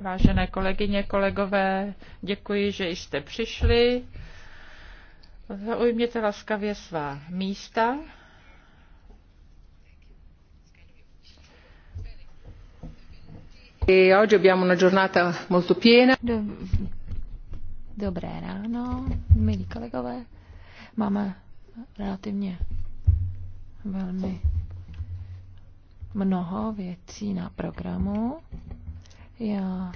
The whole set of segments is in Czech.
Vážené kolegyně, kolegové, děkuji, že jste přišli. Zaujměte laskavě svá místa. E dobré ráno, milí kolegové. Máme relativně velmi mnoho věcí na programu. Já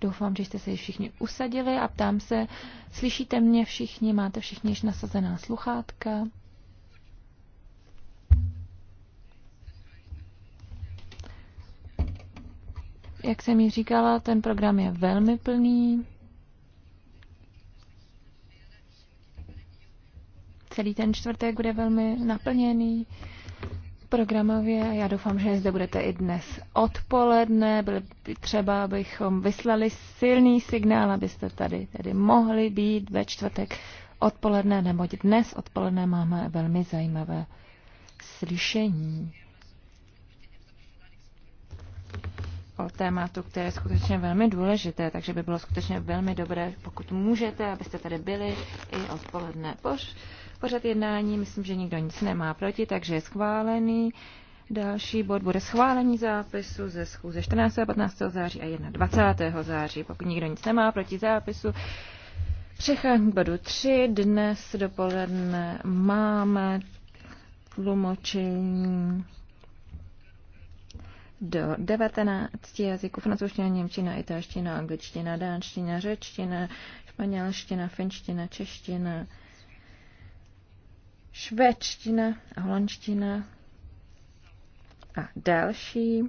doufám, že jste se všichni usadili a ptám se, slyšíte mě všichni, máte všichni již nasazená sluchátka? Jak jsem ji říkala, ten program je velmi plný. Celý ten čtvrtek bude velmi naplněný. Programově, já doufám, že zde budete i dnes odpoledne. Bylo by třeba, abychom vyslali silný signál, abyste tady tedy mohli být ve čtvrtek odpoledne, neboť dnes odpoledne máme velmi zajímavé slyšení o tématu, které je skutečně velmi důležité, takže by bylo skutečně velmi dobré, pokud můžete, abyste tady byli i odpoledne. Poš pořad jednání. Myslím, že nikdo nic nemá proti, takže je schválený. Další bod bude schválení zápisu ze schůze 14. a 15. září a 21. září. Pokud nikdo nic nemá proti zápisu, přecházím k bodu 3. Dnes dopoledne máme tlumočení do 19 jazyků francouzština, němčina, italština, angličtina, dánština, řečtina, španělština, finština, čeština, švédština a holandština a další.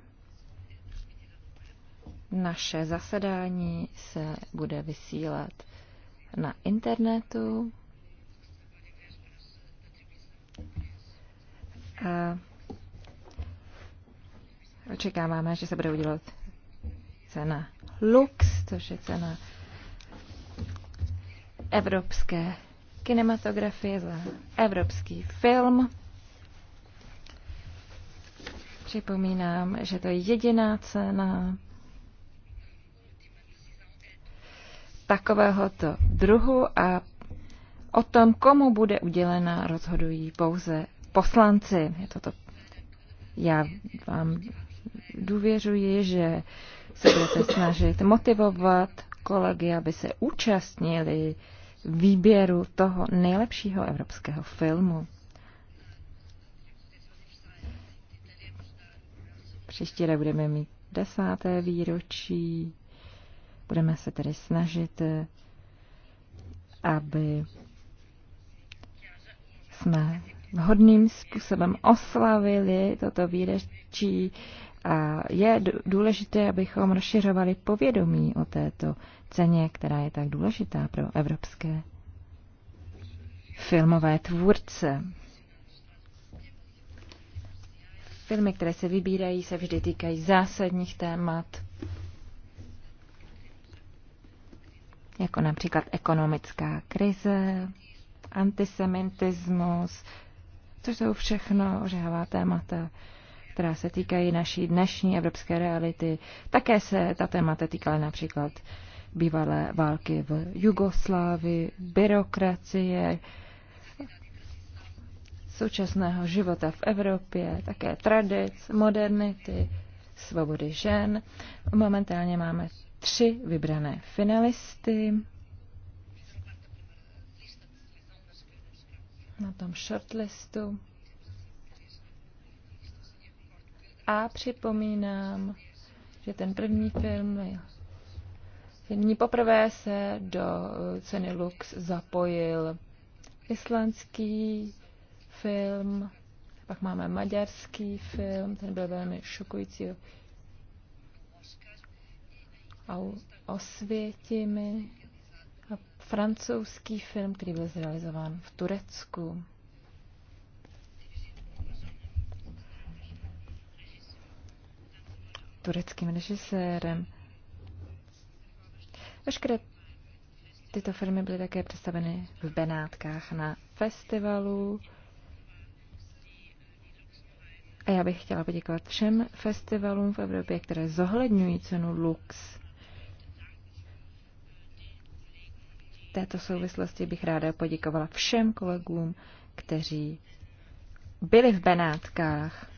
Naše zasedání se bude vysílat na internetu. A očekáváme, že se bude udělat cena Lux, což je cena Evropské Kinematografie, za evropský film. Připomínám, že to je jediná cena takovéhoto druhu a o tom, komu bude udělena, rozhodují pouze poslanci. Je to to. Já vám důvěřuji, že se budete snažit motivovat kolegy, aby se účastnili výběru toho nejlepšího evropského filmu. Příští rok budeme mít desáté výročí. Budeme se tedy snažit, aby jsme vhodným způsobem oslavili toto výročí a je důležité, abychom rozšiřovali povědomí o této ceně, která je tak důležitá pro evropské filmové tvůrce. Filmy, které se vybírají, se vždy týkají zásadních témat, jako například ekonomická krize, antisemitismus, což jsou všechno ořehavá témata, která se týkají naší dnešní evropské reality. Také se ta témata týkala například bývalé války v Jugoslávii, byrokracie, současného života v Evropě, také tradic, modernity, svobody žen. Momentálně máme tři vybrané finalisty. Na tom shortlistu. A připomínám, že ten první film Nyní poprvé se do eh, ceny Lux zapojil islandský film, pak máme maďarský film, ten byl velmi šokující a osvětimi a francouzský film, který byl zrealizován v Turecku. tureckým režisérem. Veškeré tyto filmy byly také představeny v Benátkách na festivalu. A já bych chtěla poděkovat všem festivalům v Evropě, které zohledňují cenu Lux. V této souvislosti bych ráda poděkovala všem kolegům, kteří byli v Benátkách.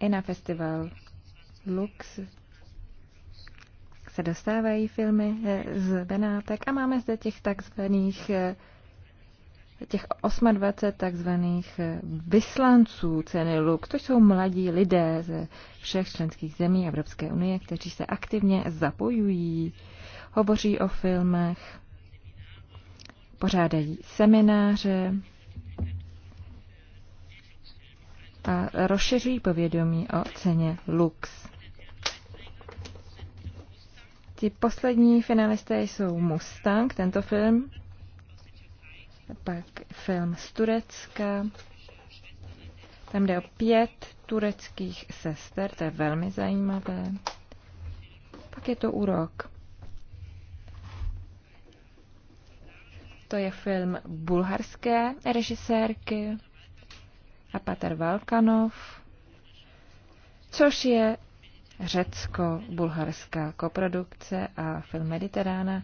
I na festival Lux se dostávají filmy eh, z Benátek a máme zde těch takzvaných eh, těch 28 takzvaných eh, vyslanců ceny Lux, to jsou mladí lidé ze všech členských zemí Evropské unie, kteří se aktivně zapojují, hovoří o filmech, pořádají semináře, a rozšiřují povědomí o ceně Lux. Ti poslední finalisté jsou Mustang, tento film, pak film z Turecka, tam jde o pět tureckých sester, to je velmi zajímavé. Pak je to Urok. To je film bulharské režisérky a Pater Valkanov, což je řecko-bulharská koprodukce a film Mediterána,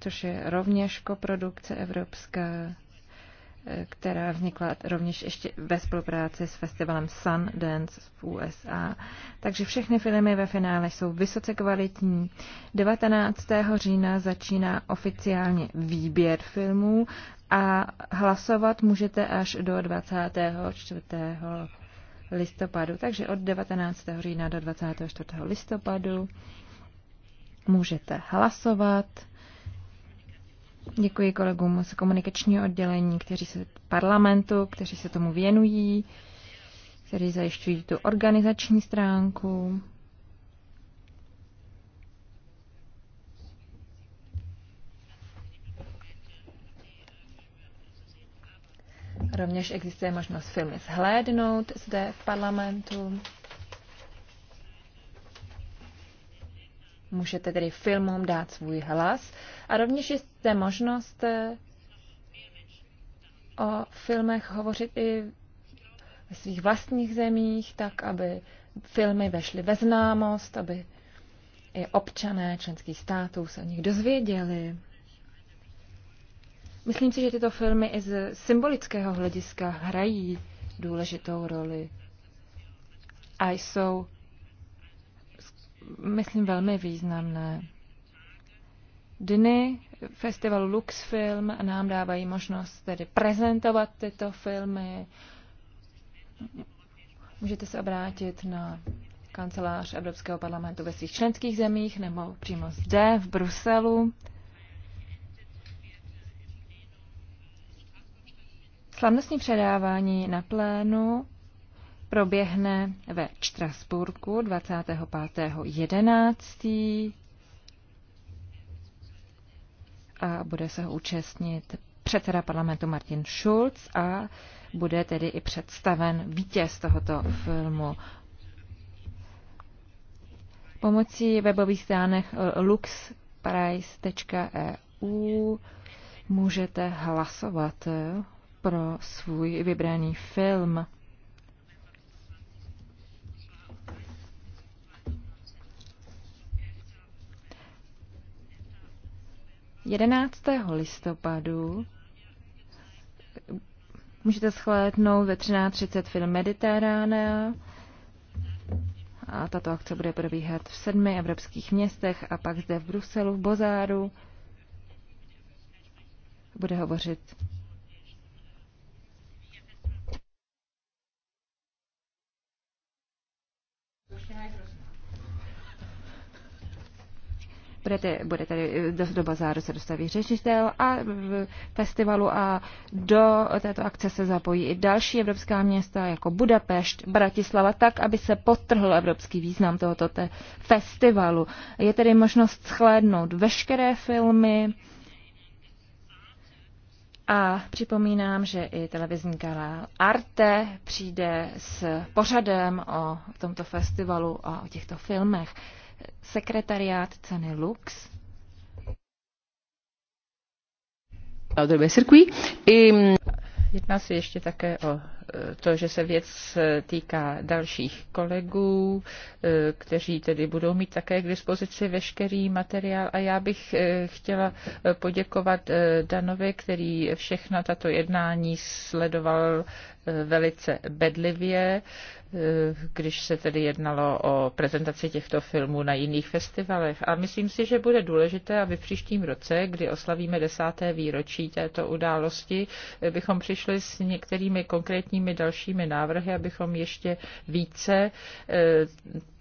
což je rovněž koprodukce evropská, eh, která vznikla rovněž ještě ve spolupráci s festivalem Sundance v USA. Takže všechny filmy ve finále jsou vysoce kvalitní. 19. října začíná oficiálně výběr filmů a hlasovat můžete až do 24. listopadu. Takže od 19. října do 24. listopadu můžete hlasovat. Děkuji kolegům z komunikačního oddělení, kteří se parlamentu, kteří se tomu věnují, kteří zajišťují tu organizační stránku. Rovněž existuje možnost filmy zhlédnout zde v parlamentu. Můžete tedy filmům dát svůj hlas. A rovněž je zde možnost eh, o filmech hovořit i ve svých vlastních zemích, tak aby filmy vešly ve známost, aby i občané členských států se o nich dozvěděli. Myslím si, že tyto filmy i z symbolického hlediska hrají důležitou roli a jsou, myslím, velmi významné. Dny festivalu Luxfilm nám dávají možnost tedy prezentovat tyto filmy. Můžete se obrátit na kancelář Evropského parlamentu ve svých členských zemích nebo přímo zde v Bruselu. Slavnostní předávání na plénu proběhne ve Štrasburku 25.11. a bude se ho účastnit předseda parlamentu Martin Schulz a bude tedy i představen vítěz tohoto filmu. Pomocí webových stránek luxprice.eu e můžete hlasovat pro svůj vybraný film. Jedenáctého listopadu můžete shlédnout ve 13.30 film Mediteránea a tato akce bude probíhat v sedmi evropských městech a pak zde v Bruselu v Bozáru bude hovořit Budete, bude tady, eh, do, do bazáru se dostaví řešitel a v festivalu a do této akce se zapojí i další evropská města jako Budapešť, Bratislava, tak, aby se potrhl evropský význam tohoto te, festivalu. Je tedy možnost schlédnout veškeré filmy, a připomínám, že i televizní kanál Arte přijde s pořadem o tomto festivalu a o těchto filmech sekretariat ceny Lux. Mm, Jedná se ještě také o e, to, že se věc e, týká dalších kolegů, e, kteří tedy budou mít také k dispozici veškerý materiál. A já bych chtěla poděkovat Danovi, který všechna tato jednání sledoval velice bedlivě, eh, když se tedy jednalo o prezentaci těchto filmů na jiných festivalech. A myslím si, že bude důležité, aby v příštím roce, kdy oslavíme desáté výročí této události, eh, bychom přišli s některými konkrétními dalšími návrhy, abychom ještě více eh,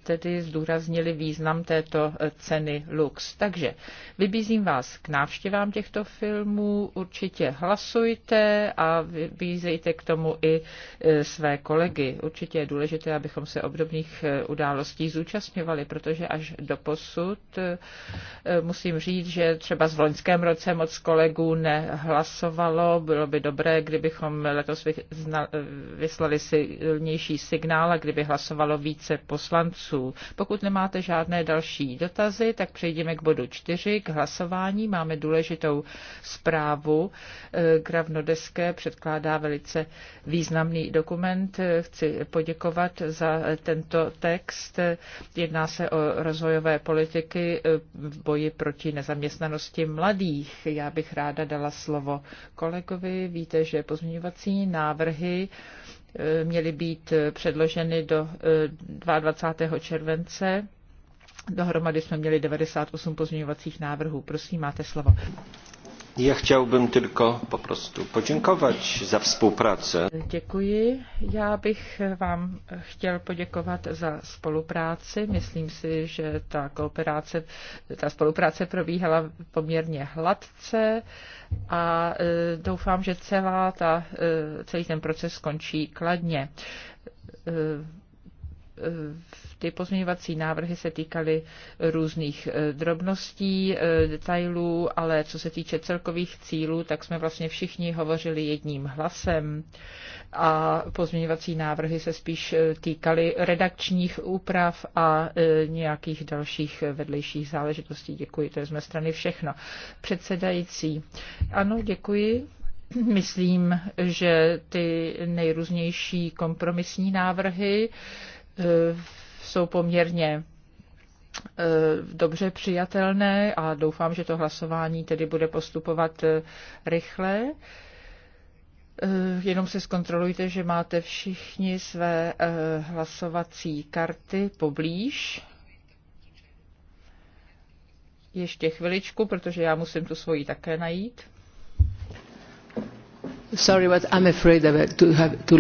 tedy zdůraznili význam této eh, ceny Lux. Takže vybízím vás k návštěvám těchto filmů, určitě hlasujte a vybízejte k tomu i eh, své kolegy. Určitě je důležité, abychom se obdobných eh, událostí zúčastňovali, protože až do posud musím říct, že třeba v loňském roce moc kolegů nehlasovalo. Bylo by dobré, kdybychom letos vyslali silnější signál a kdyby hlasovalo více poslanců poslanců. Pokud nemáte žádné další dotazy, tak přejdeme k bodu 4, k hlasování. Máme důležitou zprávu. Gravnodeské eh, předkládá velice významný dokument. Eh, Chci poděkovat za tento text. Jedná se o rozvojové politiky eh, v boji proti nezaměstnanosti mladých. Já bych ráda dala slovo kolegovi. Víte, že pozměňovací návrhy Eh, měly být eh, předloženy do 22. Eh, července. Dohromady jsme měli 98 pozměňovacích návrhů. Prosím, máte slovo. Já bych tylko po prostu poděkovat za spolupráce. Děkuji. Já bych vám chtěl poděkovat za spolupráci. Myslím si, že ta kooperace, ta spolupráce probíhala poměrně hladce a e, doufám, že celá ta, e, celý ten proces skončí kladně e, ty pozměňovací návrhy se týkaly různých e, drobností, e, detailů, ale co se týče celkových cílů, tak jsme vlastně všichni hovořili jedním hlasem a pozměňovací návrhy se spíš e, týkaly redakčních úprav a nějakých dalších vedlejších záležitostí. Děkuji, to je z mé strany všechno. Předsedající, ano, děkuji. Myslím, že ty nejrůznější kompromisní návrhy jsou poměrně eh, dobře přijatelné a doufám, že to hlasování tedy bude postupovat eh, rychle. Eh, jenom se zkontrolujte, že máte všichni své hlasovací karty poblíž. Ještě chviličku, protože já musím tu svoji také najít. Sorry, but I'm afraid to have to...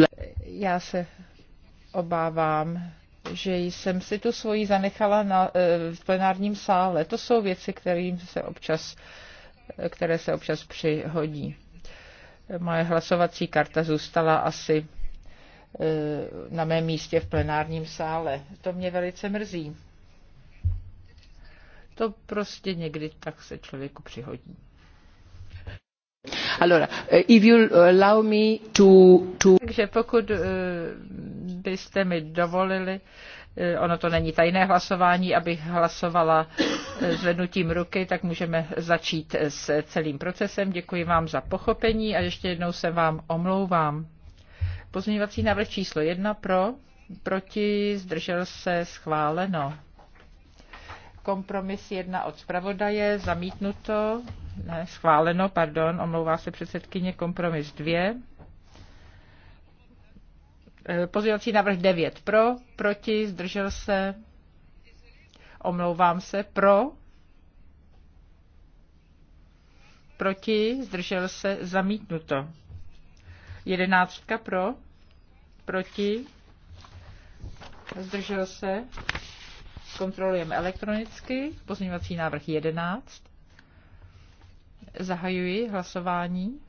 Já se obávám, že jsem si tu svoji zanechala na, eh, v plenárním sále. To jsou věci, kterým se občas, eh, které se občas přihodí. Moje hlasovací karta zůstala asi eh, na mém místě v plenárním sále. To mě velice mrzí. To prostě někdy tak se člověku přihodí. Eh, eh, Takže pokud eh, byste mi dovolili, ono to není tajné hlasování, abych hlasovala zvednutím ruky, tak můžeme začít s celým procesem. Děkuji vám za pochopení a ještě jednou se vám omlouvám. Pozměňovací návrh číslo jedna pro, proti, zdržel se, schváleno. Kompromis jedna od zpravodaje, zamítnuto, ne, schváleno, pardon, omlouvá se předsedkyně, kompromis dvě. E, Pozvědací návrh 9 pro, proti, zdržel se, omlouvám se, pro, proti, zdržel se, zamítnuto. Jedenáctka pro, proti, zdržel se, Zkontrolujeme elektronicky. Pozměňovací návrh 11. Zahajuji hlasování.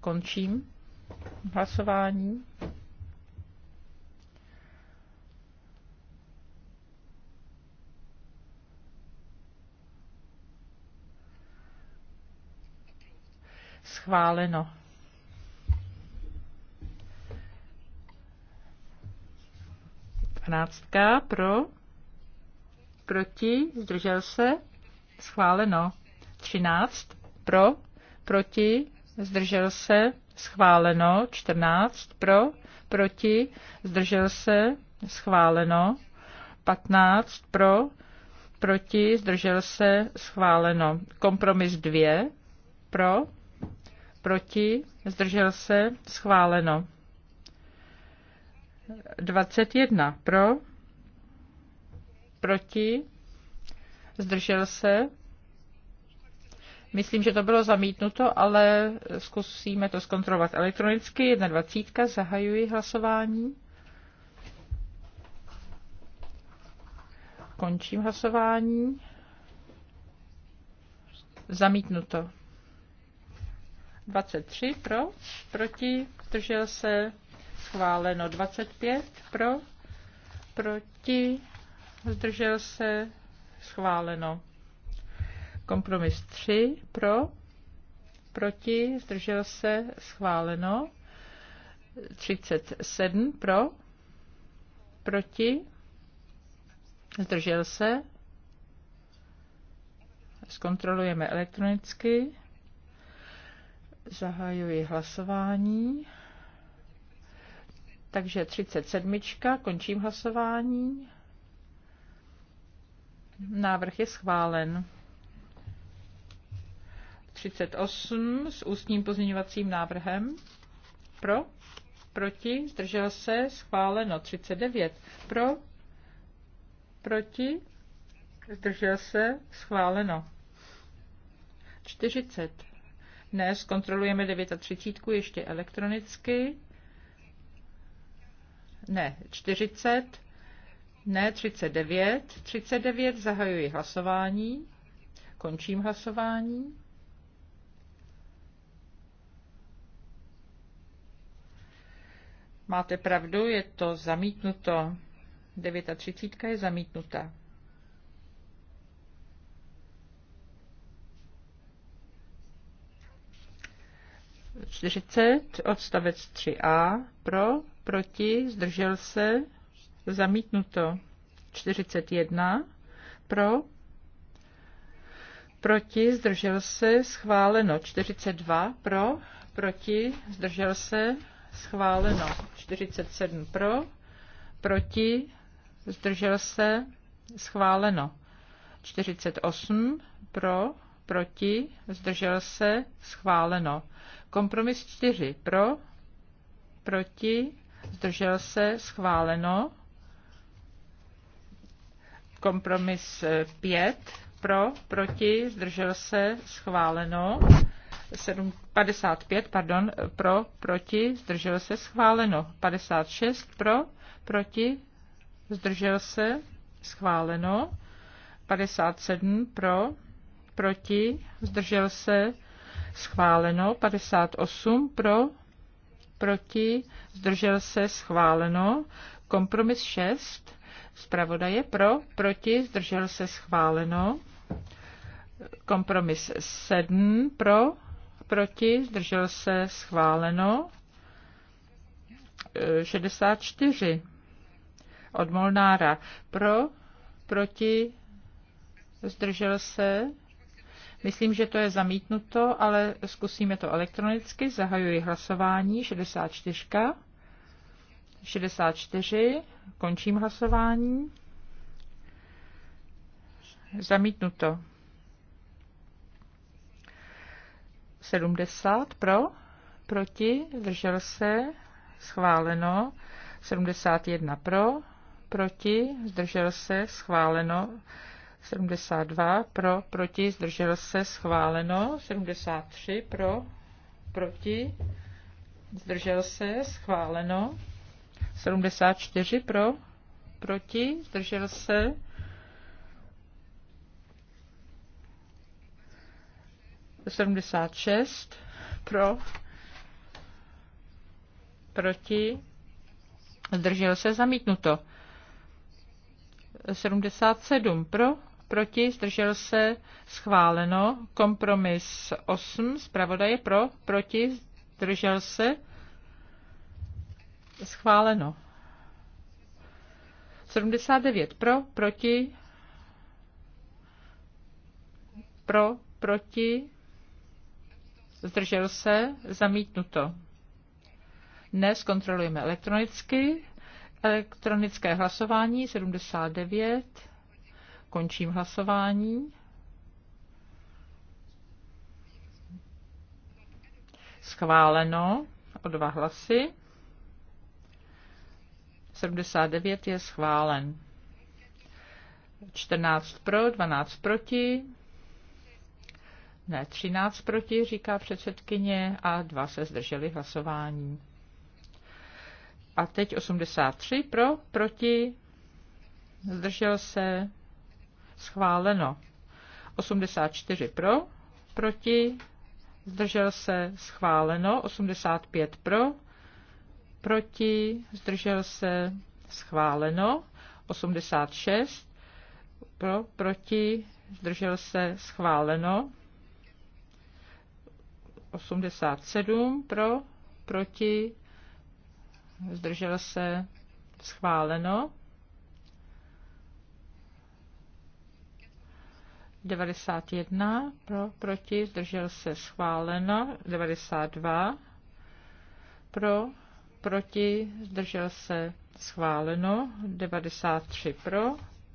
Končím hlasování. Schváleno. 15. Pro? Proti? Zdržel se? Schváleno. 13. Pro? Proti? Zdržel se? Schváleno. 14. Pro? Proti? Zdržel se? Schváleno. 15. Pro? Proti? Zdržel se? Schváleno. Kompromis 2. Pro? Proti? Zdržel se? Schváleno. 21 pro, proti, zdržel se. Myslím, že to bylo zamítnuto, ale zkusíme to zkontrolovat elektronicky. 21. Zahajuji hlasování. Končím hlasování. Zamítnuto. 23 pro, proti, zdržel se, schváleno 25 pro, proti, zdržel se, schváleno. Kompromis 3 pro, proti, zdržel se, schváleno. 37 pro, proti, zdržel se. Zkontrolujeme elektronicky. Zahajuji hlasování. Takže 37. Končím hlasování. Návrh je schválen. 38 s ústním pozměňovacím návrhem. Pro? Proti? Zdržel se? Schváleno. 39. Pro? Proti? Zdržel se? Schváleno. 40. Dnes kontrolujeme 39 ještě elektronicky ne 40, ne 39, 39 zahajuji hlasování, končím hlasování. Máte pravdu, je to zamítnuto. 39 je zamítnuta. Čtyřicet, odstavec 3a, pro, proti, zdržel se, zamítnuto. 41 pro, proti, zdržel se, schváleno. 42 pro, proti, zdržel se, schváleno. 47 pro, proti, zdržel se, schváleno. 48 pro, proti, zdržel se, schváleno. Kompromis 4 pro, proti, zdržel se, schváleno. Kompromis 5, eh, pro, proti, zdržel se, schváleno. 7, 55, pardon, pro, proti, zdržel se, schváleno. 56, pro, proti, zdržel se, schváleno. 57, pro, proti, zdržel se, schváleno. 58, pro, proti, zdržel se, schváleno. Kompromis 6, zpravodaje pro, proti, zdržel se, schváleno. Kompromis 7, pro, proti, zdržel se, schváleno. 64 e, od Molnára pro, proti, zdržel se, Myslím, že to je zamítnuto, ale zkusíme to elektronicky. Zahajuji hlasování 64. 64. Končím hlasování. Zamítnuto. 70 pro, proti, držel se, schváleno. 71 pro, proti, zdržel se, schváleno. 72 pro, proti, zdržel se, schváleno. 73 pro, proti, zdržel se, schváleno. 74 pro, proti, zdržel se. Sedmdesát šest pro, proti, zdržel se, zamítnuto. 77 pro, proti, zdržel se, schváleno. Kompromis 8, zpravodaje pro, proti, zdržel se, schváleno. 79 pro, proti, pro, proti, zdržel se, zamítnuto. Dnes kontrolujeme elektronicky. Elektronické hlasování 79. Končím hlasování. Schváleno o dva hlasy. 79 je schválen. 14 pro, 12 proti. Ne, 13 proti, říká předsedkyně, a dva se zdrželi hlasování. A teď 83 pro, proti, zdržel se, schváleno. 84 pro, proti, zdržel se, schváleno. 85 pro, proti, zdržel se, schváleno. 86 pro, proti, zdržel se, schváleno. 87 pro, proti, zdržel se, schváleno. 91 pro, proti, zdržel se schváleno, 92 pro, proti, zdržel se schváleno, 93 pro,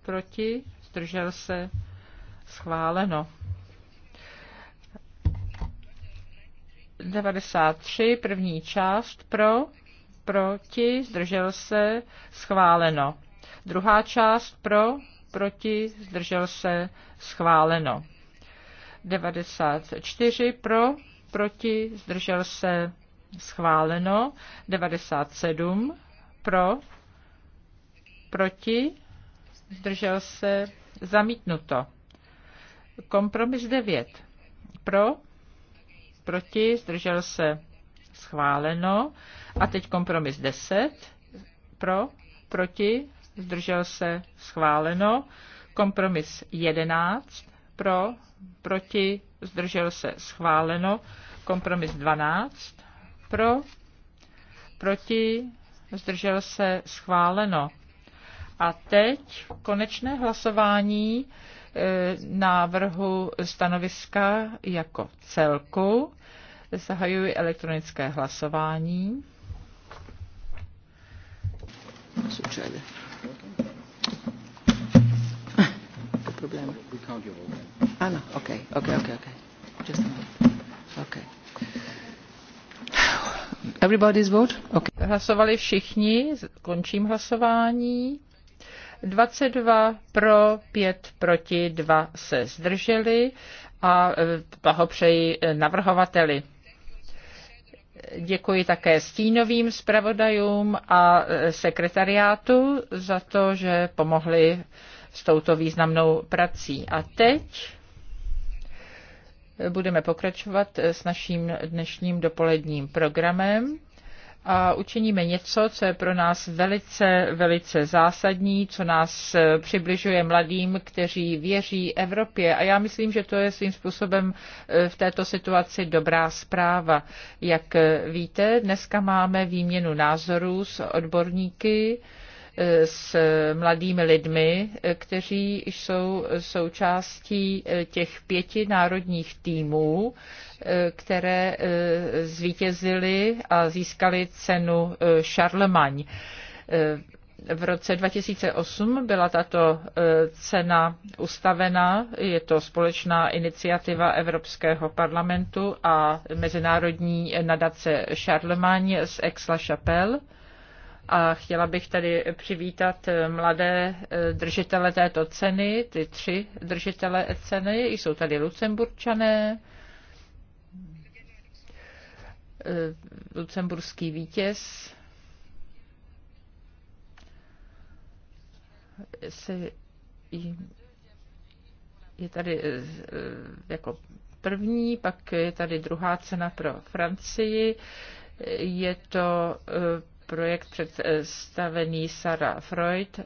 proti, zdržel se schváleno. 93, první část pro, proti, zdržel se, schváleno. Druhá část pro, proti, zdržel se, schváleno. 94 pro, proti, zdržel se, schváleno. 97 pro, proti, zdržel se, zamítnuto. Kompromis 9 pro, proti, zdržel se, schváleno. A teď kompromis 10 pro, proti, zdržel se, schváleno. Kompromis 11 pro, proti, zdržel se, schváleno. Kompromis 12 pro, proti, zdržel se, schváleno. A teď konečné hlasování eh, návrhu stanoviska jako celku. Zahajuji elektronické hlasování. Succede. problema. We ah, no, ok, ok, ok, Ah, Just a Everybody's vote? Hlasovali všichni. Končím hlasování. 22 pro, 5 proti, 2 se zdrželi a e, blahopřeji e, navrhovateli. Děkuji také stínovým zpravodajům a e, sekretariátu za to, že pomohli s touto významnou prací. A teď budeme pokračovat s naším dnešním dopoledním programem a učiníme něco, co je pro nás velice, velice zásadní, co nás přibližuje mladým, kteří věří Evropě. A já myslím, že to je svým způsobem eh, v této situaci dobrá zpráva. Jak víte, dneska máme výměnu názorů s odborníky, s mladými lidmi, kteří jsou součástí eh, těch pěti národních týmů, eh, které eh, zvítězily a získali cenu Charlemagne. V roce 2008 byla tato cena ustavena. Je to společná iniciativa Evropského parlamentu a Mezinárodní nadace Charlemagne z Aix-la-Chapelle a chtěla bych tady přivítat eh, mladé eh, držitele této ceny, ty tři držitele ceny, jsou tady lucemburčané, eh, lucemburský vítěz, je tady jako první, pak je tady druhá cena pro Francii, je to projekt představený Sara Freud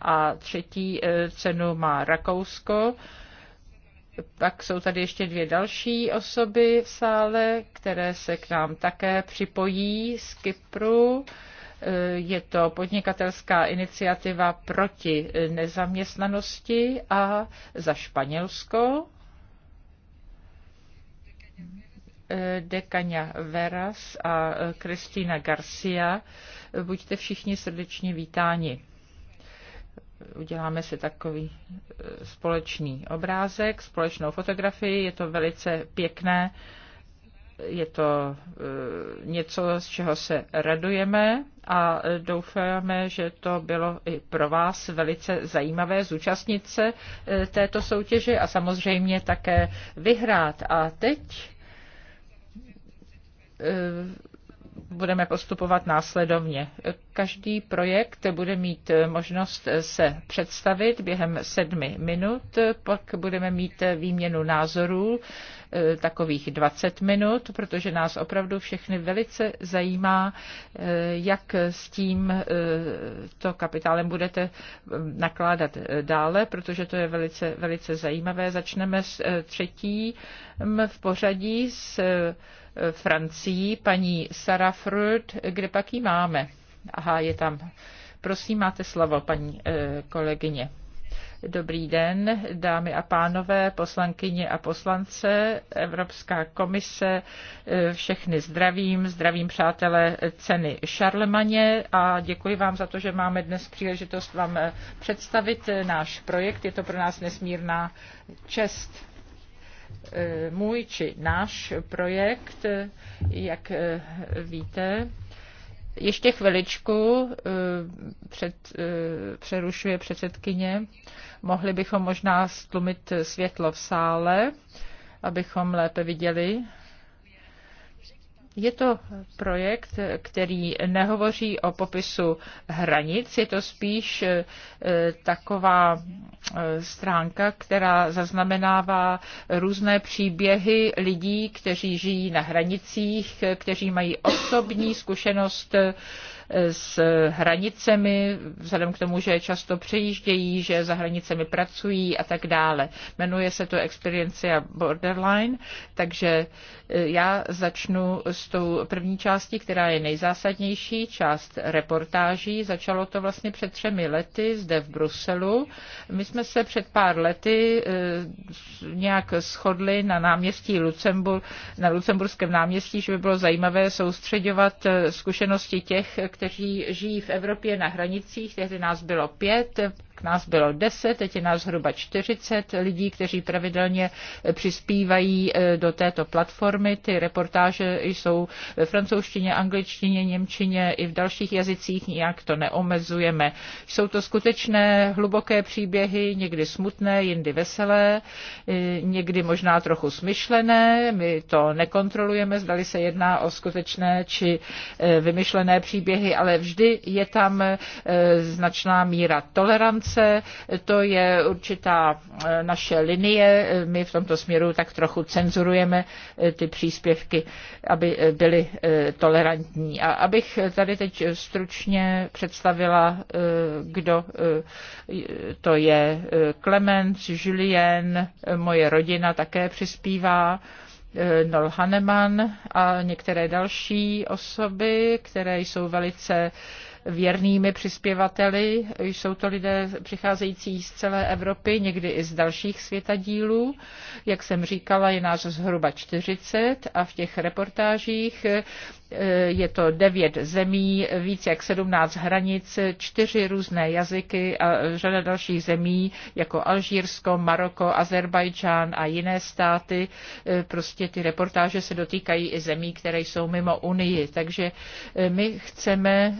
a třetí eh, cenu má Rakousko. Pak jsou tady ještě dvě další osoby v sále, které se k nám také připojí z Kypru. Eh, je to podnikatelská iniciativa proti nezaměstnanosti a za Španělsko. Eh, de Caña Veras a Kristýna eh, Garcia. Buďte všichni srdečně vítáni. Uděláme si takový eh, společný obrázek, společnou fotografii. Je to velice pěkné. Je to něco, z čeho se radujeme a doufáme, že to bylo i pro vás velice zajímavé zúčastnit se této soutěže a samozřejmě také vyhrát. A teď Eh, budeme postupovat následovně. Každý projekt bude mít eh, možnost se představit během sedmi minut, pak budeme mít eh, výměnu názorů takových 20 minut, protože nás opravdu všechny velice zajímá, jak s tím to kapitálem budete nakládat dále, protože to je velice, velice zajímavé. Začneme s třetím v pořadí s Francii, paní Sarah Freud, kde pak ji máme. Aha, je tam. Prosím, máte slovo, paní eh, kolegyně. Dobrý den, dámy a pánové, poslankyně a poslance, Evropská komise, eh, všechny zdravím, zdravím přátelé ceny Šarlemaně a děkuji vám za to, že máme dnes příležitost vám eh, představit náš projekt. Je to pro nás nesmírná čest. Eh, můj či náš projekt, eh, jak eh, víte, ještě chviličku před, přerušuje předsedkyně. Mohli bychom možná stlumit světlo v sále, abychom lépe viděli je to projekt, který nehovoří o popisu hranic, je to spíš e, taková e, stránka, která zaznamenává různé příběhy lidí, kteří žijí na hranicích, kteří mají osobní zkušenost s hranicemi, vzhledem k tomu, že často přejíždějí, že za hranicemi pracují a tak dále. Jmenuje se to Experiencia Borderline, takže e, já začnu s tou první částí, která je nejzásadnější, část reportáží. Začalo to vlastně před třemi lety zde v Bruselu. My jsme se před pár lety e, nějak shodli na náměstí Lucembur, na Lucemburském náměstí, že by bylo zajímavé soustředovat e, zkušenosti těch, kteří žijí v Evropě na hranicích, tehdy nás bylo pět, nás bylo 10, teď je nás zhruba 40 lidí, kteří pravidelně přispívají eh, do této platformy. Ty reportáže jsou ve francouzštině, angličtině, němčině i v dalších jazycích, nijak to neomezujeme. Jsou to skutečné hluboké příběhy, někdy smutné, jindy veselé, eh, někdy možná trochu smyšlené. My to nekontrolujeme, zdali se jedná o skutečné či eh, vymyšlené příběhy, ale vždy je tam značná míra tolerance práce, to je určitá eh, naše linie. Eh, My v tomto směru tak trochu cenzurujeme eh, ty příspěvky, aby byly tolerantní. A abych tady teď stručně představila, kdo to je. Clemens, Julien, moje rodina také přispívá. Nol Haneman a některé další osoby, které jsou velice věrnými přispěvateli. Jsou to lidé přicházející z celé Evropy, někdy i z dalších světadílů. Jak jsem říkala, je nás zhruba 40 a v těch reportážích eh, je to devět zemí, víc jak 17 hranic, čtyři různé jazyky a řada dalších zemí, jako Alžírsko, Maroko, Azerbajdžán a jiné státy. Eh, prostě ty reportáže se dotýkají i zemí, které jsou mimo Unii. Takže eh, my chceme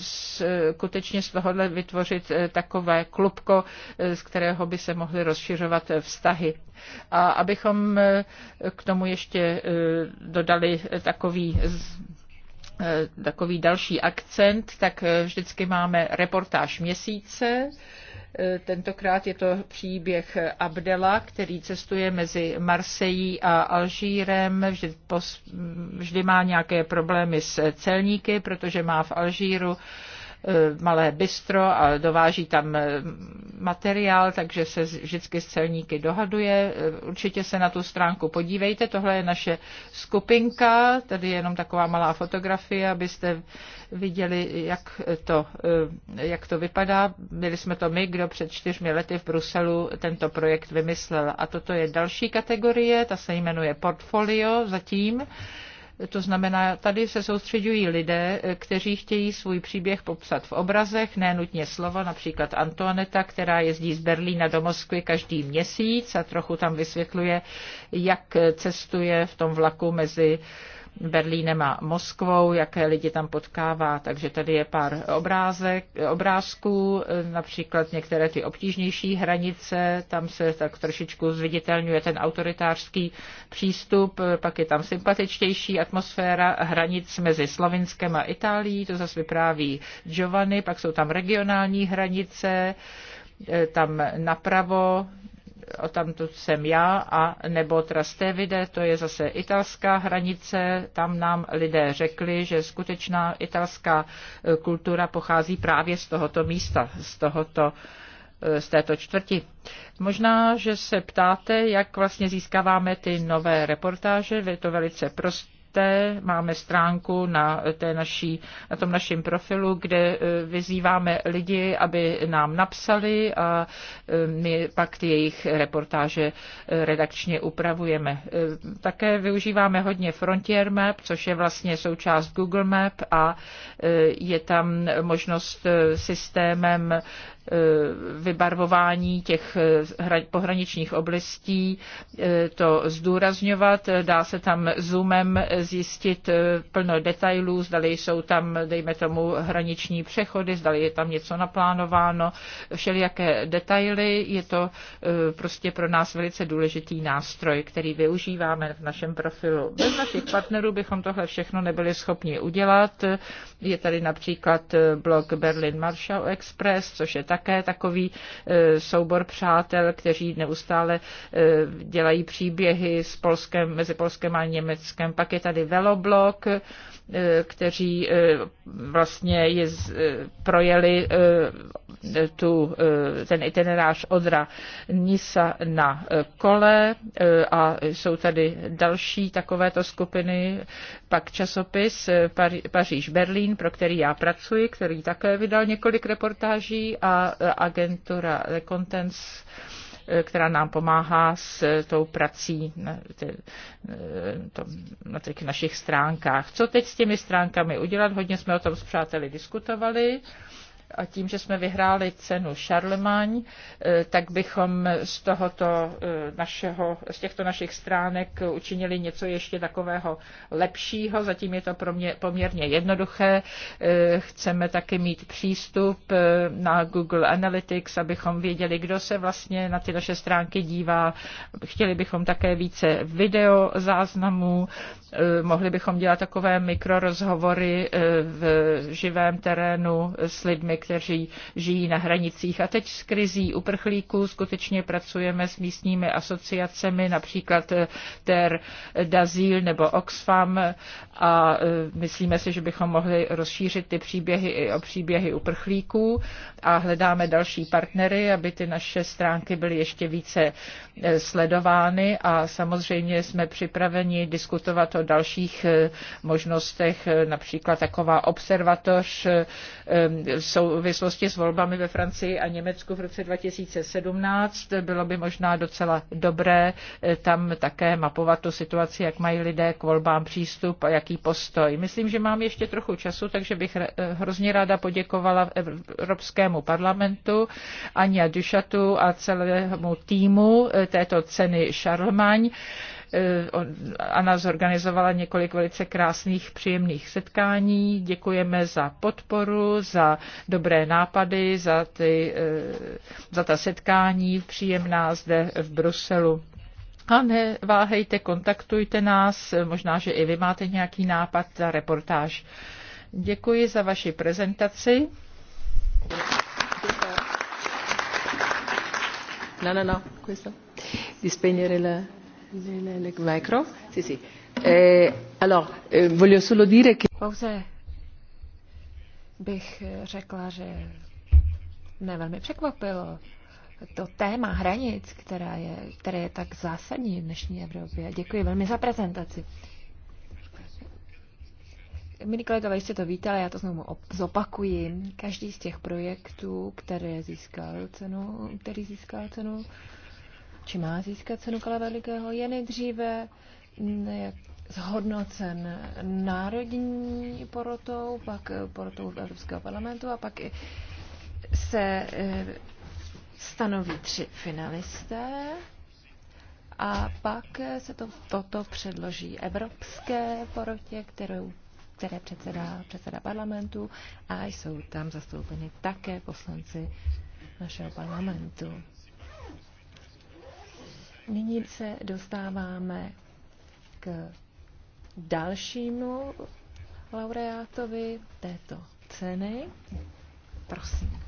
skutečně z tohohle vytvořit eh, takové klubko, eh, z kterého by se mohly rozšiřovat eh, vztahy. A abychom k tomu ještě dodali takový takový další akcent, tak vždycky máme reportáž měsíce, Eh, tentokrát je to příběh Abdela, který cestuje mezi Marsejí a Alžírem. Vždy, pos, vždy má nějaké problémy s celníky, protože má v Alžíru Eh, malé bistro a dováží tam eh, materiál, takže se vždycky s celníky dohaduje. Eh, určitě se na tu stránku podívejte, tohle je naše skupinka, tady je jenom taková malá fotografie, abyste viděli, jak to, jak to vypadá. Byli jsme to my, kdo před čtyřmi lety v Bruselu tento projekt vymyslel. A toto je další kategorie, ta se jmenuje portfolio zatím. To znamená, tady se soustředují lidé, eh, kteří chtějí svůj příběh popsat v obrazech, nutně slova, například Antoaneta, která jezdí z Berlína do Moskvy každý měsíc a trochu tam vysvětluje, jak eh, cestuje v tom vlaku mezi Berlínem a Moskvou, jaké lidi tam potkává. Takže tady je pár obrázek, obrázků, například některé ty obtížnější hranice, tam se tak trošičku zviditelňuje ten autoritářský přístup, pak je tam sympatičtější atmosféra hranic mezi Slovinskem a Itálií, to zase vypráví Giovanni, pak jsou tam regionální hranice, tam napravo tam tu jsem já, a nebo Trastevide, to je zase italská hranice, tam nám lidé řekli, že skutečná italská e, kultura pochází právě z tohoto místa, z tohoto e, z této čtvrti. Možná, že se ptáte, jak vlastně získáváme ty nové reportáže, je to velice prost, té máme stránku na, té naší, na tom našem profilu, kde eh, vyzýváme lidi, aby nám napsali a eh, my pak ty jejich reportáže eh, redakčně upravujeme. Také využíváme hodně Frontier Map, což je vlastně součást Google Map a je tam možnost systémem Eh, vybarvování těch eh, pohraničních oblastí eh, to zdůrazňovat. Dá se tam zoomem zjistit plno detailů, zdali jsou tam, dejme tomu, hraniční přechody, zdali je tam něco naplánováno, všelijaké detaily. Je to prostě pro nás velice důležitý nástroj, který využíváme v našem profilu. Bez našich partnerů bychom tohle všechno nebyli schopni udělat. Je tady například blog Berlin Marshall Express, což je také takový e, soubor přátel, kteří neustále e, dělají příběhy s Polskem, mezi Polskem a Německem. Pak je tady veloblok, Eh, kteří eh, vlastně je eh, projeli tu, ten itinerář Odra Nisa na kole a jsou tady další takovéto skupiny, pak časopis Paříž-Berlín, pro který já pracuji, který také vydal několik reportáží a agentura Le Contents která nám pomáhá s tou prací na, ty, to, na těch našich stránkách. Co teď s těmi stránkami udělat? Hodně jsme o tom s přáteli diskutovali a tím, že jsme vyhráli cenu Charlemagne, eh, tak bychom z, tohoto eh, našeho, z těchto našich stránek učinili něco ještě takového lepšího. Zatím je to pro mě poměrně jednoduché. Eh, chceme taky mít přístup na Google Analytics, abychom věděli, kdo se vlastně na ty naše stránky dívá. Chtěli bychom také více video záznamů, mohli bychom dělat takové mikrorozhovory v živém terénu s lidmi, kteří žijí na hranicích. A teď s krizí uprchlíků skutečně pracujeme s místními asociacemi, například eh, Ter Dazil nebo Oxfam a eh, myslíme si, že bychom mohli rozšířit ty příběhy i o příběhy uprchlíků a hledáme další partnery, aby ty naše stránky byly ještě více eh, sledovány a samozřejmě jsme připraveni diskutovat o dalších možnostech, například taková observatoř, jsou souvislosti s volbami ve Francii a Německu v roce 2017. Bylo by možná docela dobré eh, tam také mapovat tu situaci, jak mají lidé k volbám přístup a jaký postoj. Myslím, že mám ještě trochu času, takže bych eh, hrozně ráda poděkovala Evropskému parlamentu, Ania Dušatu a celému týmu eh, této ceny Charlemagne. Ana eh, zorganizovala několik velice krásných, příjemných setkání. Děkujeme za podporu, za dobré nápady, za, ty, eh, za ta setkání příjemná zde v Bruselu. A neváhejte, kontaktujte nás, možná, že i vy máte nějaký nápad za reportáž. Děkuji za vaši prezentaci. No, no, no, questo. Di spegnere la... Eh, eh, Pouze bych řekla, že mě velmi překvapilo to téma hranic, která je, které je tak zásadní v dnešní Evropě. Děkuji velmi za prezentaci. Milí kolegové, jste to víte, ale já to znovu zopakuji. Každý z těch projektů, které získal cenu, který získal cenu, či má získat cenu Karla Velikého, je nejdříve mm, zhodnocen národní porotou, pak porotou Evropského parlamentu a pak se e, stanoví tři finalisté a pak se to, toto předloží Evropské porotě, kterou, které předsedá předseda parlamentu a jsou tam zastoupeni také poslanci našeho parlamentu. Nyní se dostáváme k dalšímu laureátovi této ceny. Prosím.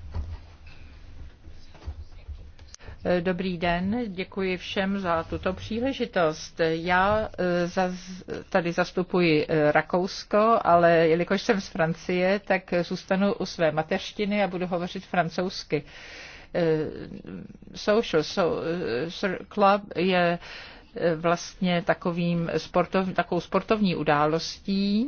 Dobrý den, děkuji všem za tuto příležitost. Já eh, tady zastupuji eh, Rakousko, ale jelikož jsem z Francie, tak zůstanu u své mateřštiny a budu hovořit francouzsky. Eh, social eh, Club je eh, vlastně takovým sportov, takovou sportovní událostí,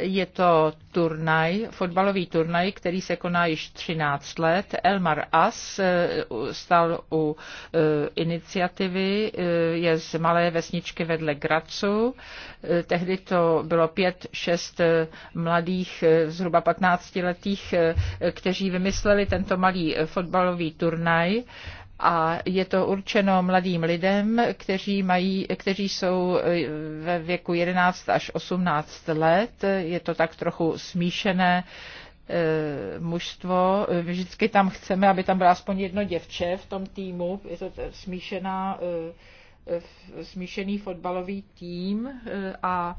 je to turnaj, fotbalový turnaj, který se koná již 13 let. Elmar As eh, stal u eh, iniciativy, eh, je z malé vesničky vedle Gracu. Tehdy to bylo pět, šest mladých, zhruba 15 letých, kteří vymysleli tento malý fotbalový turnaj a je to určeno mladým lidem, kteří, mají, kteří jsou eh, ve věku 11 až 18 let. Je to tak trochu smíšené eh, mužstvo. Vždycky tam chceme, aby tam bylo aspoň jedno děvče v tom týmu. Je to smíšená eh, smíšený fotbalový tým a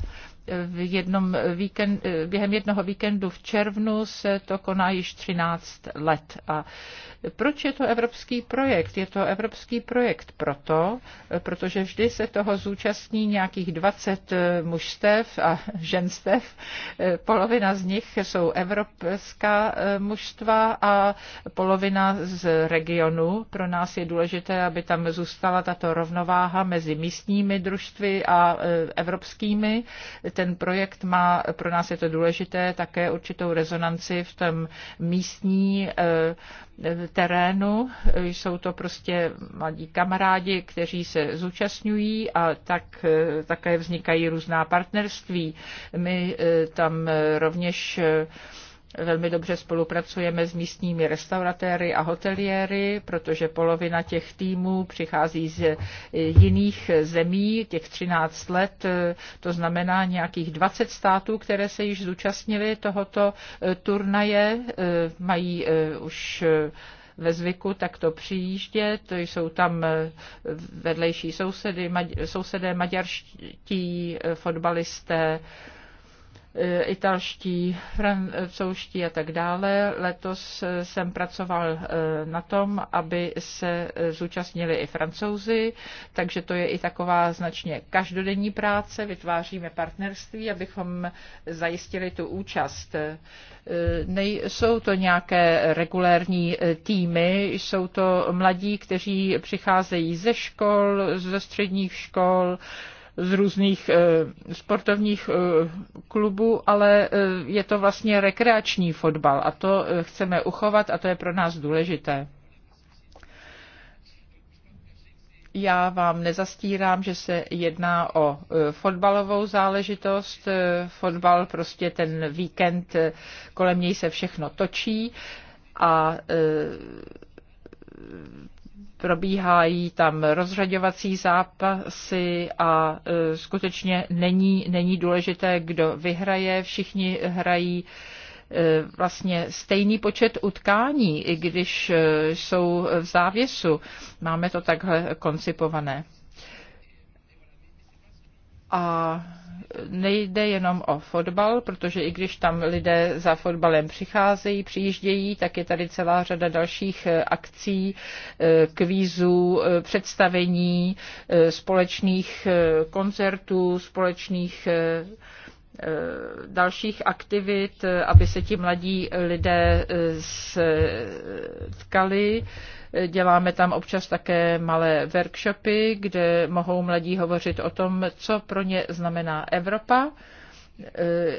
v jednom víkend, během jednoho víkendu v červnu se to koná již 13 let. A proč je to evropský projekt? Je to evropský projekt proto, protože vždy se toho zúčastní nějakých 20 mužstev a ženstev. Polovina z nich jsou evropská mužstva a polovina z regionu. Pro nás je důležité, aby tam zůstala tato rovnováha mezi místními družstvy a evropskými ten projekt má, pro nás je to důležité, také určitou rezonanci v tom místní eh, terénu. Jsou to prostě mladí kamarádi, kteří se zúčastňují a tak eh, také vznikají různá partnerství. My eh, tam rovněž Velmi dobře spolupracujeme s místními restauratéry a hoteliéry, protože polovina těch týmů přichází z jiných zemí, těch 13 let, to znamená nějakých 20 států, které se již zúčastnili tohoto eh, turnaje, eh, mají eh, už ve zvyku takto přijíždět. Jsou tam vedlejší sousedy, sousedé maďarští, fotbalisté, Eh, italští, francouzští eh, a tak dále. Letos eh, jsem pracoval na tom, aby se zúčastnili i francouzi, takže to je i taková značně každodenní práce. Vytváříme partnerství, abychom zajistili tu účast. Nejsou to nějaké regulérní týmy, jsou to mladí, kteří přicházejí ze škol, ze středních škol, z různých eh, sportovních eh, klubů, ale eh, je to vlastně rekreační fotbal a to chceme uchovat a to je pro nás důležité. Já vám nezastírám, že se jedná o fotbalovou záležitost. Fotbal prostě ten víkend kolem něj se všechno točí a probíhají tam rozřaďovací zápasy a e, skutečně není, není důležité, kdo vyhraje, všichni hrají e, vlastně stejný počet utkání, i když e, jsou v závěsu. Máme to takhle koncipované. A nejde jenom o fotbal, protože i když tam lidé za fotbalem přicházejí, přijíždějí, tak je tady celá řada dalších eh, akcí, eh, kvízů, eh, představení, společných koncertů, společných Eh, dalších aktivit, eh, aby se ti mladí lidé eh, setkali. Děláme tam občas také malé workshopy, kde mohou mladí hovořit o tom, co pro ně znamená Evropa.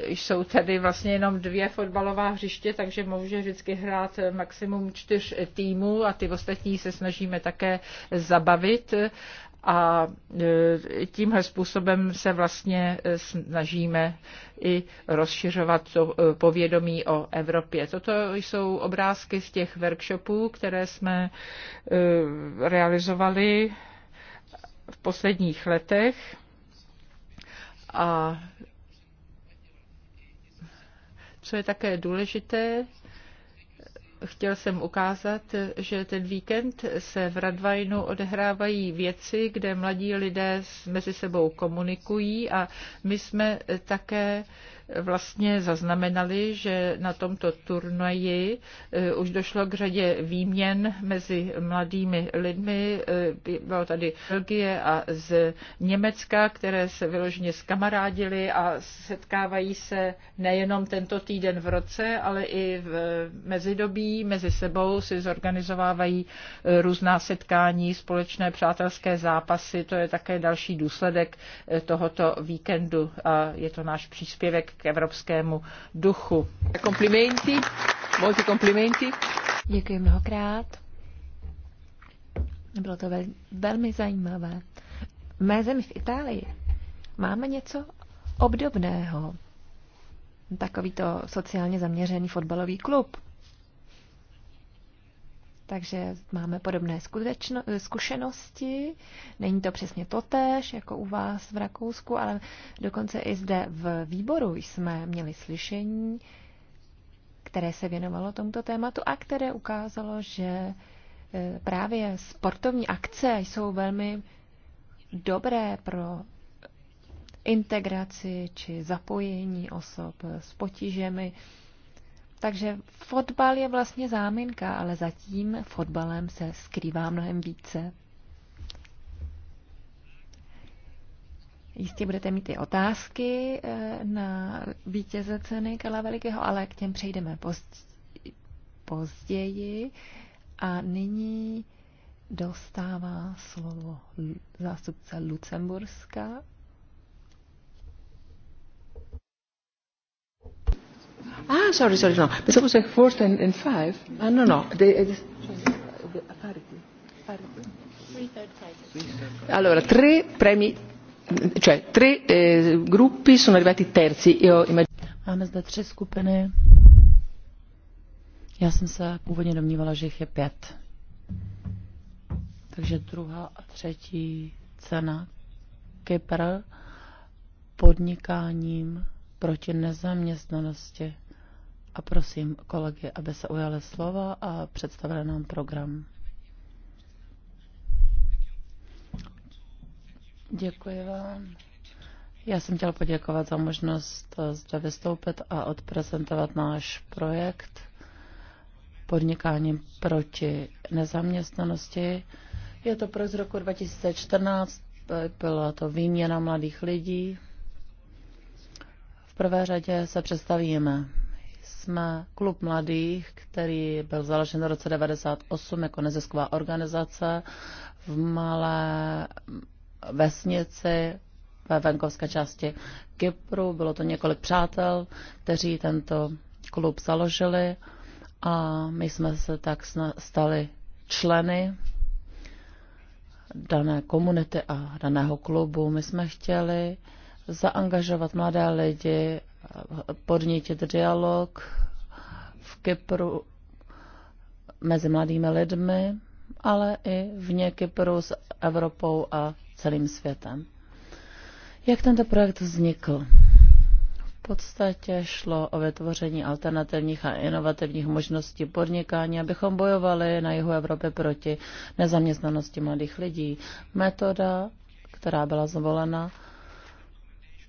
Jsou tady vlastně jenom dvě fotbalová hřiště, takže může vždycky hrát maximum čtyř týmů a ty ostatní se snažíme také zabavit a e, tímhle způsobem se vlastně e, snažíme i rozšiřovat to e, povědomí o Evropě. Toto jsou obrázky z těch workshopů, které jsme realizovali v posledních letech. A co je také důležité, chtěl jsem ukázat, že ten víkend se v Radvajnu odehrávají věci, kde mladí lidé mezi sebou komunikují a my jsme také vlastně zaznamenali, že na tomto turnaji eh, už došlo k řadě výměn mezi mladými lidmi. Eh, bylo tady Belgie a z Německa, které se vyloženě skamarádili a setkávají se nejenom tento týden v roce, ale i v mezidobí mezi sebou si zorganizovávají eh, různá setkání, společné přátelské zápasy. To je také další důsledek tohoto víkendu a je to náš příspěvek k evropskému duchu. Komplimenty, moji komplimenty. Děkuji mnohokrát. Bylo to vel, velmi zajímavé. V mé zemi v Itálii máme něco obdobného. Takovýto sociálně zaměřený fotbalový klub takže máme podobné zkušenosti. Není to přesně totéž, jako u vás v Rakousku, ale dokonce i zde v výboru jsme měli slyšení, které se věnovalo tomuto tématu a které ukázalo, že e, právě sportovní akce jsou velmi dobré pro integraci či zapojení osob s potížemi, takže fotbal je vlastně záminka, ale zatím fotbalem se skrývá mnohem více. Jistě budete mít i otázky eh, na vítěze ceny Karla Velikého, ale k těm přejdeme později. A nyní dostává slovo zástupce Lucemburska. Ah, sorry, sorry, no. But Pensavo fosse fourth and, and five. Ah, no, no. De, de, allora, tre premi, cioè tre eh, gruppi sono arrivati terzi. Io immagino... Máme zde tři skupiny. Já jsem se původně domnívala, že jich je pět. Takže druhá a třetí cena Kypr podnikáním proti nezaměstnanosti a prosím kolegy, aby se ujali slova a představili nám program. Děkuji vám. Já jsem chtěl poděkovat za možnost zde vystoupit a odprezentovat náš projekt podnikáním proti nezaměstnanosti. Je to projekt z roku 2014, byla to výměna mladých lidí. V prvé řadě se představíme jsme klub mladých, který byl založen v roce 1998 jako nezisková organizace v malé vesnici ve venkovské části Kypru. Bylo to několik přátel, kteří tento klub založili a my jsme se tak stali členy dané komunity a daného klubu. My jsme chtěli zaangažovat mladé lidi, podnítit dialog v Kypru mezi mladými lidmi, ale i vně Kypru s Evropou a celým světem. Jak tento projekt vznikl? V podstatě šlo o vytvoření alternativních a inovativních možností podnikání, abychom bojovali na jihu Evropy proti nezaměstnanosti mladých lidí. Metoda, která byla zvolena,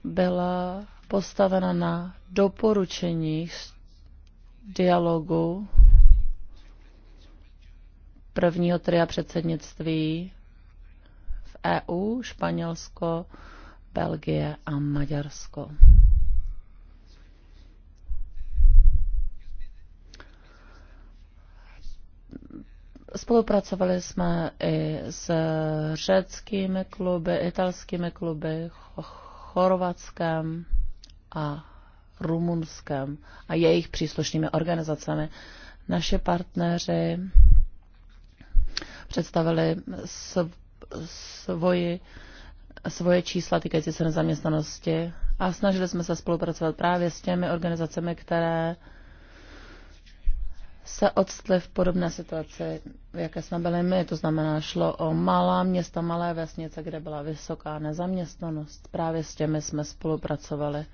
byla postavena na doporučeních dialogu prvního tria předsednictví v EU, Španělsko, Belgie a Maďarsko. Spolupracovali jsme i s řeckými kluby, italskými kluby, Chorvatskem a Rumunskem a jejich příslušnými organizacemi. naše partneři představili svoji, svoje čísla týkající se nezaměstnanosti a snažili jsme se spolupracovat právě s těmi organizacemi, které se odstly v podobné situaci, jaké jsme byli my. To znamená, šlo o malá města, malé vesnice, kde byla vysoká nezaměstnanost. Právě s těmi jsme spolupracovali.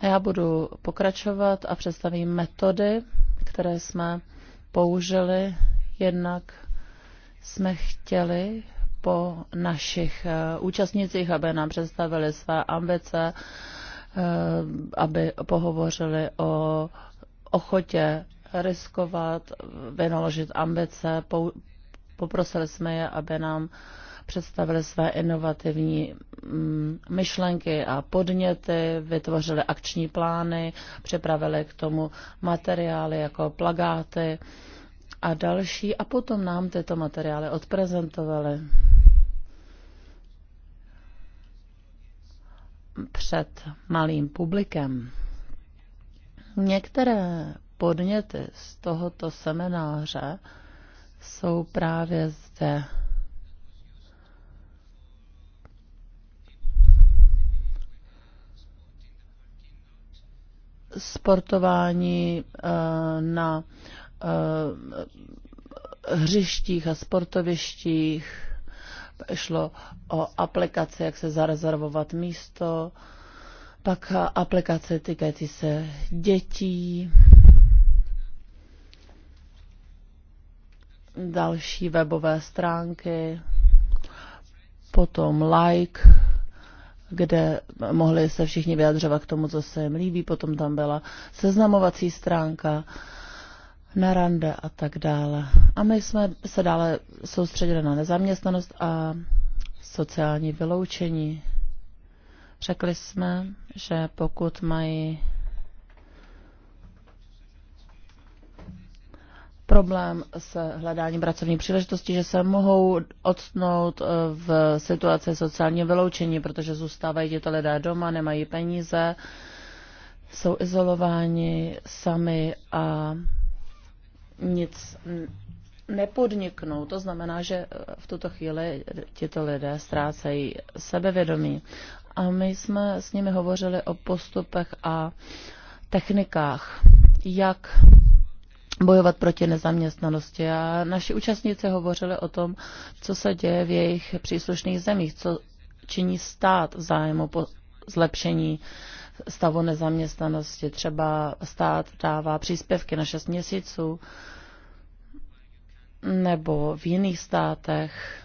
A já budu pokračovat a představím metody, které jsme použili. Jednak jsme chtěli po našich eh, účastnicích, aby nám představili své ambice, eh, aby pohovořili o ochotě riskovat, vynaložit ambice. Poprosili jsme je, aby nám představili své inovativní mm, myšlenky a podněty, vytvořili akční plány, připravili k tomu materiály jako plagáty a další a potom nám tyto materiály odprezentovali. před malým publikem. Některé podněty z tohoto semináře jsou právě zde. sportování eh, na eh, hřištích a sportovištích. Šlo o aplikaci, jak se zarezervovat místo, pak aplikace týkající se dětí, další webové stránky, potom like, kde mohli se všichni vyjadřovat k tomu, co se jim líbí, potom tam byla seznamovací stránka na rande a tak dále. A my jsme se dále soustředili na nezaměstnanost a sociální vyloučení. Řekli jsme, že pokud mají problém s hledáním pracovní příležitosti, že se mohou odstnout eh, v situaci sociálně vyloučení, protože zůstávají tyto lidé doma, nemají peníze, jsou izolováni sami a nic nepodniknou. To znamená, že eh, v tuto chvíli tyto lidé ztrácejí sebevědomí. A my jsme s nimi hovořili o postupech a technikách, jak bojovat proti nezaměstnanosti. A naši účastníci hovořili o tom, co se děje v jejich příslušných zemích, co činí stát zájmu po zlepšení stavu nezaměstnanosti. Třeba stát dává příspěvky na 6 měsíců nebo v jiných státech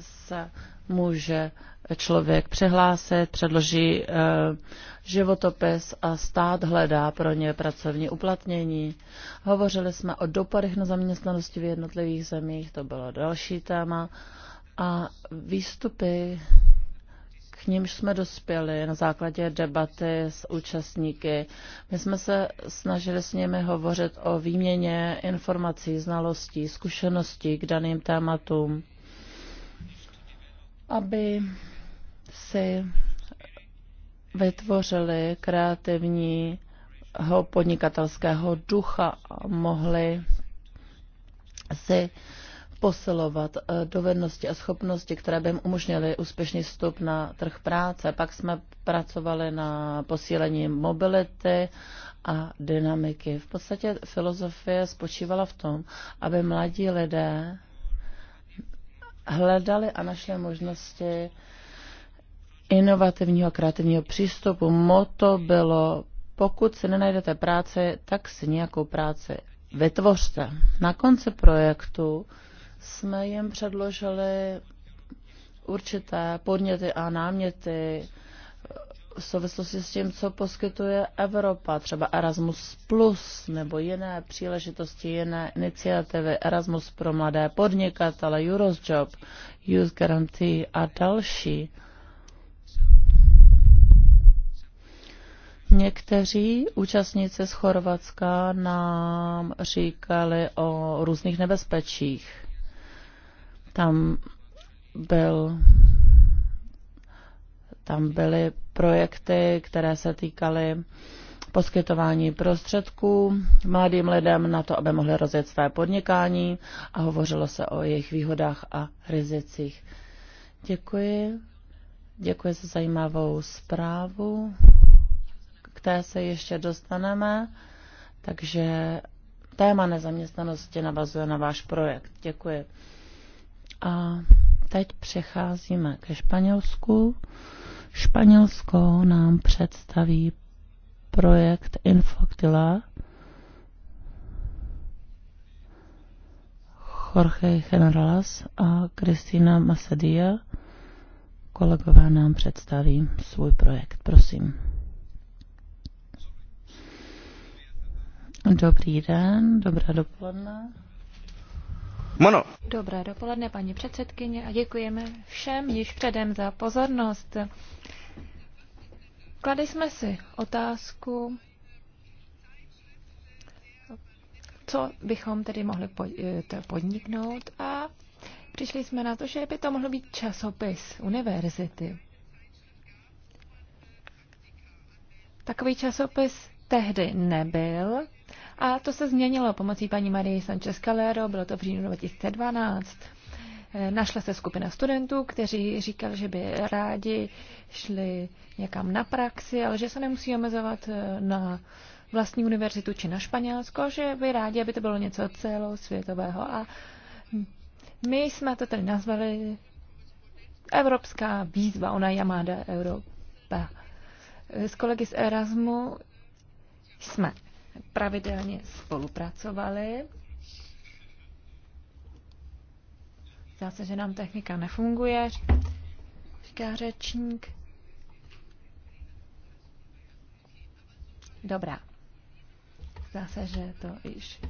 se může člověk přihlásit, předloží eh, životopis a stát hledá pro ně pracovní uplatnění. Hovořili jsme o dopadech na zaměstnanosti v jednotlivých zemích, to bylo další téma. A výstupy, k nímž jsme dospěli na základě debaty s účastníky, my jsme se snažili s nimi hovořit o výměně informací, znalostí, zkušeností k daným tématům, aby si vytvořili kreativního podnikatelského ducha a mohli si posilovat eh, dovednosti a schopnosti, které by jim umožnily úspěšný vstup na trh práce. Pak jsme pracovali na posílení mobility a dynamiky. V podstatě filozofie spočívala v tom, aby mladí lidé hledali a našli možnosti inovativního kreativního přístupu. Moto bylo, pokud si nenajdete práce, tak si nějakou práci vytvořte. Na konci projektu jsme jim předložili určité podněty a náměty v souvislosti s tím, co poskytuje Evropa, třeba Erasmus Plus nebo jiné příležitosti, jiné iniciativy, Erasmus pro mladé podnikatele, Eurosjob, Youth Guarantee a další. Někteří účastníci z Chorvatska nám říkali o různých nebezpečích. Tam byl tam byly projekty, které se týkaly poskytování prostředků mladým lidem na to, aby mohli rozjet své podnikání a hovořilo se o jejich výhodách a rizicích. Děkuji. Děkuji za zajímavou zprávu té se ještě dostaneme, takže téma nezaměstnanosti navazuje na váš projekt. Děkuji. A teď přecházíme ke Španělsku. Španělsko nám představí projekt Infoctila. Jorge Generalas a Cristina Macedia Kolegové nám představí svůj projekt. Prosím. Dobrý den, dobré dopoledne. Mono. Dobré dopoledne, paní předsedkyně, a děkujeme všem již předem za pozornost. Kladli jsme si otázku, co bychom tedy mohli eh, podniknout a přišli jsme na to, že by to mohl být časopis univerzity. Takový časopis tehdy nebyl, a to se změnilo pomocí paní Marie Sanchez Calero, bylo to v říjnu 2012. Eh, našla se skupina studentů, kteří říkali, že by rádi šli někam na praxi, ale že se nemusí omezovat eh, na vlastní univerzitu či na Španělsko, že by rádi, aby to bylo něco celosvětového. A my jsme to tedy nazvali Evropská výzva, ona Yamada Europa. Eh, s kolegy z Erasmu jsme pravidelně spolupracovali. Zdá se, že nám technika nefunguje, říká řečník. Dobrá. Zdá se, že to již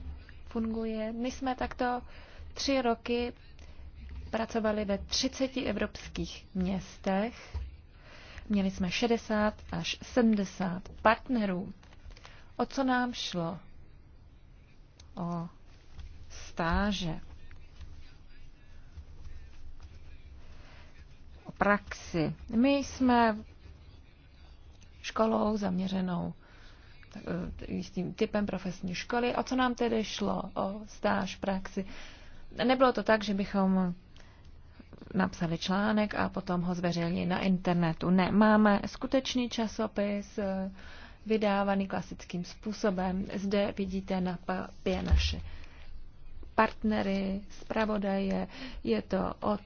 funguje. My jsme takto tři roky pracovali ve 30 evropských městech. Měli jsme 60 až 70 partnerů. O co nám šlo? O stáže. O praxi. My jsme školou zaměřenou eh, jistým typem profesní školy. O co nám tedy šlo? O stáž, praxi. Nebylo to tak, že bychom napsali článek a potom ho zveřejnili na internetu. Ne, máme skutečný časopis, eh, vydávaný klasickým způsobem. Zde vidíte na papě naše partnery, zpravodaje. Je to od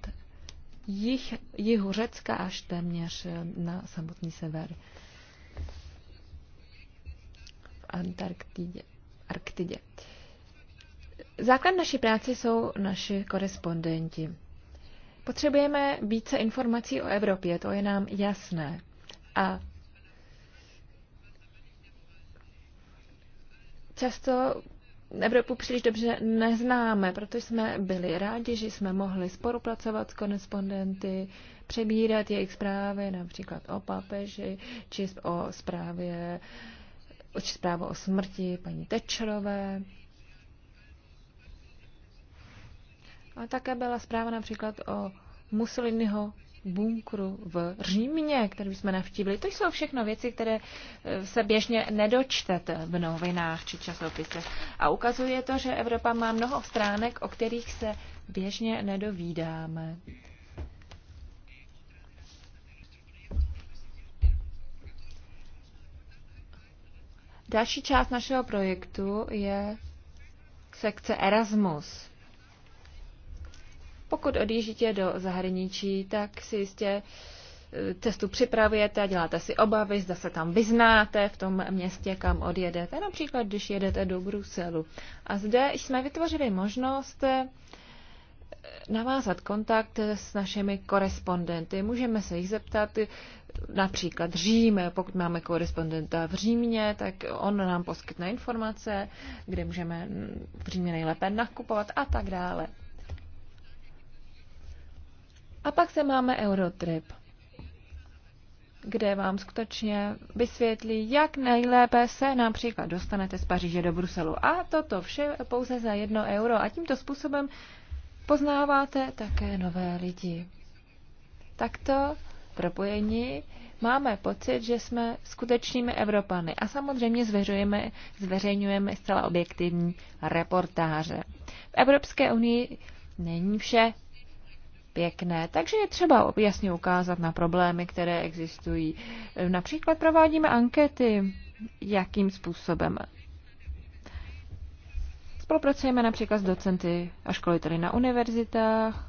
jich, jihu Řecka až téměř eh, na samotný sever v Antarktidě. Arktidě. Základ naší práce jsou naši korespondenti. Potřebujeme více informací o Evropě, to je nám jasné. A často Evropu příliš dobře neznáme, proto jsme byli rádi, že jsme mohli spolupracovat s korespondenty, přebírat jejich zprávy, například o papeži, či o zprávě či zprávu o smrti paní Tečerové. A také byla zpráva například o Mussoliniho bunkru v Římě, který jsme navštívili. To jsou všechno věci, které eh, se běžně nedočtete v novinách či časopisech. A ukazuje to, že Evropa má mnoho stránek, o kterých se běžně nedovídáme. Další část našeho projektu je sekce Erasmus. Pokud odjíždíte do zahraničí, tak si jistě eh, cestu připravujete děláte si obavy, zda se tam vyznáte v tom městě, kam odjedete. Například, když jedete do Bruselu. A zde jsme vytvořili možnost eh, navázat kontakt s našimi korespondenty. Můžeme se jich zeptat, eh, například Řím, pokud máme korespondenta v Římě, tak on nám poskytne informace, kde můžeme mm, v Římě nejlépe nakupovat a tak dále. A pak se máme Eurotrip, kde vám skutečně vysvětlí, jak nejlépe se například dostanete z Paříže do Bruselu. A toto vše pouze za jedno euro. A tímto způsobem poznáváte také nové lidi. Takto propojení máme pocit, že jsme skutečnými Evropany a samozřejmě zveřejujeme, zveřejňujeme zcela objektivní reportáže. V Evropské unii není vše pěkné. Takže je třeba jasně ukázat na problémy, které existují. Například provádíme ankety, jakým způsobem. Spolupracujeme například s docenty a školiteli na univerzitách,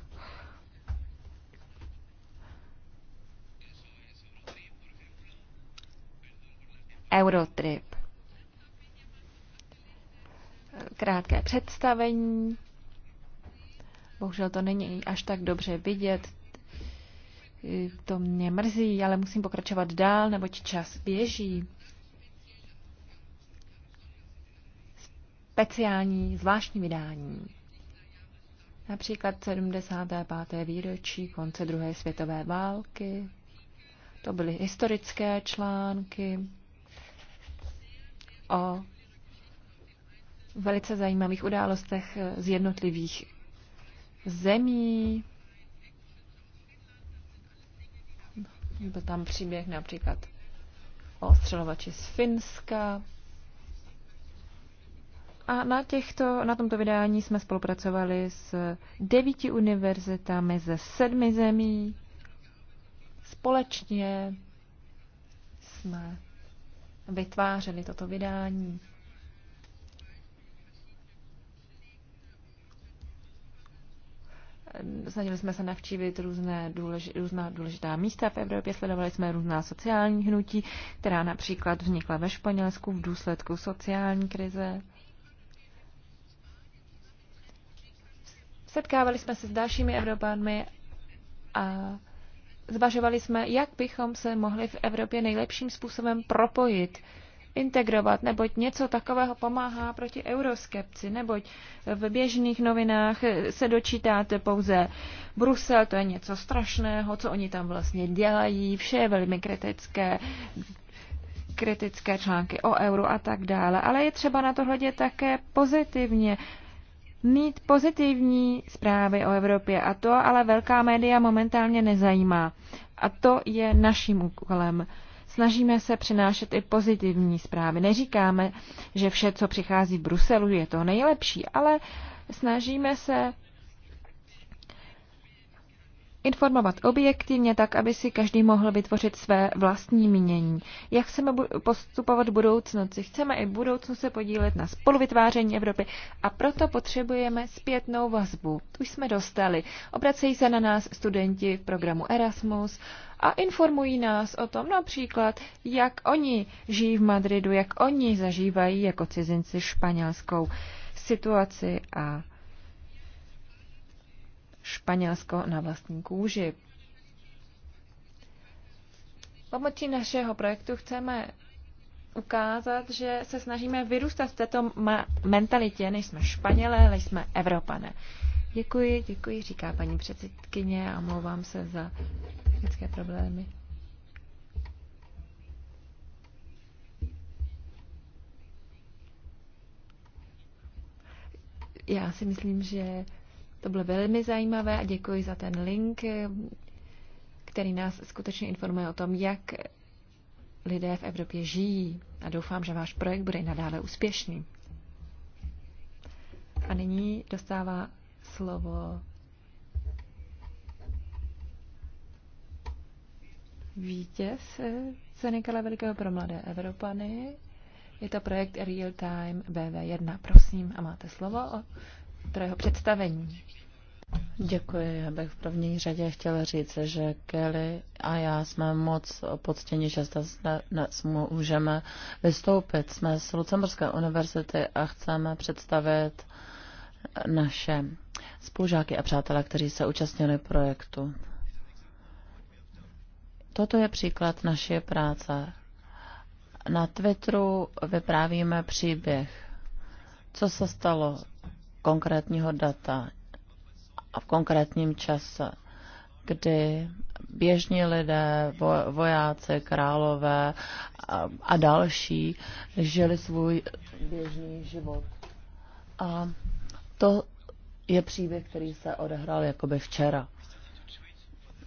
Eurotrip. Krátké představení Bohužel to není až tak dobře vidět. To mě mrzí, ale musím pokračovat dál, neboť čas běží. Speciální, zvláštní vydání. Například 75. výročí konce druhé světové války. To byly historické články o velice zajímavých událostech z jednotlivých zemí. Byl tam příběh například o střelovači z Finska. A na, těchto, na tomto vydání jsme spolupracovali s devíti univerzitami ze sedmi zemí. Společně jsme vytvářeli toto vydání. snažili jsme se navštívit různé důlež, různá důležitá místa v Evropě, sledovali jsme různá sociální hnutí, která například vznikla ve Španělsku v důsledku sociální krize. Setkávali jsme se s dalšími Evropanmi a zvažovali jsme, jak bychom se mohli v Evropě nejlepším způsobem propojit integrovat, neboť něco takového pomáhá proti euroskepci, neboť v běžných novinách se dočítáte pouze Brusel, to je něco strašného, co oni tam vlastně dělají, vše je velmi kritické, kritické články o euro a tak dále. Ale je třeba na to hledět také pozitivně mít pozitivní zprávy o Evropě a to ale velká média momentálně nezajímá. A to je naším úkolem. Snažíme se přinášet i pozitivní zprávy. Neříkáme, že vše, co přichází v Bruselu, je to nejlepší, ale snažíme se informovat objektivně tak, aby si každý mohl vytvořit své vlastní mínění. Jak chceme postupovat v budoucnosti? Chceme i v budoucnu se podílet na spoluvytváření Evropy a proto potřebujeme zpětnou vazbu. Tu jsme dostali. Obracejí se na nás studenti v programu Erasmus, a informují nás o tom například, jak oni žijí v Madridu, jak oni zažívají jako cizinci španělskou situaci a Španělsko na vlastní kůži. Pomocí našeho projektu chceme ukázat, že se snažíme vyrůstat v této mentalitě, než jsme Španělé, ale jsme Evropané. Děkuji, děkuji, říká paní předsedkyně a omlouvám se za technické problémy. Já si myslím, že to bylo velmi zajímavé a děkuji za ten link, který nás skutečně informuje o tom, jak lidé v Evropě žijí. A doufám, že váš projekt bude i nadále úspěšný. A nyní dostává slovo vítěz eh, ceny Karla Velikého pro mladé Evropany. Je to projekt Real Time BV1. Prosím a máte slovo o pro jeho představení. Děkuji. Já bych v první řadě chtěla říct, že Kelly a já jsme moc poctěni, že dnes můžeme vystoupit. Jsme z Lucemburské univerzity a chceme představit naše spolužáky a přátelé, kteří se účastnili projektu. Toto je příklad naší práce. Na Twitteru vyprávíme příběh, co se stalo konkrétního data a v konkrétním čase, kdy běžní lidé, vojáci, králové a další žili svůj běžný život. A to je příběh, který se odehrál jakoby včera.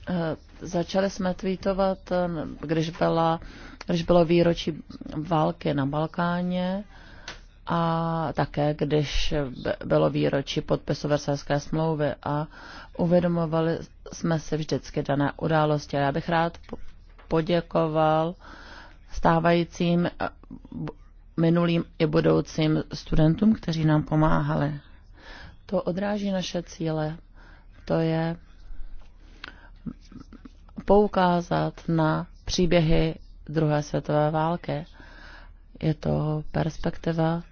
Eh, začali jsme tweetovat, eh, když, byla, když bylo výročí války na Balkáně a také když bylo výročí podpisu Versailleské smlouvy a uvědomovali jsme si vždycky dané události. já bych rád poděkoval stávajícím eh, minulým i budoucím studentům, kteří nám pomáhali. To odráží naše cíle. To je poukázat na příběhy druhé světové války. Je to perspektiva,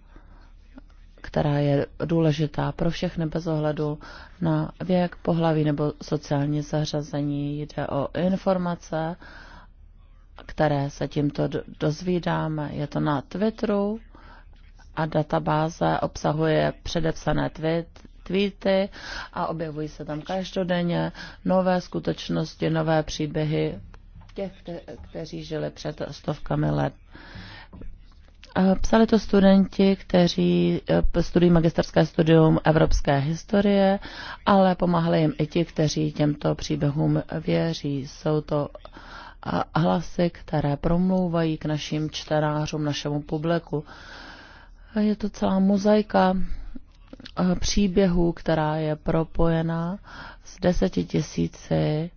která je důležitá pro všechny bez ohledu na věk, pohlaví nebo sociální zařazení. Jde o informace, které se tímto dozvídáme. Je to na Twitteru a databáze obsahuje předepsané tweet, kvíty a objevují se tam každodenně nové skutečnosti, nové příběhy těch, kteří žili před stovkami let. Psali to studenti, kteří e, studují magisterské studium evropské historie, ale pomáhali jim i ti, kteří těmto příběhům věří. Jsou to hlasy, které promlouvají k našim čtenářům, našemu publiku. Je to celá mozaika Eh, příběhů, která je propojena s deseti tisíci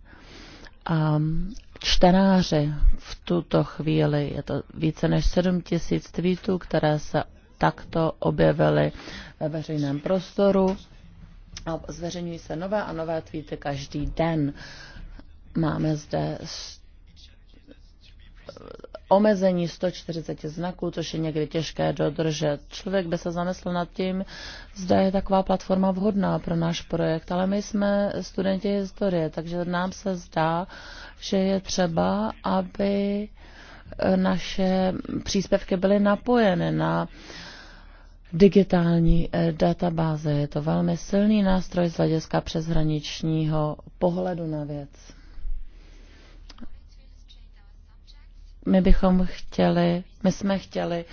ehm, čtenáři v tuto chvíli. Je to více než sedm tisíc tweetů, které se takto objevily ve veřejném prostoru. A zveřejňují se nové a nové tweety každý den. Máme zde omezení 140 znaků, což je někdy těžké dodržet. Člověk by se zamyslel nad tím, zda je taková platforma vhodná pro náš projekt, ale my jsme studenti historie, takže nám se zdá, že je třeba, aby naše příspěvky byly napojeny na digitální eh, databáze. Je to velmi silný nástroj z hlediska přeshraničního pohledu na věc. my bychom chtěli, my jsme chtěli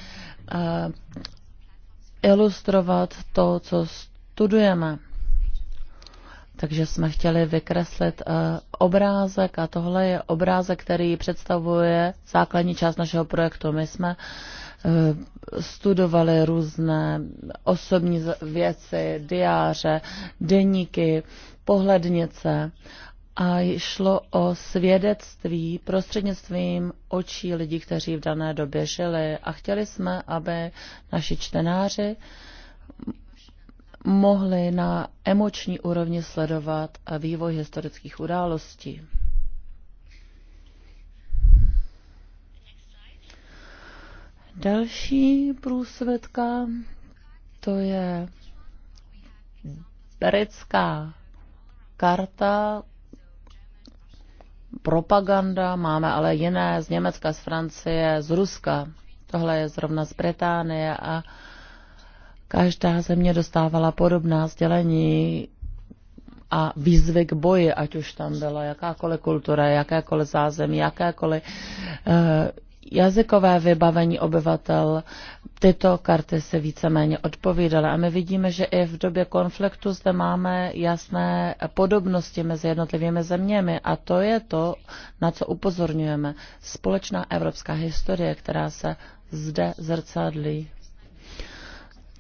uh, ilustrovat to, co studujeme. Takže jsme chtěli vykreslit uh, obrázek a tohle je obrázek, který představuje základní část našeho projektu. My jsme uh, studovali různé osobní věci, diáře, deníky, pohlednice a šlo o svědectví prostřednictvím očí lidí, kteří v dané době žili. A chtěli jsme, aby naši čtenáři mohli na emoční úrovni sledovat vývoj historických událostí. Další průsvědka, to je britská karta, propaganda, máme ale jiné z Německa, z Francie, z Ruska. Tohle je zrovna z Británie a každá země dostávala podobná sdělení a výzvy k boji, ať už tam byla jakákoliv kultura, jakékoliv zázemí, jakékoliv eh, jazykové vybavení obyvatel tyto karty se víceméně odpovídaly. A my vidíme, že i v době konfliktu zde máme jasné podobnosti mezi jednotlivými zeměmi a to je to, na co upozorňujeme. Společná evropská historie, která se zde zrcadlí.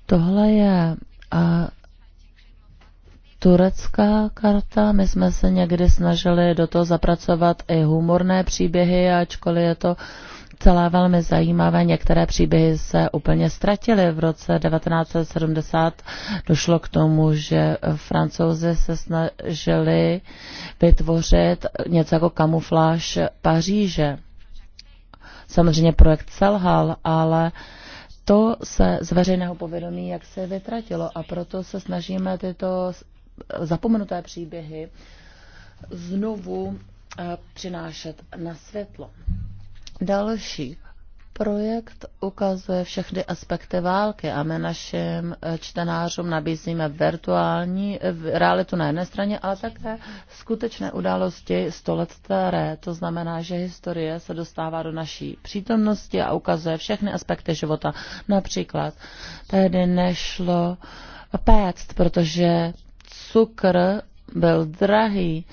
Tohle je a, turecká karta. My jsme se někdy snažili do toho zapracovat i humorné příběhy, ačkoliv je to uh, celé velmi zajímavé. Některé příběhy se úplně ztratily. V roce 1970 došlo k tomu, že francouzi se snažili vytvořit něco jako kamufláž Paříže. Samozřejmě projekt selhal, ale to se z veřejného povědomí jak se vytratilo a proto se snažíme tyto zapomenuté příběhy znovu eh, přinášet na světlo. Další projekt ukazuje všechny aspekty války a my našim čtenářům nabízíme virtuální realitu na jedné straně, ale také skutečné události stolet staré. To znamená, že historie se dostává do naší přítomnosti a ukazuje všechny aspekty života. Například tehdy nešlo péct, protože cukr byl drahý.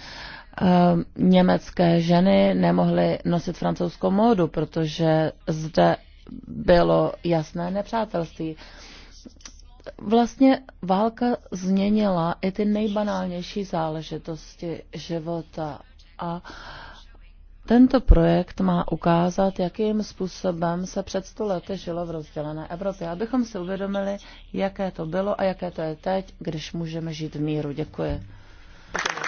Eh, německé ženy nemohly nosit francouzskou módu, protože zde bylo jasné nepřátelství. Vlastně válka změnila i ty nejbanálnější záležitosti života a tento projekt má ukázat, jakým způsobem se před sto lety žilo v rozdělené Evropě, abychom si uvědomili, jaké to bylo a jaké to je teď, když můžeme žít v míru. Děkuji. Děkuji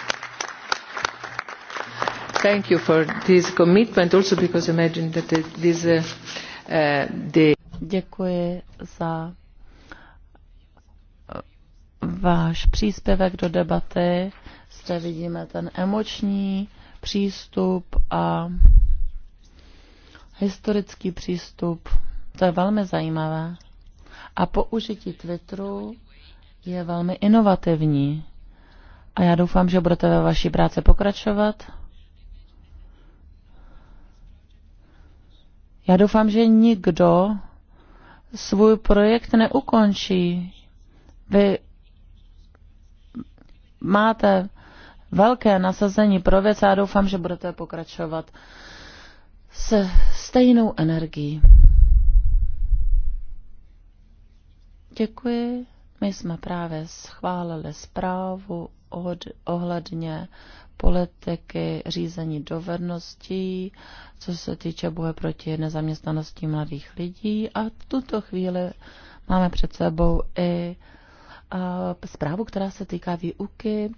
thank you for this commitment also because imagine that this uh, uh, the Děkuji za uh, váš příspěvek do debaty. Zde vidíme ten emoční přístup a historický přístup. To je velmi zajímavé. A použití Twitteru je velmi inovativní. A já doufám, že budete ve vaší práci pokračovat. Já doufám, že nikdo svůj projekt neukončí. Vy máte velké nasazení pro věc a já doufám, že budete pokračovat se stejnou energií. Děkuji. My jsme právě schválili zprávu od, ohledně politiky řízení dovedností, co se týče boje proti nezaměstnanosti mladých lidí. A v tuto chvíli máme před sebou i zprávu, která se týká výuky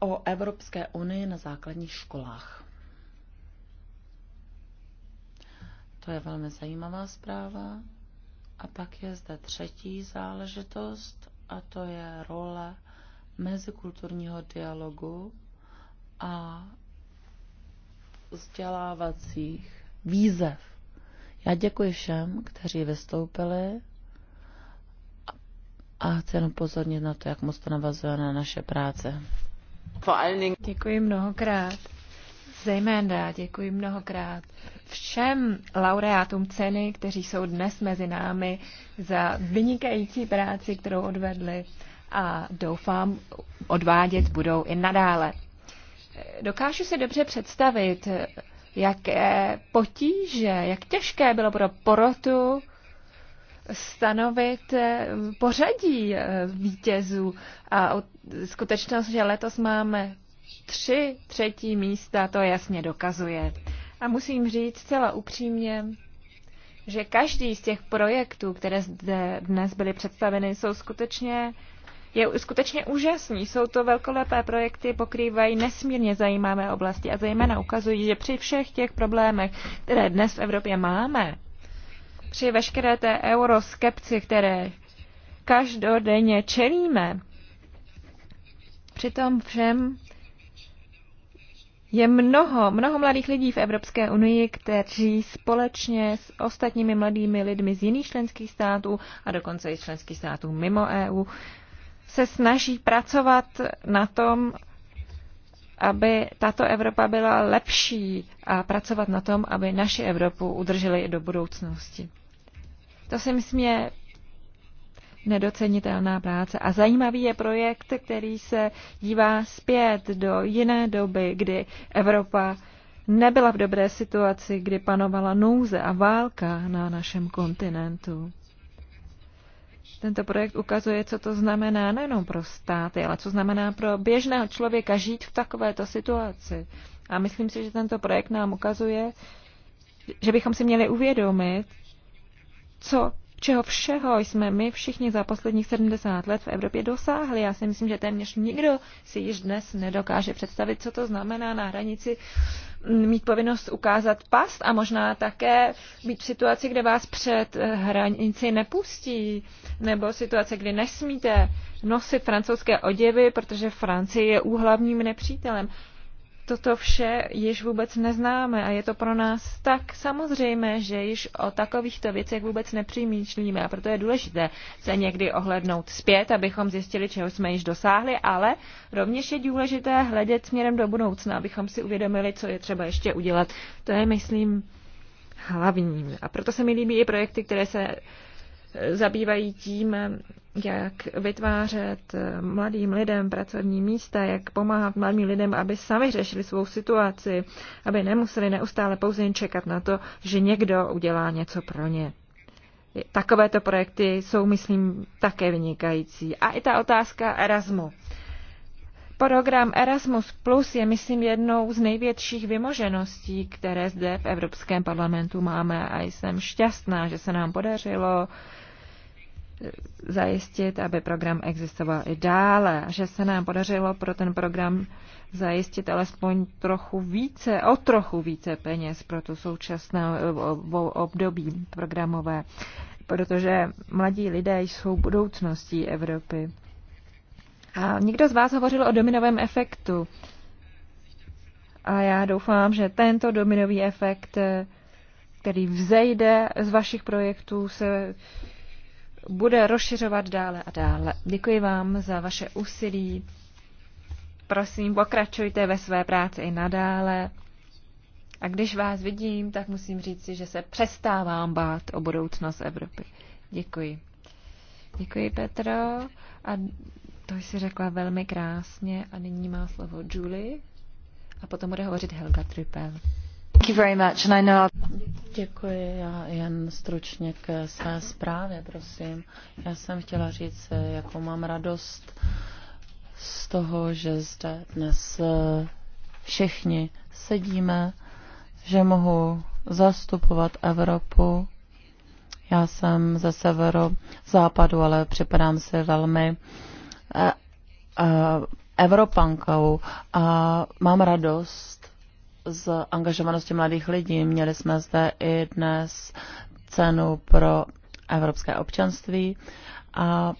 o Evropské unii na základních školách. To je velmi zajímavá zpráva. A pak je zde třetí záležitost, a to je role mezikulturního dialogu a vzdělávacích výzev. Já děkuji všem, kteří vystoupili a chci jenom pozornit na to, jak moc to navazuje na naše práce. Děkuji mnohokrát. Zejména děkuji mnohokrát všem laureátům ceny, kteří jsou dnes mezi námi za vynikající práci, kterou odvedli a doufám odvádět budou i nadále. Dokážu si dobře představit, jaké potíže, jak těžké bylo pro porotu stanovit eh, pořadí eh, vítězů. A skutečnost, že letos máme tři třetí místa, to jasně dokazuje. A musím říct celá upřímně, že každý z těch projektů, které zde dnes byly představeny, jsou skutečně je skutečně úžasný. Jsou to velkolepé projekty, pokrývají nesmírně zajímavé oblasti a zejména ukazují, že při všech těch problémech, které dnes v Evropě máme, při veškeré té euroskepci, které každodenně čelíme, přitom všem je mnoho, mnoho mladých lidí v Evropské unii, kteří společně s ostatními mladými lidmi z jiných členských států a dokonce i členských států mimo EU se snaží pracovat na tom, aby tato Evropa byla lepší a pracovat na tom, aby naši Evropu udrželi i do budoucnosti. To si myslím je nedocenitelná práce. A zajímavý je projekt, který se dívá zpět do jiné doby, kdy Evropa nebyla v dobré situaci, kdy panovala nouze a válka na našem kontinentu. Tento projekt ukazuje, co to znamená nejenom pro státy, ale co znamená pro běžného člověka žít v takovéto situaci. A myslím si, že tento projekt nám ukazuje, že bychom si měli uvědomit, co čeho všeho jsme my všichni za posledních 70 let v Evropě dosáhli. Já si myslím, že téměř nikdo si již dnes nedokáže představit, co to znamená na hranici mm, mít povinnost ukázat past a možná také být v situaci, kde vás před eh, hranici nepustí, nebo situace, kdy nesmíte nosit francouzské oděvy, protože Francie je úhlavním nepřítelem toto vše již vůbec neznáme a je to pro nás tak samozřejmé, že již o takovýchto věcech vůbec nepřemýšlíme a proto je důležité se někdy ohlednout zpět, abychom zjistili, čeho jsme již dosáhli, ale rovněž je důležité hledět směrem do budoucna, abychom si uvědomili, co je třeba ještě udělat. To je, myslím, hlavní. A proto se mi líbí i projekty, které se zabývají tím, jak vytvářet mladým lidem pracovní místa, jak pomáhat mladým lidem, aby sami řešili svou situaci, aby nemuseli neustále pouze jen čekat na to, že někdo udělá něco pro ně. Takovéto projekty jsou, myslím, také vynikající. A i ta otázka Erasmu. Program Erasmus Plus je, myslím, jednou z největších vymožeností, které zde v Evropském parlamentu máme a jsem šťastná, že se nám podařilo uh, zajistit, aby program existoval i dále, že se nám podařilo pro ten program zajistit alespoň trochu více, o trochu více peněz pro tu současné období programové, protože mladí lidé jsou budoucností Evropy. A někdo z vás hovořil o dominovém efektu. A já doufám, že tento dominový efekt, který vzejde z vašich projektů, se bude rozšiřovat dále a dále. Děkuji vám za vaše úsilí. Prosím, pokračujte ve své práci i nadále. A když vás vidím, tak musím říct, že se přestávám bát o budoucnost Evropy. Děkuji. Děkuji, Petro. A to jsi řekla velmi krásně. A nyní má slovo Julie. A potom bude hovořit Helga Trypel. Děkuji. Já jen stručně k své zprávě, prosím. Já jsem chtěla říct, jakou mám radost z toho, že zde dnes eh, všichni sedíme, že mohu zastupovat Evropu. Já jsem ze severu západu, ale připadám si velmi eh, eh, Evropankou a mám radost z angažovanosti mladých lidí. Měli jsme zde i dnes cenu pro evropské občanství a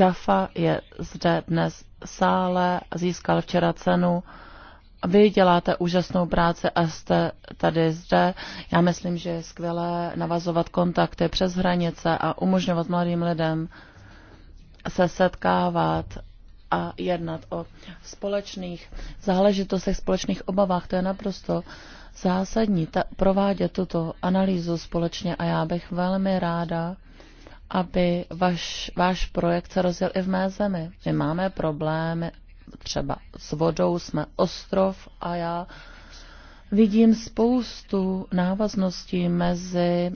Jaffa je zde dnes sále, získal včera cenu. Vy děláte úžasnou práci a jste tady zde. Já myslím, že je skvělé navazovat kontakty přes hranice a umožňovat mladým lidem se setkávat a jednat o společných záležitostech, společných obavách. To je naprosto zásadní ta, provádět tuto analýzu společně a já bych velmi ráda, aby vaš, váš projekt se rozjel i v mé zemi. My máme problémy třeba s vodou, jsme ostrov a já vidím spoustu návazností mezi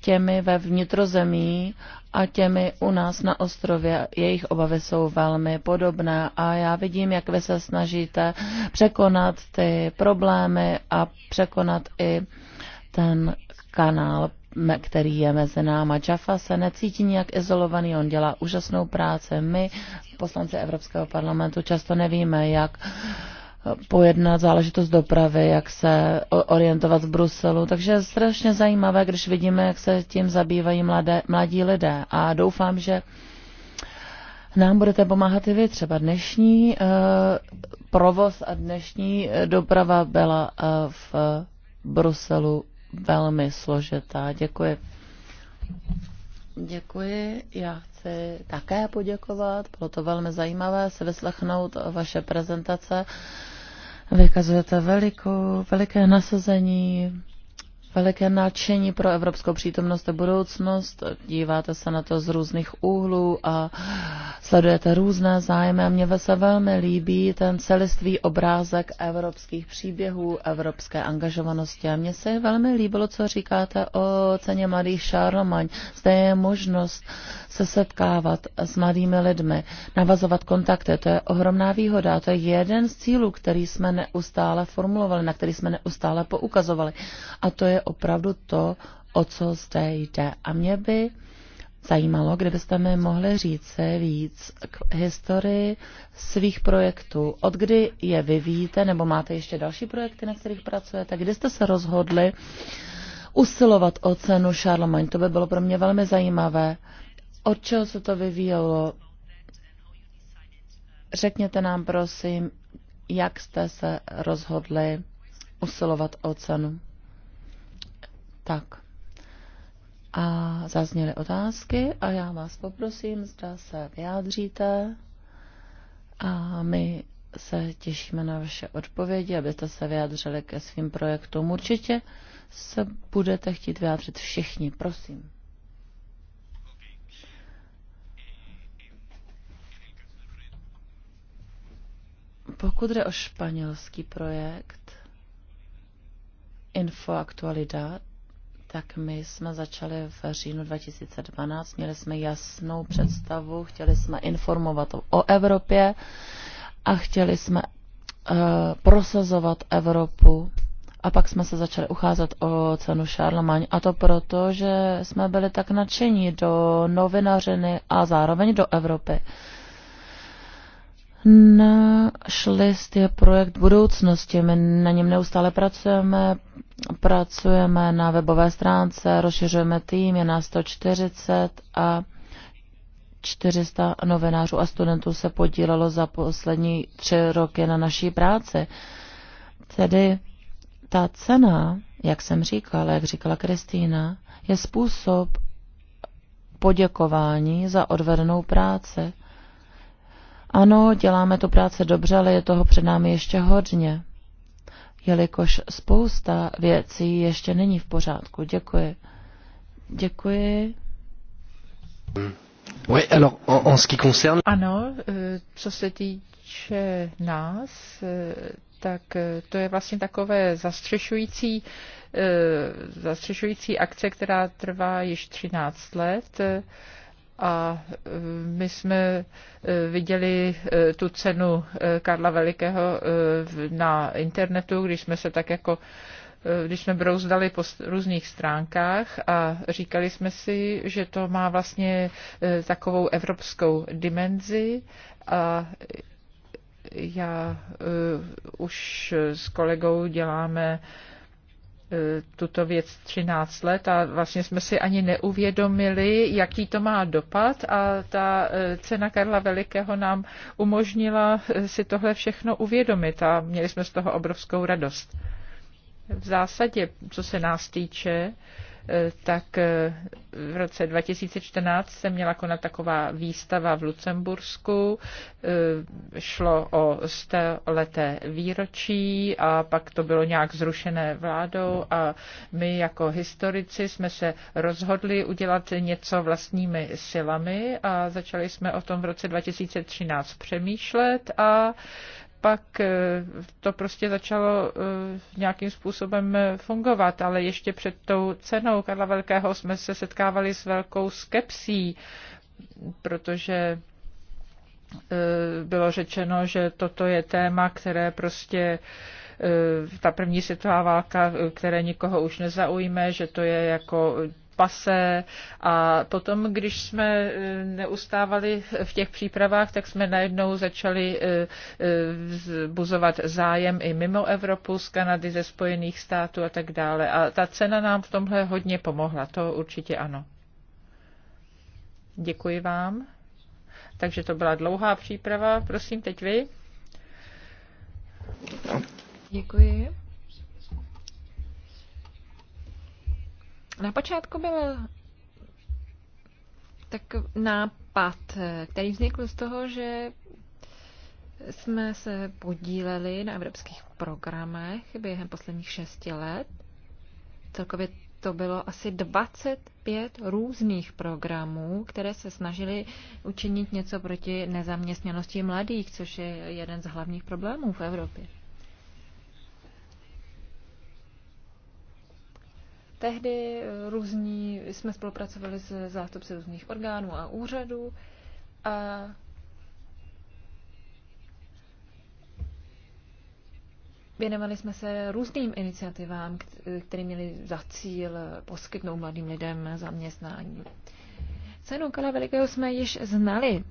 těmi ve vnitrozemí a těmi u nás na ostrově. Jejich obavy jsou velmi podobné a já vidím, jak vy se snažíte překonat ty problémy a překonat i ten kanál který je mezi náma. Jaffa se necítí nijak izolovaný, on dělá úžasnou práci. My, poslanci Evropského parlamentu, často nevíme, jak pojednat záležitost dopravy, jak se orientovat v Bruselu. Takže je strašně zajímavé, když vidíme, jak se tím zabývají mladé, mladí lidé. A doufám, že nám budete pomáhat i vy. Třeba dnešní uh, provoz a dnešní eh, doprava byla uh, v Bruselu velmi složitá. Děkuji. Děkuji. Já chci také poděkovat. Bylo to velmi zajímavé se vyslechnout vaše prezentace vykazujete velikou, veliké nasazení, veliké nadšení pro evropskou přítomnost a budoucnost. Díváte se na to z různých úhlů a sledujete různé zájmy. A mně se velmi líbí ten celistvý obrázek evropských příběhů, evropské angažovanosti. A mně se velmi líbilo, co říkáte o ceně mladých Šáromaň. Zde je možnost se setkávat s mladými lidmi, navazovat kontakty. To je ohromná výhoda. To je jeden z cílů, který jsme neustále formulovali, na který jsme neustále poukazovali. A to je opravdu to, o co zde jde. A mě by zajímalo, kdybyste mi mohli říct víc k historii svých projektů. Od kdy je vyvíjíte, nebo máte ještě další projekty, na kterých pracujete? Kdy jste se rozhodli usilovat o cenu Charlemagne? To by bylo pro mě velmi zajímavé. Od čeho se to vyvíjelo? Řekněte nám, prosím, jak jste se rozhodli usilovat o cenu. Tak. A zazněly otázky a já vás poprosím, zda se vyjádříte a my se těšíme na vaše odpovědi, abyste se vyjádřili ke svým projektům. Určitě se budete chtít vyjádřit všichni, prosím. Pokud jde o španělský projekt Info Actualidad, tak my jsme začali v říjnu 2012, měli jsme jasnou představu, chtěli jsme informovat o Evropě a chtěli jsme uh, prosazovat Evropu. A pak jsme se začali ucházet o cenu Šarlemaň. A to proto, že jsme byli tak nadšení do novinařiny a zároveň do Evropy. Uh, Náš list je projekt budoucnosti. My na něm neustále pracujeme, pracujeme na webové stránce, rozšiřujeme tým, je nás 140 a 400 novinářů a studentů se podílelo za poslední tři roky na naší práci. Tedy ta cena, jak jsem říkala, jak říkala Kristýna, je způsob poděkování za odvedenou práci. Ano, děláme tu práci dobře, ale je toho před námi ještě hodně, jelikož spousta věcí ještě není v pořádku. Děkuji. Děkuji. Oui, alors, en, en ce qui concerne... Ano, eh, co se týče nás, eh, tak eh, to je vlastně takové zastřešující, zastřešující akce, která trvá již 13 let a e, my jsme e, viděli e, tu cenu Karla Velikého na internetu, když jsme se tak jako když jsme brouzdali po různých stránkách a říkali jsme si, že to má vlastně takovou evropskou dimenzi a já už s kolegou děláme uh, E, tuto věc 13 let a vlastně jsme si ani neuvědomili, jaký to má dopad a ta e, cena Karla Velikého nám umožnila e, si tohle všechno uvědomit a měli jsme z toho obrovskou radost. V zásadě, co se nás týče, tak eh, v roce 2014 se měla konat taková výstava v Lucembursku. Eh, šlo o 100 leté výročí a pak to bylo nějak zrušené vládou a my jako historici jsme se rozhodli udělat něco vlastními silami a začali jsme o tom v roce 2013 přemýšlet a pak eh, to prostě začalo eh, nějakým způsobem eh, fungovat, ale ještě před tou cenou Karla Velkého jsme se setkávali s velkou skepsí, protože bylo řečeno, že toto je téma, které prostě ta první světová válka, které nikoho už nezaujme, že to je jako pase. A potom, když jsme e, neustávali v těch přípravách, tak jsme najednou začali e, e, buzovat zájem i mimo Evropu, z Kanady, ze Spojených států a tak dále. A ta cena nám v tomhle hodně pomohla, to určitě ano. Děkuji vám. Takže to byla dlouhá příprava. Prosím, teď vy. Děkuji. Na počátku byl tak nápad, který vznikl z toho, že jsme se podíleli na evropských programech během posledních šesti let. Celkově to bylo asi 25 různých programů, které se snažili učinit něco proti nezaměstnanosti mladých, což je jeden z hlavních problémů v Evropě. Tehdy eh, různí, jsme spolupracovali s zástupci různých orgánů a úřadů a Věnovali jsme se různým iniciativám, eh, které měly za cíl poskytnout mladým lidem zaměstnání. Cenu Kala Velikého jsme již znali,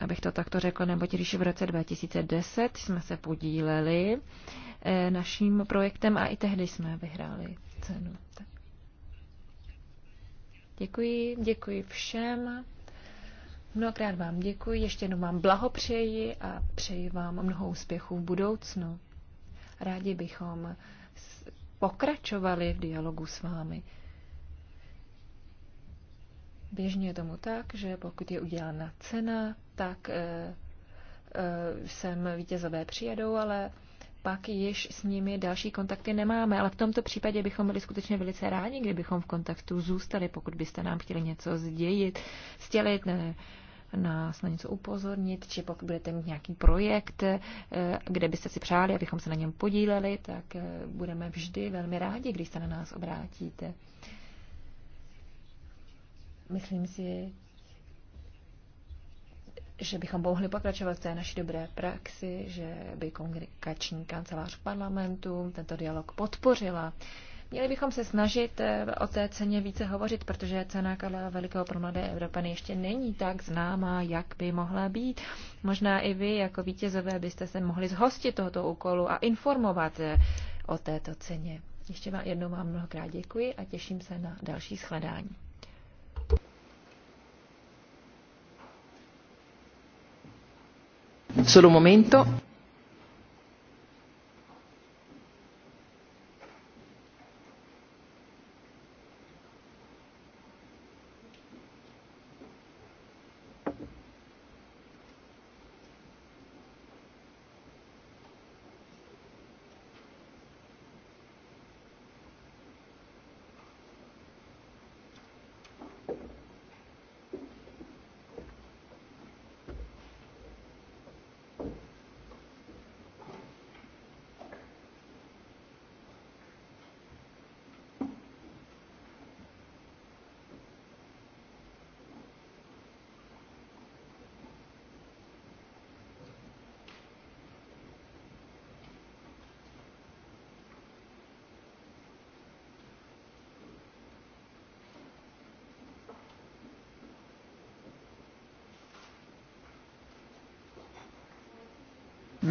abych to takto řekl, nebo když v roce 2010 jsme se podíleli eh, naším projektem a i tehdy jsme vyhráli cenu. Tak. Děkuji, děkuji všem. Mnohokrát vám děkuji, ještě jednou vám blahopřeji a přeji vám mnoho úspěchů v budoucnu. Rádi bychom pokračovali v dialogu s vámi. Běžně je tomu tak, že pokud je udělána cena, tak e, e, sem vítězové přijedou, ale pak již s nimi další kontakty nemáme, ale v tomto případě bychom byli skutečně velice rádi, kdybychom v kontaktu zůstali, pokud byste nám chtěli něco zdějit, stělit, ne, nás na něco upozornit, či pokud budete mít nějaký projekt, eh, kde byste si přáli, abychom se na něm podíleli, tak eh, budeme vždy velmi rádi, když se na nás obrátíte. Myslím si, že bychom mohli pokračovat v té naší dobré praxi, že by kongregační kancelář parlamentu tento dialog podpořila. Měli bychom se snažit eh, o té ceně více hovořit, protože cena Karla Velikého pro mladé Evropany ještě není tak známá, jak by mohla být. Možná i vy jako vítězové byste se mohli zhostit tohoto úkolu a informovat eh, o této ceně. Ještě vám jednou vám mnohokrát děkuji a těším se na další shledání. solo un momento.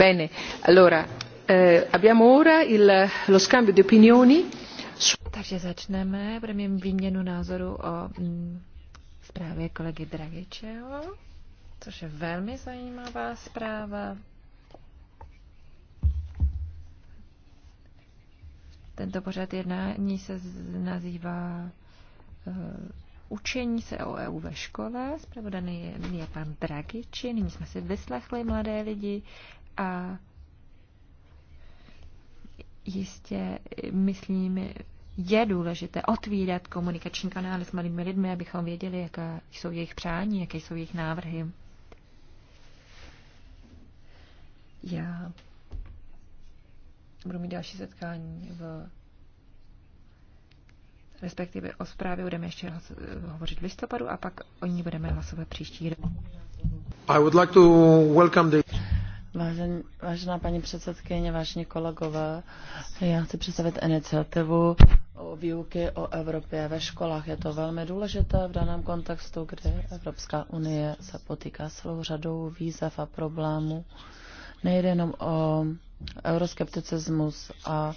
Eh, Takže začneme, budeme mít výměnu názoru o mm, zprávě kolegy Dragičeho, což je velmi zajímavá zpráva. Tento pořad jednání se nazývá eh, Učení se o EU ve škole. Zpravodaný je, je pan Dragiči. Nyní jsme si vyslechli mladé lidi a jistě, myslím, je důležité otvírat komunikační kanály s malými lidmi, abychom věděli, jaké jsou jejich přání, jaké jsou jejich návrhy. Já budu mít další setkání v respektive o zprávě budeme ještě hovořit v listopadu a pak o ní budeme hlasovat příští rok. I would like to welcome the... Vážen, vážená paní předsedkyně, vážení kolegové, já chci představit iniciativu o výuky o Evropě ve školách. Je to velmi důležité v daném kontextu, kdy Evropská unie se potýká celou řadou výzev a problémů. Nejde jenom o euroskepticismus a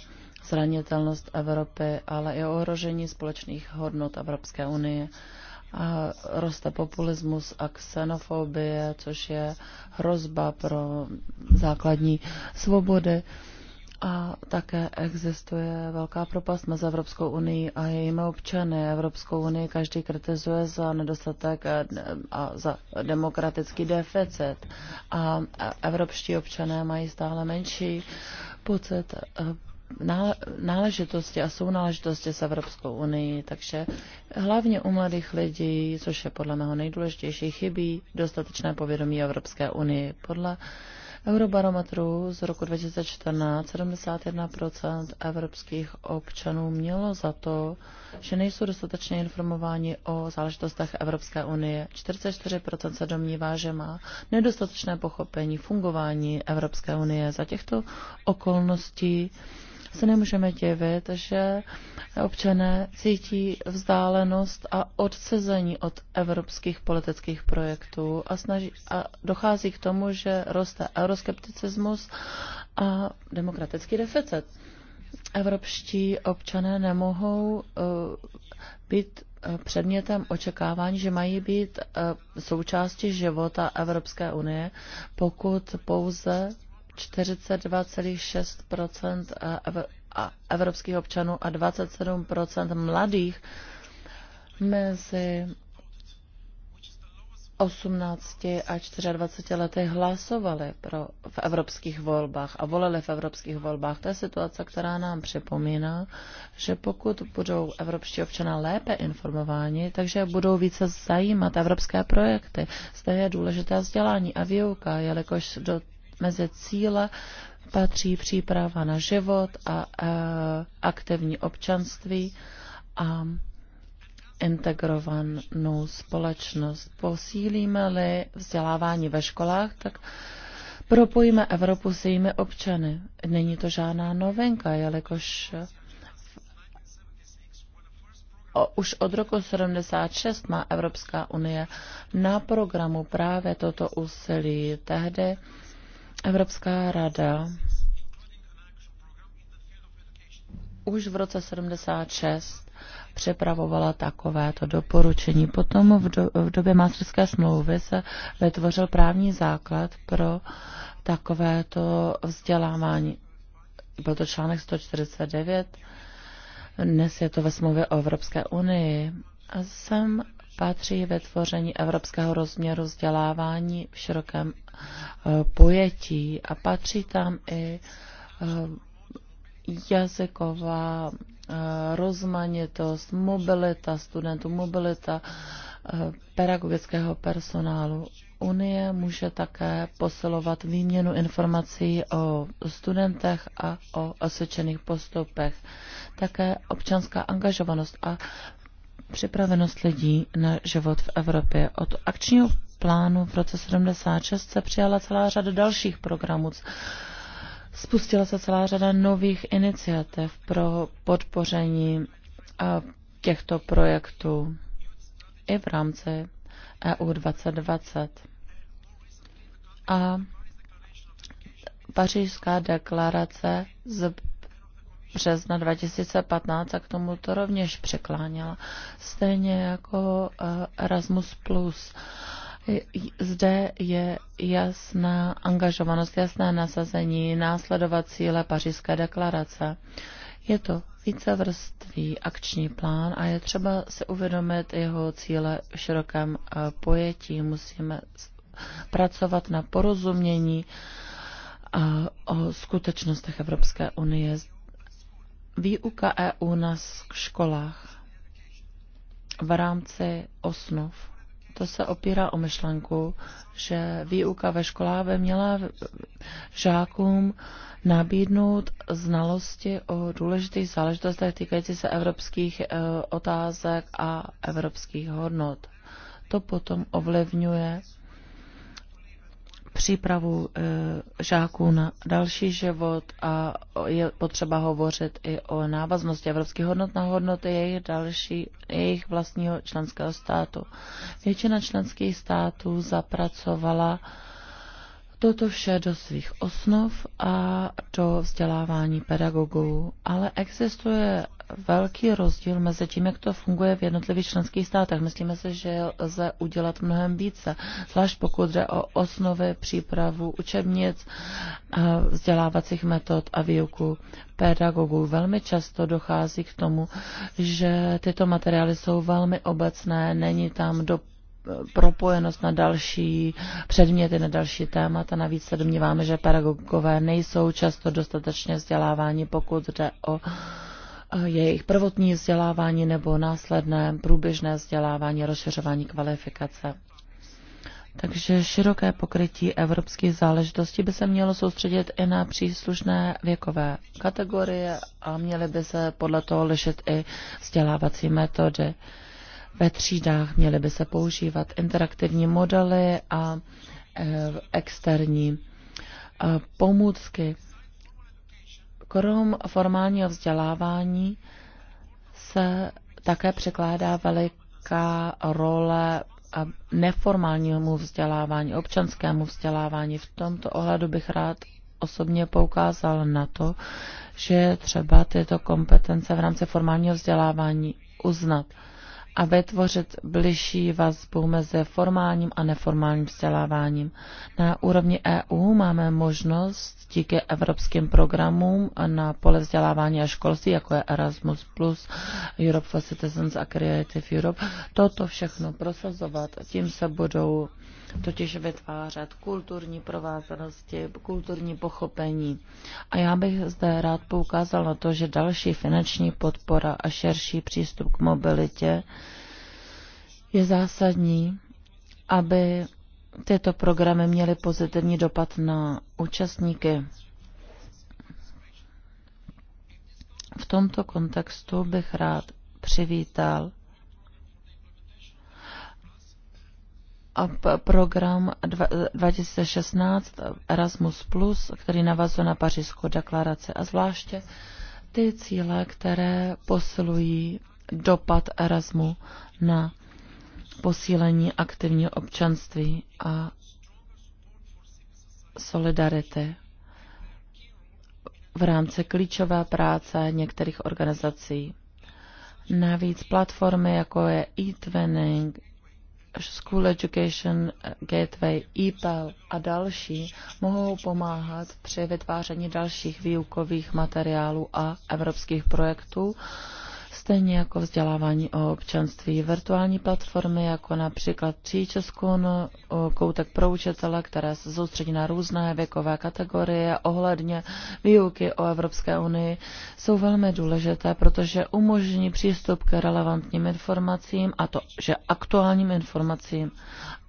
zranitelnost Evropy, ale i o ohrožení společných hodnot Evropské unie a roste populismus a xenofobie, což je hrozba pro základní svobody. A také existuje velká propast mezi Evropskou unii a jejími občany. Evropskou unii každý kritizuje za nedostatek a za demokratický deficit. A evropští občané mají stále menší pocit eh, náležitosti a sounáležitosti s Evropskou unii, takže hlavně u mladých lidí, což je podle mého nejdůležitější, chybí dostatečné povědomí Evropské unii. Podle Eurobarometru z roku 2014 71% evropských občanů mělo za to, že nejsou dostatečně informováni o záležitostech Evropské unie. 44% se domnívá, že má nedostatečné pochopení fungování Evropské unie. Za těchto okolností se nemůžeme divit, že občané cítí vzdálenost a odcezení od evropských politických projektů a, snaží, a dochází k tomu, že roste euroskepticismus a demokratický deficit. Evropští občané nemohou uh, být eh, předmětem očekávání, že mají být eh, součástí života Evropské unie, pokud pouze 42,6 evropských občanů a 27 mladých mezi 18 a 24 lety hlasovali pro, v evropských volbách a volili v evropských volbách. To je situace, která nám připomíná, že pokud budou evropští občané lépe informováni, takže budou více zajímat evropské projekty. Zde je důležité vzdělání a výuka, jelikož do mezi cíle patří příprava na život a aktivní občanství a integrovanou společnost. Posílíme-li vzdělávání ve školách, tak propojíme Evropu s jejími občany. Není to žádná novinka, jelikož O, už od roku 76 má Evropská unie na programu právě toto úsilí. Tehdy Evropská rada už v roce 76 připravovala takovéto doporučení. Potom v, do, v době masterské smlouvy se vytvořil právní základ pro takovéto vzdělávání. Byl to článek 149, dnes je to ve smlouvě o Evropské unii. A jsem patří ve tvoření evropského rozměru vzdělávání v širokém eh, pojetí a patří tam i eh, jazyková eh, rozmanitost, mobilita studentů, mobilita pedagogického personálu. Unie může také posilovat výměnu informací o studentech a o osvědčených postupech. Také občanská angažovanost a připravenost lidí na život v Evropě. Od akčního plánu v roce 76 se přijala celá řada dalších programů. Spustila se celá řada nových iniciativ pro podpoření těchto projektů i v rámci EU 2020. A pařížská deklarace z března 2015 a k tomu to rovněž překláněla. Stejně jako eh, Erasmus+. Zde je jasná angažovanost, jasné nasazení, následovat cíle pařížské deklarace. Je to vícevrstvý akční plán a je třeba se uvědomit jeho cíle v širokém eh, pojetí. Musíme pracovat na porozumění eh, o skutečnostech Evropské unie. Výuka EU na školách v rámci osnov. To se opírá o myšlenku, že výuka ve školách by měla žákům nabídnout znalosti o důležitých záležitostech týkající se evropských e, otázek a evropských hodnot. To potom ovlivňuje přípravu e, žáků na další život a je potřeba hovořit i o návaznosti evropských hodnot na hodnoty jejich další, jejich vlastního členského státu. Většina členských států zapracovala toto vše do svých osnov a do vzdělávání pedagogů, ale existuje velký rozdíl mezi tím, jak to funguje v jednotlivých členských státech. Myslíme se, že lze udělat mnohem více, zvlášť pokud jde o osnovy, přípravu učebnic, vzdělávacích metod a výuku pedagogů. Velmi často dochází k tomu, že tyto materiály jsou velmi obecné, není tam do propojenost na další předměty, na další témata. Navíc se domníváme, že pedagogové nejsou často dostatečně vzděláváni, pokud jde o eh, jejich prvotní vzdělávání nebo následné průběžné vzdělávání, rozšiřování kvalifikace. Takže široké pokrytí evropských záležitostí by se mělo soustředit i na příslušné věkové kategorie a měly by se podle toho lišit i vzdělávací metody ve třídách. Měly by se používat interaktivní modely a e, externí e, pomůcky. Krom formálního vzdělávání se také překládá veliká role neformálnímu vzdělávání, občanskému vzdělávání. V tomto ohledu bych rád osobně poukázal na to, že třeba tyto kompetence v rámci formálního vzdělávání uznat a vytvořit bližší vazbu mezi formálním a neformálním vzděláváním. Na úrovni EU máme možnost díky evropským programům na pole vzdělávání a školství, jako je Erasmus+, Europe for Citizens a Creative Europe, toto všechno prosazovat. Tím se budou totiž vytvářet kulturní provázanosti, kulturní pochopení. A já bych zde rád poukázal na to, že další finanční podpora a širší přístup k mobilitě je zásadní, aby tyto programy měly pozitivní dopad na účastníky. V tomto kontextu bych rád přivítal program 2016 Erasmus+, který navazuje na pařížskou deklaraci a zvláště ty cíle, které posilují dopad Erasmu na posílení aktivního občanství a solidarity v rámci klíčové práce některých organizací. Navíc platformy jako je e-twinning, School Education Gateway, EPEL a další mohou pomáhat při vytváření dalších výukových materiálů a evropských projektů stejně jako vzdělávání o občanství. Virtuální platformy, jako například Příčeskun, koutek pro učitele, které se soustředí na různé věkové kategorie ohledně výuky o Evropské unii, jsou velmi důležité, protože umožní přístup k relevantním informacím, a to, že aktuálním informacím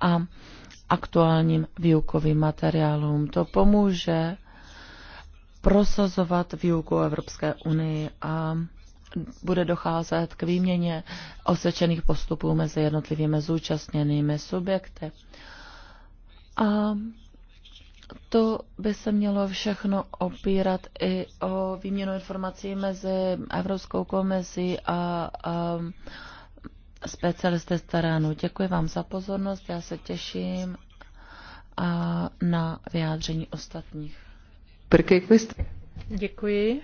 a aktuálním výukovým materiálům. To pomůže prosazovat výuku Evropské unii a bude docházet k výměně osvědčených postupů mezi jednotlivými zúčastněnými subjekty. A to by se mělo všechno opírat i o výměnu informací mezi Evropskou komisí a, a specialisty z terénu. Děkuji vám za pozornost, já se těším a na vyjádření ostatních. Děkuji.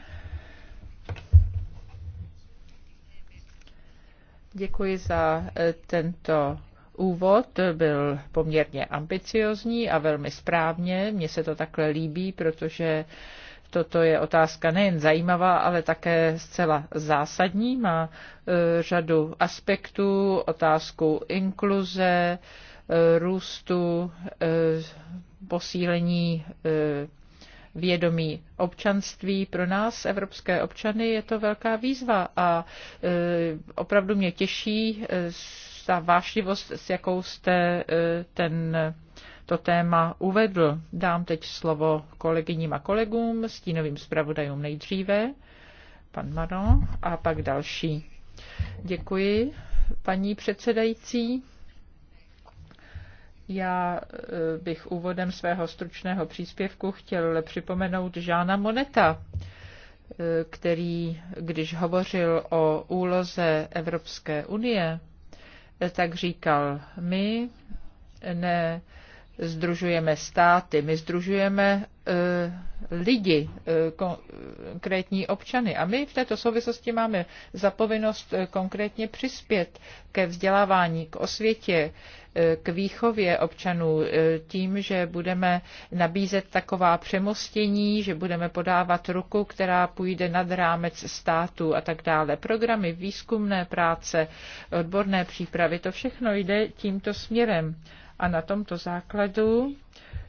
Děkuji za e, tento úvod byl poměrně ambiciozní a velmi správně. Mně se to takhle líbí, protože toto je otázka nejen zajímavá, ale také zcela zásadní. Má e, řadu aspektů, otázku inkluze, e, růstu, posílení vědomí občanství. Pro nás, evropské občany, je to velká výzva a e, opravdu mě těší e, ta vášnivost, s jakou jste e, ten to téma uvedl. Dám teď slovo kolegyním a kolegům, stínovým zpravodajům nejdříve, pan Maro, a pak další. Děkuji, paní předsedající. Já eh, bych úvodem svého stručného příspěvku chtěl připomenout Žána Moneta, eh, který, když hovořil o úloze Evropské unie, eh, tak říkal, my ne združujeme státy, my združujeme E, lidi, e, konkrétní občany. A my v této souvislosti máme zapovinnost e, konkrétně přispět ke vzdělávání, k osvětě, k výchově občanů tím, že budeme nabízet taková přemostění, že budeme podávat ruku, která půjde nad rámec státu a tak dále. Programy výzkumné práce, odborné přípravy, to všechno jde tímto směrem. A na tomto základu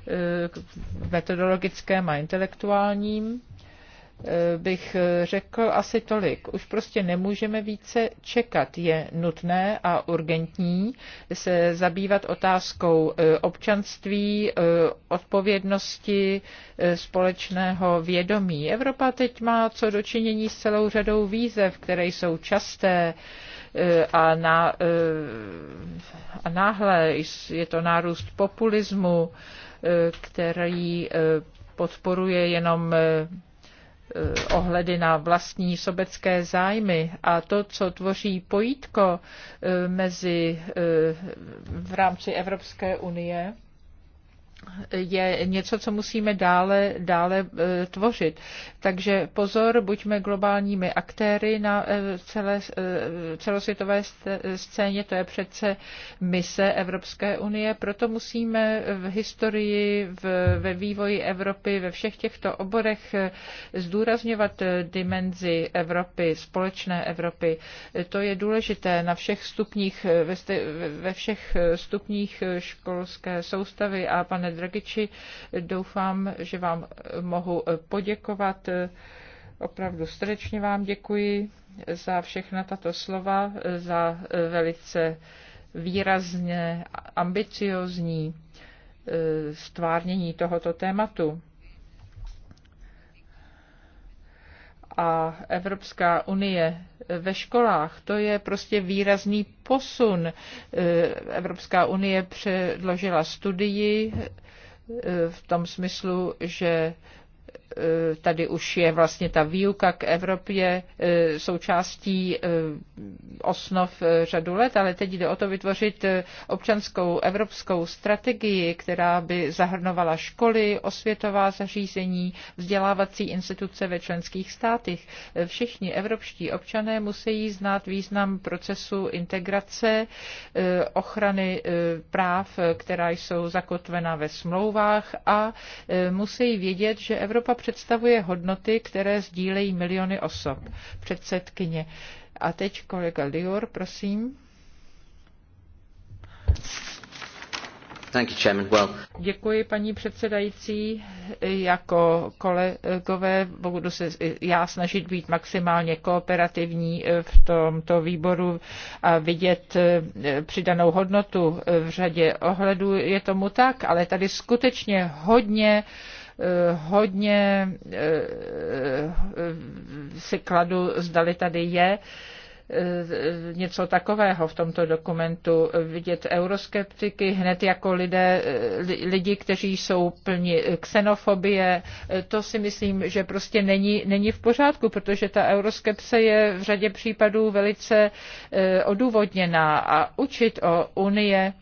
eh, metodologickém a intelektuálním eh, bych eh, řekl asi tolik. Už prostě nemůžeme více čekat. Je nutné a urgentní se zabývat otázkou občanství, odpovědnosti, společného vědomí. Evropa teď má co dočinění s celou řadou výzev, které jsou časté Eh, a, na, eh, a náhle je to nárůst populismu, eh, který podporuje jenom ohledy na vlastní sobecké zájmy a to, co tvoří pojítko mezi v rámci Evropské unie, je něco, co musíme dále, dále tvořit. Takže pozor, buďme globálními aktéry na eh, celé, eh, celosvětové scéně, to je přece mise Evropské unie, proto musíme v historii, v, ve vývoji Evropy, ve všech těchto oborech eh, zdůrazňovat dimenzi Evropy, společné Evropy. To je důležité na všech stupních, ve všech stupních školské soustavy a pane Dragiči, doufám, že vám mohu poděkovat Opravdu srdečně vám děkuji za všechna tato slova, za velice výrazně ambiciozní eh, stvárnění tohoto tématu. a Evropská unie eh, ve školách. To je prostě výrazný posun. Eh, Evropská unie předložila studii v tom smyslu, že Eh, tady už je vlastně ta výuka k Evropě eh, součástí eh, osnov řadu let, ale teď jde o to vytvořit občanskou evropskou strategii, která by zahrnovala školy, osvětová zařízení, vzdělávací instituce ve členských státech. Všichni evropští občané musí znát význam procesu integrace, ochrany práv, která jsou zakotvena ve smlouvách a musí vědět, že Evropa představuje hodnoty, které sdílejí miliony osob. Předsedkyně. A teď kolega Lior, prosím. Děkuji, paní předsedající. Jako kolegové budu se já snažit být maximálně kooperativní eh, v tomto výboru a vidět eh, přidanou hodnotu v řadě ohledů. Je tomu tak, ale tady skutečně hodně Eh, hodně eh, eh, si kladu, zdali tady je něco takového v tomto dokumentu, vidět euroskeptiky hned jako lidé, lidi, kteří jsou plni xenofobie, to si myslím, že prostě není, není v pořádku, protože ta euroskepse je v řadě případů velice odůvodněná a učit o Unie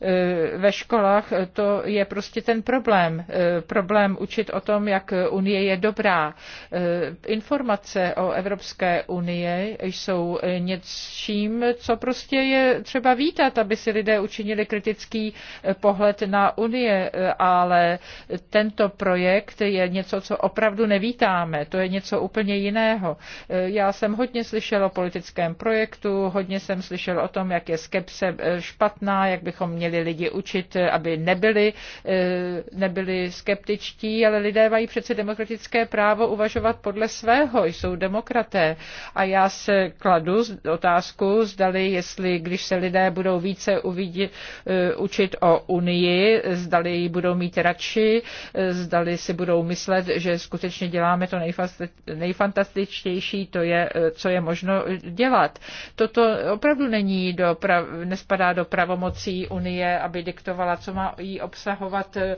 E, ve školách, to je prostě ten problém. E, problém učit o tom, jak Unie je dobrá. E, informace o Evropské unii jsou něčím, co prostě je třeba vítat, aby si lidé učinili kritický pohled na unie, ale tento projekt je něco, co opravdu nevítáme. To je něco úplně jiného. Já jsem hodně slyšel o politickém projektu, hodně jsem slyšel o tom, jak je skepse špatná, jak bychom měli měli lidi učit, aby nebyli, eh, nebyli skeptičtí, ale lidé mají přece demokratické právo uvažovat podle svého, jsou demokraté. A já se kladu otázku, zdali, jestli když se lidé budou více uvidě, eh, učit o Unii, zdali ji budou mít radši, eh, zdali si budou myslet, že skutečně děláme to nejfantastičtější, to je, co je možno dělat. Toto opravdu není do nespadá do pravomocí Unie unie, aby diktovala, co má jí obsahovat eh,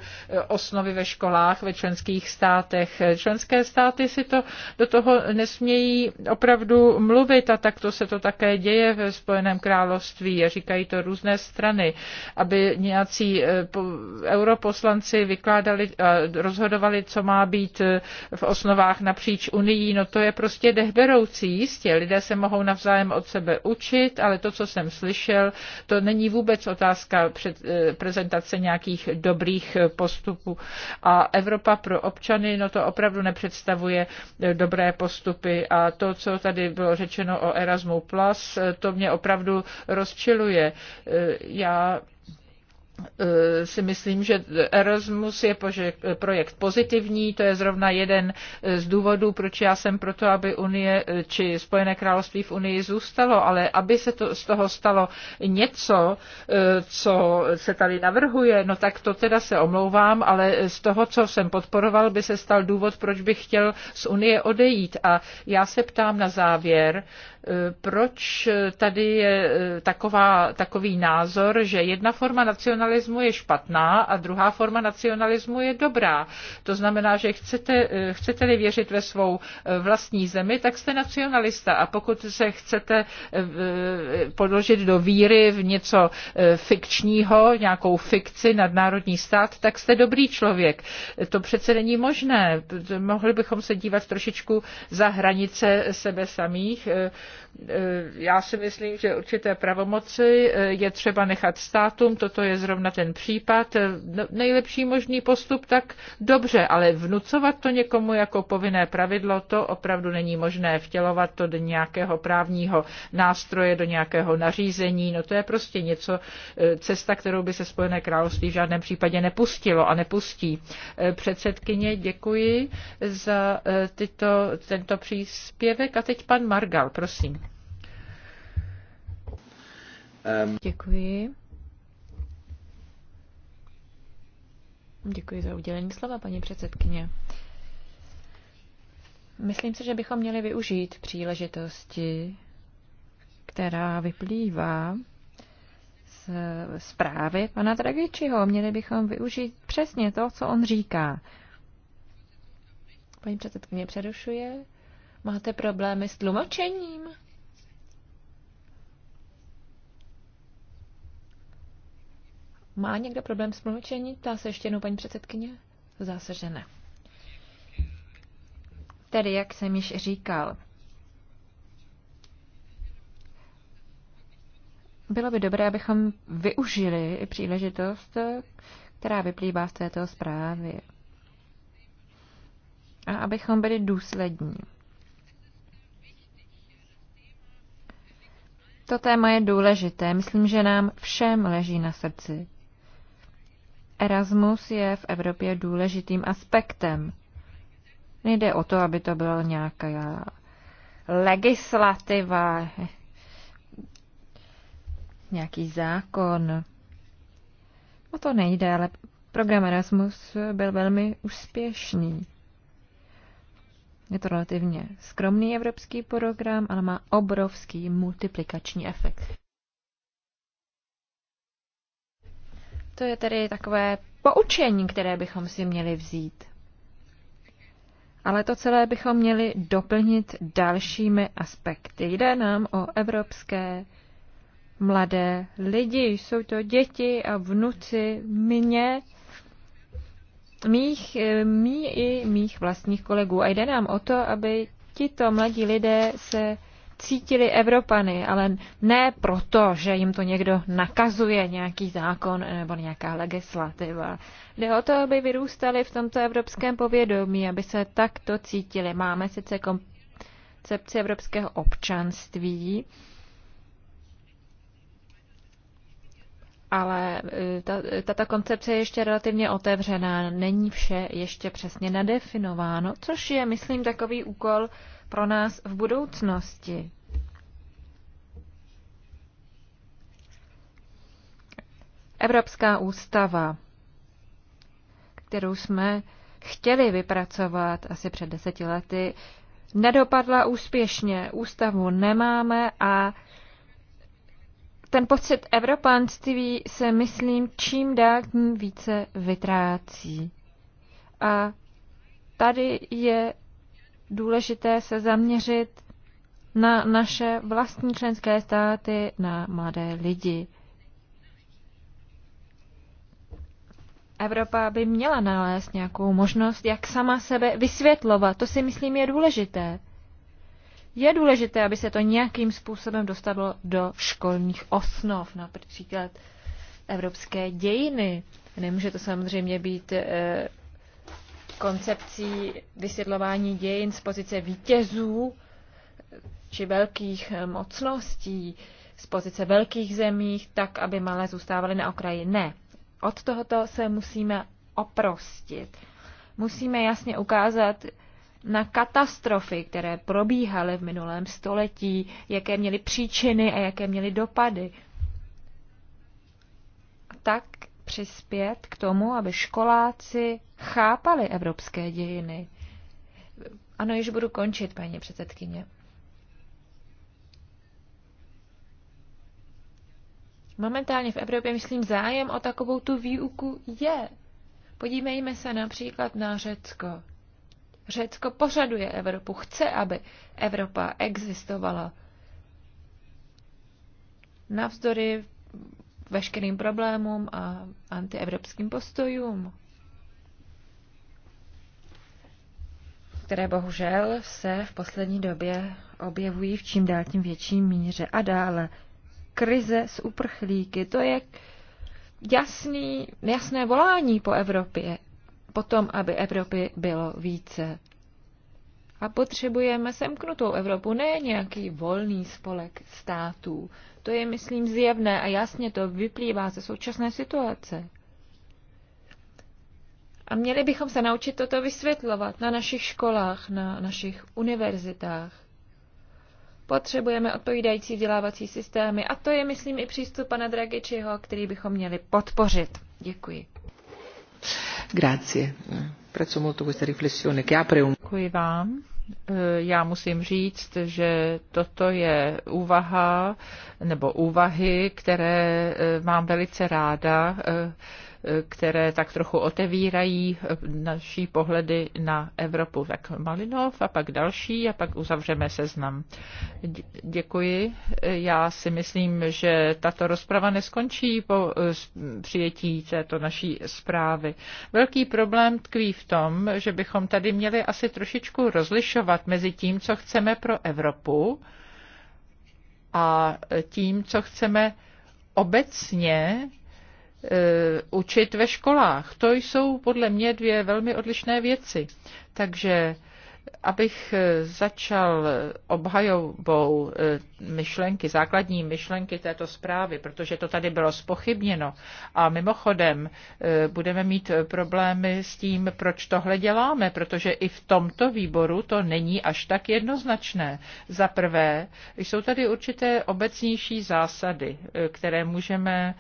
osnovy ve školách ve členských státech. Členské státy si to do toho nesmějí opravdu mluvit a tak to se to také děje ve Spojeném království a říkají to různé strany, aby nějací eh, europoslanci vykládali a rozhodovali, co má být eh, v osnovách napříč unii. No to je prostě dehberoucí, jistě. Lidé se mohou navzájem od sebe učit, ale to, co jsem slyšel, to není vůbec otázka před, eh, prezentace nějakých dobrých postupů. A Evropa pro občany, no to opravdu nepředstavuje eh, dobré postupy. A to, co tady bylo řečeno o Erasmu+, Plus, eh, to mě opravdu rozčiluje. Já Eh, si myslím, že Erasmus je projekt pozitivní, to je zrovna jeden eh, z důvodů, proč já jsem proto, aby Unie eh, či Spojené království v Unii zůstalo, ale aby se to, z toho stalo něco, co se tady navrhuje, no tak to teda se omlouvám, ale z toho, co jsem podporoval, by se stal důvod, proč bych chtěl z Unie odejít. A já se ptám na závěr, proč tady je taková, takový názor, že jedna forma nacionalismu nacionalismu je špatná a druhá forma nacionalismu je dobrá. To znamená, že chcete, eh, chcete-li věřit ve svou eh, vlastní zemi, tak jste nacionalista. A pokud se chcete eh, podložit do víry v něco fikčního, nějakou fikci nadnárodní stát, tak jste dobrý člověk. To přece není možné. Mohli bychom se dívat trošičku za hranice sebe samých. Já si myslím, že určité pravomoci je třeba nechat státům. Toto je zrovna ten případ, no, nejlepší možný postup, tak dobře, ale vnucovat to někomu jako povinné pravidlo, to opravdu není možné. Vtělovat to do nějakého právního nástroje, do nějakého nařízení, no to je prostě něco, e, cesta, kterou by se Spojené království v žádném případě nepustilo a nepustí. E, předsedkyně, děkuji za e, tyto, tento příspěvek a teď pan Margal, prosím. Děkuji. Děkuji za udělení slova, paní předsedkyně. Myslím si, že bychom měli využít příležitosti, která vyplývá z zprávy pana Dragičiho. Měli bychom využít přesně to, co on říká. Paní předsedkyně přerušuje. Máte problémy s tlumočením? Má někdo problém s promlčením? Ptá se ještě jednou paní předsedkyně. Zase, že ne. Tedy, jak jsem již říkal, bylo by dobré, abychom využili příležitost, která vyplývá z této zprávy. A abychom byli důslední. To téma je důležité. Myslím, že nám všem leží na srdci. Erasmus je v Evropě důležitým aspektem. Nejde o to, aby to byla nějaká legislativa, nějaký zákon. O to nejde, ale program Erasmus byl velmi úspěšný. Je to relativně skromný evropský program, ale má obrovský multiplikační efekt. To je tedy takové poučení, které bychom si měli vzít. Ale to celé bychom měli doplnit dalšími aspekty. Jde nám o evropské mladé lidi. Jsou to děti a vnuci mě, mých, mý i mých vlastních kolegů. A jde nám o to, aby tito mladí lidé se cítili Evropany, ale ne proto, že jim to někdo nakazuje, nějaký zákon nebo nějaká legislativa. Jde o to, aby vyrůstali v tomto evropském povědomí, aby se takto cítili. Máme sice koncepci evropského občanství, ale e, ta, tato koncepce je ještě relativně otevřená, není vše ještě přesně nadefinováno, což je, myslím, takový úkol, pro nás v budoucnosti. Evropská ústava, kterou jsme chtěli vypracovat asi před deseti lety, nedopadla úspěšně. Ústavu nemáme a ten pocit evropanství se, myslím, čím dál tím více vytrácí. A tady je důležité se zaměřit na naše vlastní členské státy, na mladé lidi. Evropa by měla nalézt nějakou možnost, jak sama sebe vysvětlovat. To si myslím je důležité. Je důležité, aby se to nějakým způsobem dostalo do školních osnov, například evropské dějiny. Nemůže to samozřejmě být eh, koncepcí vysvětlování dějin z pozice vítězů či velkých mocností, z pozice velkých zemích, tak, aby malé zůstávaly na okraji. Ne. Od tohoto se musíme oprostit. Musíme jasně ukázat, na katastrofy, které probíhaly v minulém století, jaké měly příčiny a jaké měly dopady. Tak, přispět k tomu, aby školáci chápali evropské dějiny. Ano, již budu končit, paní předsedkyně. Momentálně v Evropě, myslím, zájem o takovou tu výuku je. Podívejme se například na Řecko. Řecko pořaduje Evropu, chce, aby Evropa existovala. Navzdory veškerým problémům a antievropským postojům, které bohužel se v poslední době objevují v čím dál tím větší míře. A dále krize s uprchlíky, to je jasný, jasné volání po Evropě, potom, aby Evropy bylo více. A potřebujeme semknutou Evropu, ne nějaký volný spolek států. To je, myslím, zjevné a jasně to vyplývá ze současné situace. A měli bychom se naučit toto vysvětlovat na našich školách, na našich univerzitách. Potřebujeme odpovídající vzdělávací systémy a to je, myslím, i přístup pana Dragičiho, který bychom měli podpořit. Děkuji. Grazie. Děkuji vám. Eh, já musím říct, že toto je úvaha nebo úvahy, které eh, mám velice ráda eh, které tak trochu otevírají eh, naší pohledy na Evropu. Tak Malinov a pak další a pak uzavřeme seznam. Děkuji. Já si myslím, že tato rozprava neskončí po eh, přijetí této naší zprávy. Velký problém tkví v tom, že bychom tady měli asi trošičku rozlišovat mezi tím, co chceme pro Evropu a tím, co chceme obecně Eh, učit ve školách. To jsou podle mě dvě velmi odlišné věci. Takže abych eh, začal obhajobou eh, myšlenky, základní myšlenky této zprávy, protože to tady bylo spochybněno. A mimochodem budeme mít problémy s tím, proč tohle děláme, protože i v tomto výboru to není až tak jednoznačné. Za prvé, jsou tady určité obecnější zásady, které můžeme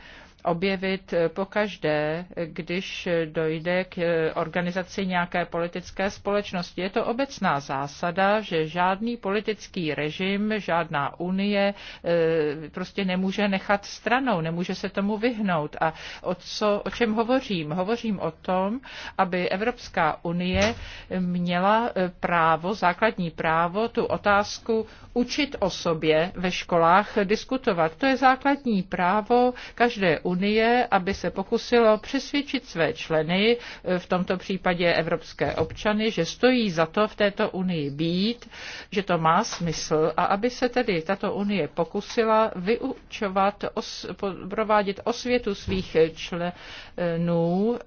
objevit pokaždé, když dojde k eh, organizaci nějaké politické společnosti. Je to obecná zásada, že žádný politický režim, žádná unie eh, prostě nemůže nechat stranou, nemůže se tomu vyhnout. A o, co, o čem hovořím? Hovořím o tom, aby Evropská unie měla eh, právo, základní právo, tu otázku učit o sobě ve školách diskutovat. To je základní právo každé unie unie, aby se pokusilo přesvědčit své členy, eh, v tomto případě evropské občany, že stojí za to v této unii být, že to má smysl a aby se tedy tato unie pokusila vyučovat, os, provádět osvětu svých členů eh,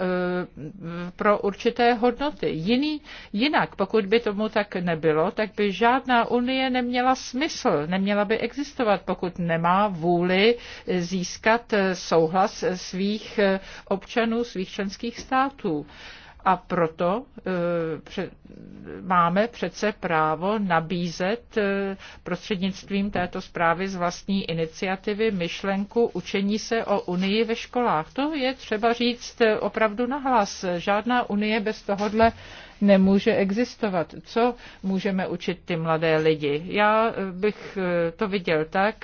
pro určité hodnoty. Jiný, jinak, pokud by tomu tak nebylo, tak by žádná unie neměla smysl, neměla by existovat, pokud nemá vůli získat souhlas souhlas svých eh, občanů, svých členských států. A proto eh, máme přece právo nabízet eh, prostřednictvím této zprávy z vlastní iniciativy myšlenku učení se o Unii ve školách. To je třeba říct opravdu nahlas. Žádná Unie bez tohohle nemůže existovat. Co můžeme učit ty mladé lidi? Já bych to viděl tak,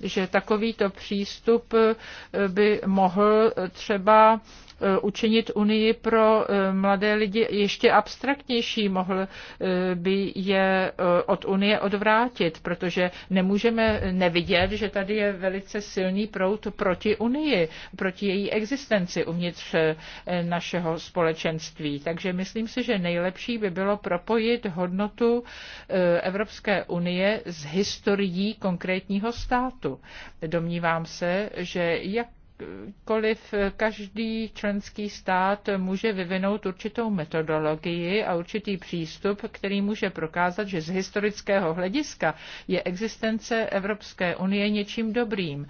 že takovýto přístup eh, by mohl eh, třeba eh, učinit Unii pro mladé lidi ještě abstraktnější, mohl by je od Unie odvrátit, protože nemůžeme nevidět, že tady je velice silný prout proti Unii, proti její existenci uvnitř našeho společenství. Takže myslím si, že nejlepší by bylo propojit hodnotu Evropské unie s historií konkrétního státu sportu. Domnívám se, že jak koliv každý členský stát může vyvinout určitou metodologii a určitý přístup, který může prokázat, že z historického hlediska je existence Evropské unie něčím dobrým.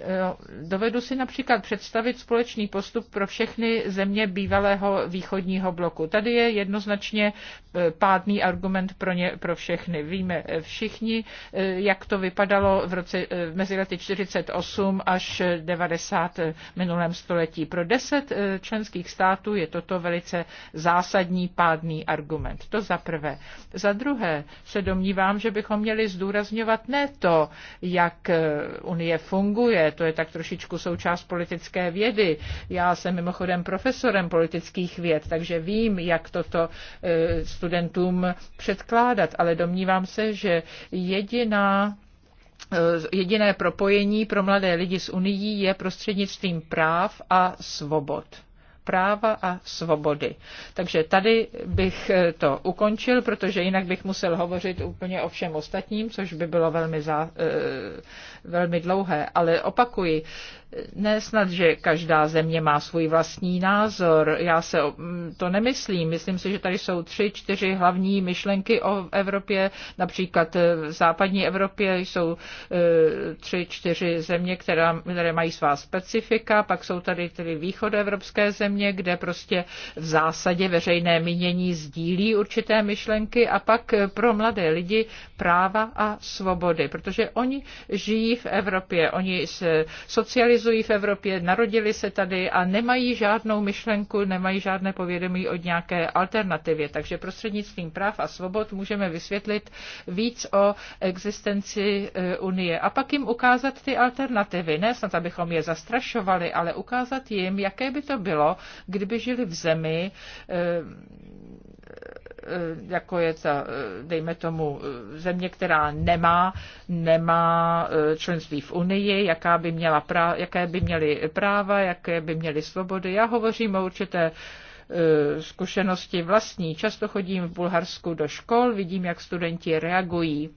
Eh, dovedu si například představit společný postup pro všechny země bývalého východního bloku. Tady je jednoznačně eh, pádný argument pro, ně, pro všechny. Víme eh, všichni, jak to vypadalo v roce, mezi lety 48 až 90 minulém století. Pro deset členských států je toto velice zásadní pádný argument. To za prvé. Za druhé se domnívám, že bychom měli zdůrazňovat ne to, jak Unie funguje, to je tak trošičku součást politické vědy. Já jsem mimochodem profesorem politických věd, takže vím, jak toto e, studentům předkládat, ale domnívám se, že jediná e, jediné propojení pro mladé lidi s Unií je prostřednictvím práv a svobod práva a svobody. Takže tady bych eh, to ukončil, protože jinak bych musel hovořit úplně o všem ostatním, což by bylo velmi, za, eh, velmi dlouhé. Ale opakuji, ne snad, že každá země má svůj vlastní názor. Já se to nemyslím. Myslím si, že tady jsou tři, čtyři hlavní myšlenky o Evropě. Například e, v západní Evropě jsou e, tři, čtyři země, která, které mají svá specifika. Pak jsou tady tedy východoevropské země, kde prostě v zásadě veřejné mínění sdílí určité myšlenky. A pak e, pro mladé lidi práva a svobody, protože oni žijí v Evropě. Oni se socializují civilizují v Evropě, narodili se tady a nemají žádnou myšlenku, nemají žádné povědomí o nějaké alternativě. Takže prostřednictvím práv a svobod můžeme vysvětlit víc o existenci e, Unie. A pak jim ukázat ty alternativy. Ne snad, abychom je zastrašovali, ale ukázat jim, jaké by to bylo, kdyby žili v zemi, e, Eh, jako je ta, eh, dejme tomu, eh, země, která nemá, nemá členství v Unii, jaká by měla prá, jaké by měly práva, jaké by měly svobody. Já hovořím o určité zkušenosti vlastní. Často chodím v Bulharsku do škol, vidím, jak studenti reagují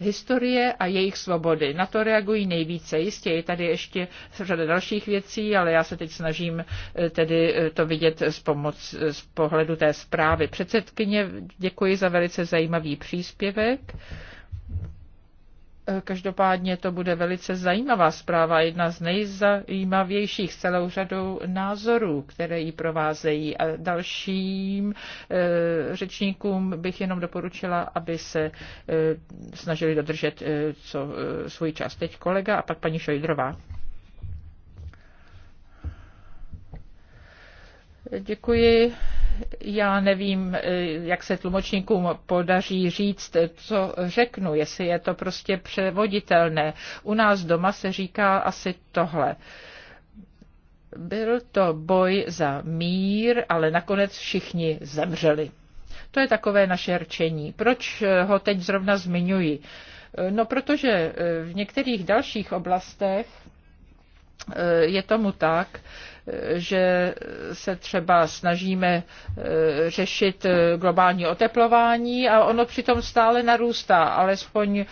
historie a jejich svobody. Na to reagují nejvíce. Jistě je tady ještě řada dalších věcí, ale já se teď snažím eh, tedy eh, to vidět z, pomoc, eh, z pohledu té zprávy. Předsedkyně, děkuji za velice zajímavý příspěvek. Eh, každopádně to bude velice zajímavá zpráva, jedna z nejzajímavějších celou řadou názorů, které ji provázejí. A dalším e, řečníkům bych jenom doporučila, aby se e, snažili dodržet e, co, e, svůj čas. Teď kolega a pak paní Šojdrová. Děkuji já nevím, eh, jak se tlumočníkům podaří říct, co řeknu, jestli je to prostě převoditelné. U nás doma se říká asi tohle. Byl to boj za mír, ale nakonec všichni zemřeli. To je takové naše rčení. Proč eh, ho teď zrovna zmiňuji? Eh, no, protože v některých dalších oblastech je tomu tak, že se třeba snažíme eh, řešit eh, globální oteplování a ono přitom stále narůstá, alespoň eh,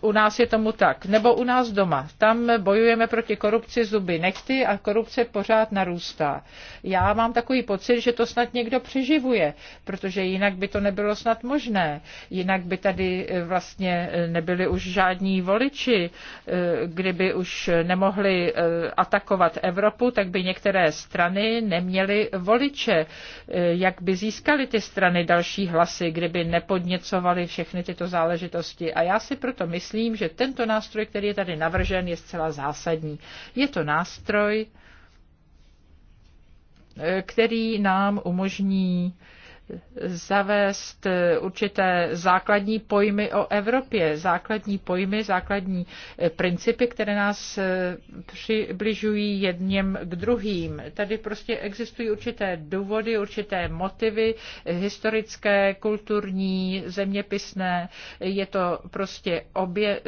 u nás je tomu tak. Nebo u nás doma. Tam bojujeme proti korupci zuby nechty a korupce pořád narůstá. Já mám takový pocit, že to snad někdo přeživuje, protože jinak by to nebylo snad možné. Jinak by tady vlastně nebyli už žádní voliči, kdyby už nemohli atakovat Evropu Evropu, tak by některé strany neměly voliče. E, jak by získaly ty strany další hlasy, kdyby nepodněcovaly všechny tyto záležitosti? A já si proto myslím, že tento nástroj, který je tady navržen, je zcela zásadní. Je to nástroj, e, který nám umožní zavést eh, určité základní pojmy o Evropě, základní pojmy, základní eh, principy, které nás eh, přibližují jedním k druhým. Tady prostě existují určité důvody, určité motivy, historické, kulturní, zeměpisné. Je to prostě obě,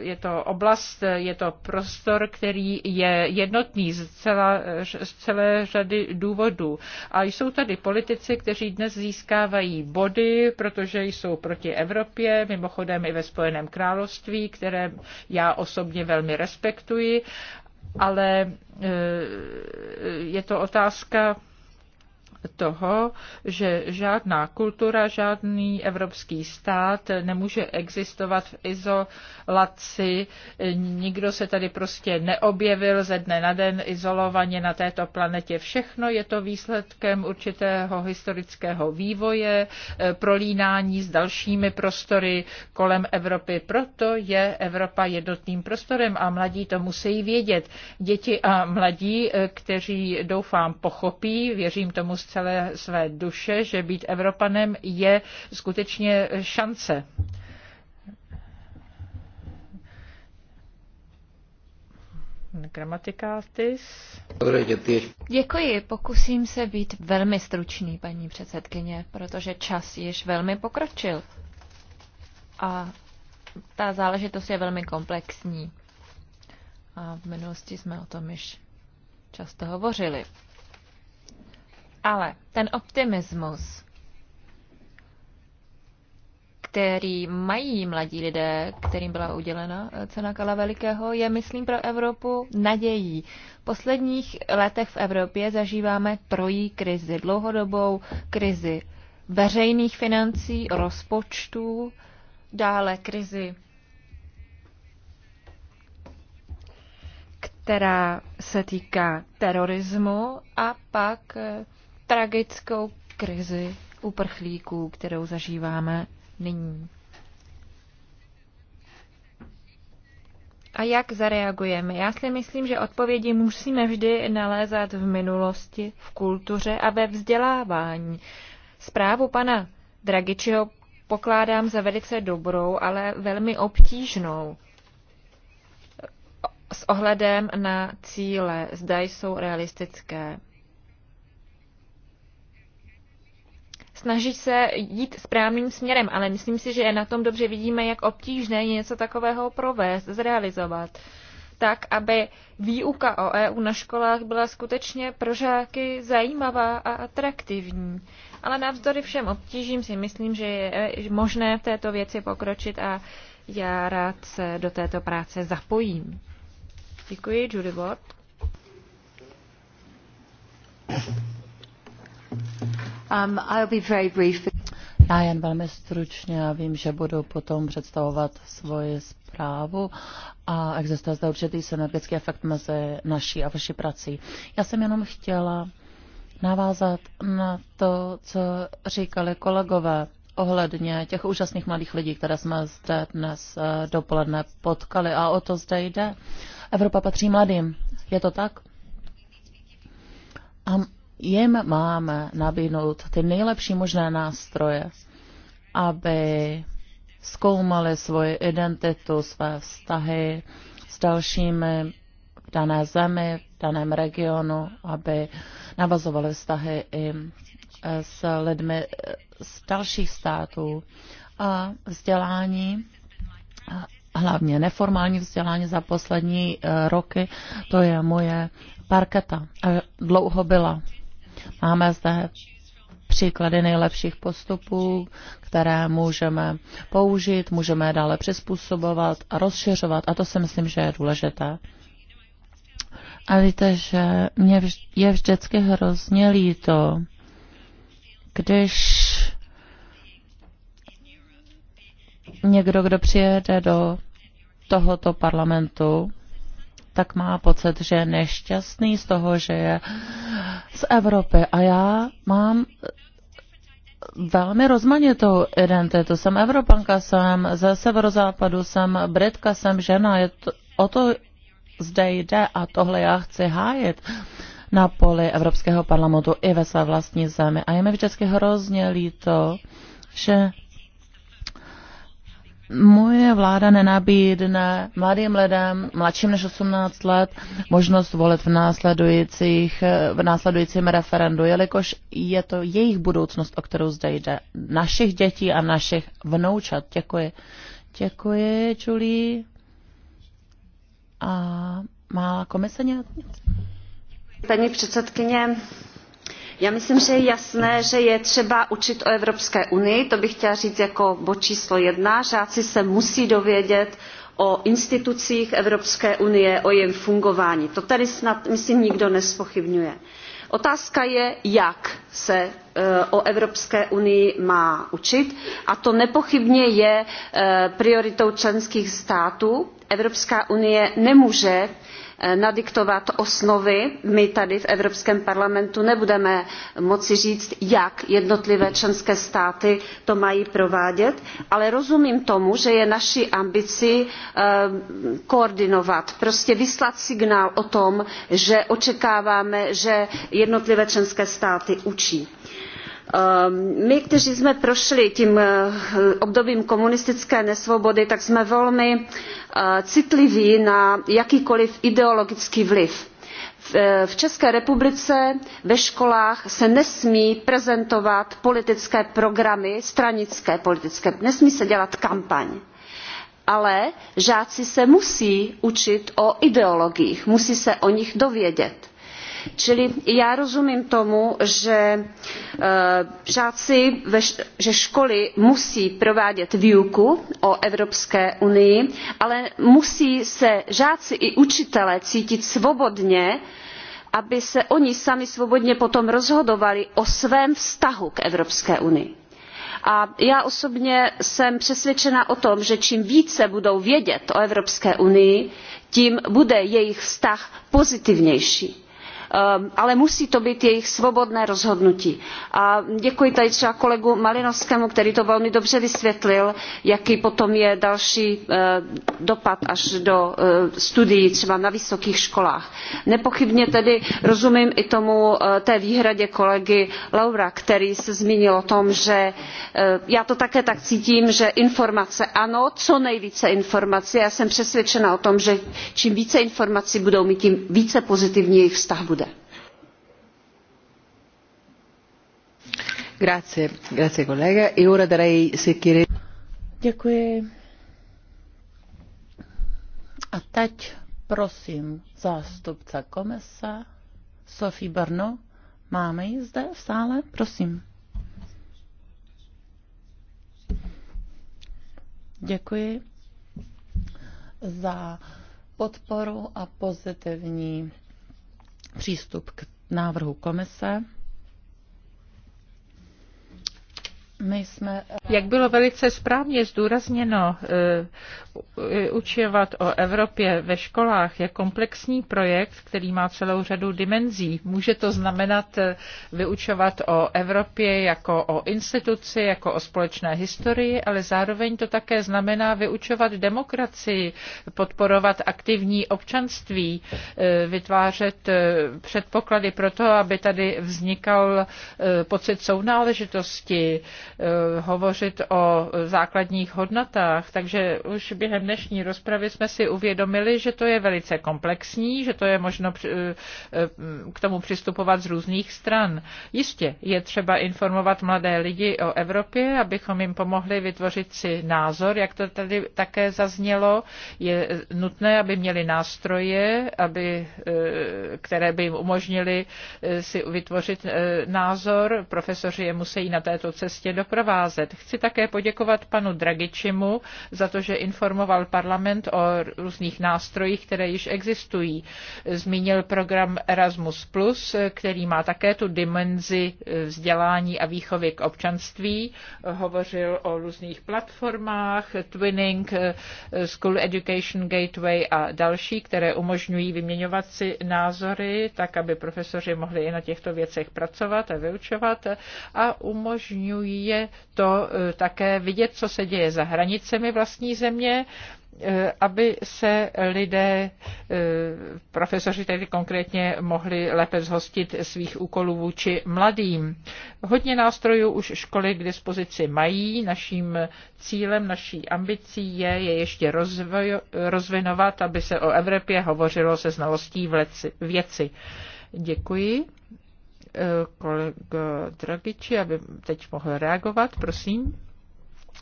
je to oblast, je to prostor, který je jednotný z, celá, z celé řady důvodů. A jsou tady politici, kteří dnes získávají body, protože jsou proti Evropě, mimochodem i ve Spojeném království, které já osobně velmi respektuji, ale e, je to otázka toho, že žádná kultura, žádný evropský stát nemůže existovat v izolaci. Nikdo se tady prostě neobjevil ze dne na den izolovaně na této planetě. Všechno je to výsledkem určitého historického vývoje, eh, prolínání s dalšími prostory kolem Evropy. Proto je Evropa jednotným prostorem a mladí to musí vědět. Děti a mladí, eh, kteří doufám pochopí, věřím tomu z celé celé své duše, že být Evropanem je skutečně šance. Gramatikátis. Děkuji, pokusím se být velmi stručný, paní předsedkyně, protože čas již velmi pokročil. A ta záležitost je velmi komplexní. A v minulosti jsme o tom již často hovořili. Ale ten optimismus, který mají mladí lidé, kterým byla udělena eh, cena Kala Velikého, je, myslím, pro Evropu nadějí. V posledních letech v Evropě zažíváme trojí krizi, dlouhodobou krizi veřejných financí, rozpočtů, dále krizi, která se týká terorismu a pak eh, tragickou krizi uprchlíků, kterou zažíváme nyní. A jak zareagujeme? Já si myslím, že odpovědi musíme vždy nalézat v minulosti, v kultuře a ve vzdělávání. Zprávu pana Dragičiho pokládám za velice dobrou, ale velmi obtížnou s ohledem na cíle, zda jsou realistické. snaží se jít správným směrem, ale myslím si, že na tom dobře vidíme, jak obtížné je něco takového provést, zrealizovat tak, aby výuka o EU na školách byla skutečně pro žáky zajímavá a atraktivní. Ale navzdory všem obtížím si myslím, že je možné v této věci pokročit a já rád se do této práce zapojím. Děkuji, Judy Ward. Um, I'll be very brief. Já jen velmi stručně, já vím, že budu potom představovat svoji zprávu a existuje zde určitý synergický efekt mezi naší a vaší prací. Já jsem jenom chtěla navázat na to, co říkali kolegové ohledně těch úžasných mladých lidí, které jsme zde dnes eh, dopoledne potkali a o to zde jde. Evropa patří mladým. Je to tak? A jim máme nabídnout ty nejlepší možné nástroje, aby zkoumali svoji identitu, své vztahy s dalšími v dané zemi, v daném regionu, aby navazovali vztahy i e, s lidmi e, z dalších států. A vzdělání, hlavně neformální vzdělání za poslední e, roky, to je moje parketa. Dlouho byla Máme zde příklady nejlepších postupů, které můžeme použít, můžeme je dále přizpůsobovat a rozšiřovat a to si myslím, že je důležité. A víte, že mě je vždycky hrozně líto, když někdo, kdo přijede do tohoto parlamentu, tak má pocit, že je nešťastný z toho, že je z Evropy. A já mám velmi rozmanitou identitu. Jsem Evropanka, jsem ze severozápadu, jsem Britka, jsem žena. Je to, o to zde jde a tohle já chci hájit na poli Evropského parlamentu i ve své vlastní zemi. A je mi vždycky hrozně líto, že moje vláda nenabídne mladým lidem, mladším než 18 let, možnost volit v, následujících, v následujícím referendu, jelikož je to jejich budoucnost, o kterou zde jde. Našich dětí a našich vnoučat. Děkuji. Děkuji, Čulí. A má komise nějak? Paní předsedkyně, já myslím že je jasné že je třeba učit o evropské unii to bych chtěla říct jako bod číslo jedna žáci se musí dovědět o institucích evropské unie o jejím fungování to tady snad myslím nikdo nezpochybňuje. otázka je jak se e, o evropské unii má učit a to nepochybně je e, prioritou členských států. evropská unie nemůže Eh, nadiktovat osnovy my tady v evropském parlamentu nebudeme moci říct jak jednotlivé členské státy to mají provádět ale rozumím tomu že je naší ambicí eh, koordinovat prostě vyslat signál o tom že očekáváme že jednotlivé členské státy učí Ehm, my kteří jsme prošli tím eh, obdobím komunistické nesvobody tak jsme velmi eh, citliví na jakýkoliv ideologický vliv eh, v české republice ve školách se nesmí prezentovat politické programy stranické politické nesmí se dělat kampaň ale žáci se musí učit o ideologiích musí se o nich dovědět čili já rozumím tomu že eh, žáci že školy musí provádět výuku o evropské unii ale musí se žáci i učitelé cítit svobodně aby se oni sami svobodně potom rozhodovali o svém vztahu k evropské unii. a já osobně jsem přesvědčena o tom že čím více budou vědět o evropské unii tím bude jejich vztah pozitivnější Ehm, ale musí to být jejich svobodné rozhodnutí. a děkuji tady třeba kolegu malinovskému který to velmi dobře vysvětlil jaký potom je další eh, dopad až do eh, studií třeba na vysokých školách. nepochybně tedy rozumím i tomu eh, té výhradě kolegy laura který se zmínil o tom že já to také tak cítím že informace ano co nejvíce informací já jsem přesvědčena o tom že čím více informací budou mít tím více pozitivní jejich vztah bude. E a teď prosím zástupce komise Sophie Barno. Máme ji zde v sále? Prosím. Děkuji za podporu a pozitivní přístup k návrhu komise. My jsme... Jak bylo velice správně zdůrazněno, eh, učovat o Evropě ve školách je komplexní projekt, který má celou řadu dimenzí. Může to znamenat eh, vyučovat o Evropě jako o instituci, jako o společné historii, ale zároveň to také znamená vyučovat demokracii, podporovat aktivní občanství, eh, vytvářet předpoklady pro to, aby tady vznikal pocit sounáležitosti, Eh, hovořit o základních hodnotách, takže už během dnešní rozpravy jsme si uvědomili, že to je velice komplexní, že to je možno eh, eh, k tomu přistupovat z různých stran. Jistě je třeba informovat mladé lidi o Evropě, abychom jim pomohli vytvořit si názor, jak to tady také zaznělo. Je nutné, aby měli nástroje, aby, které by jim umožnili si vytvořit názor. Profesoři je musí na této cestě do provázet. Chci také poděkovat panu Dragičimu za to, že informoval parlament o různých nástrojích, které již existují. Zmínil program Erasmus+, který má také tu dimenzi vzdělání a výchovy k občanství. Hovořil o různých platformách, Twinning, School Education Gateway a další, které umožňují vyměňovat si názory, tak aby profesoři mohli i na těchto věcech pracovat a vyučovat a umožňují je to e, také vidět, co se děje za hranicemi vlastní země, e, aby se lidé, e, profesoři tedy konkrétně, mohli lépe zhostit svých úkolů vůči mladým. Hodně nástrojů už školy k dispozici mají. Naším cílem, naší ambicí je je ještě rozvoj, rozvinovat, aby se o Evropě hovořilo se znalostí vleci, věci. Děkuji kolego Dragiči, aby teď mohl reagovat, prosím.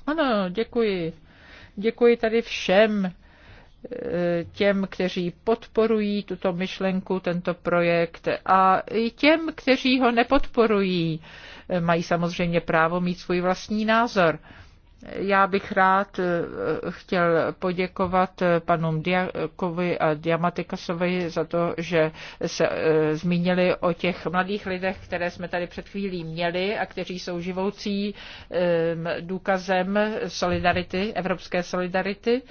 Ano, děkuji. Děkuji tady všem eh, těm, kteří podporují tuto myšlenku, tento projekt a i těm, kteří ho nepodporují. Eh, mají samozřejmě právo mít svůj vlastní názor. Já bych rád eh, chtěl poděkovat eh, panům Diakovi a Diamatikasovi za to, že se eh, zmínili o těch mladých lidech, které jsme tady před chvílí měli a kteří jsou živoucí ehm, důkazem solidarity, evropské solidarity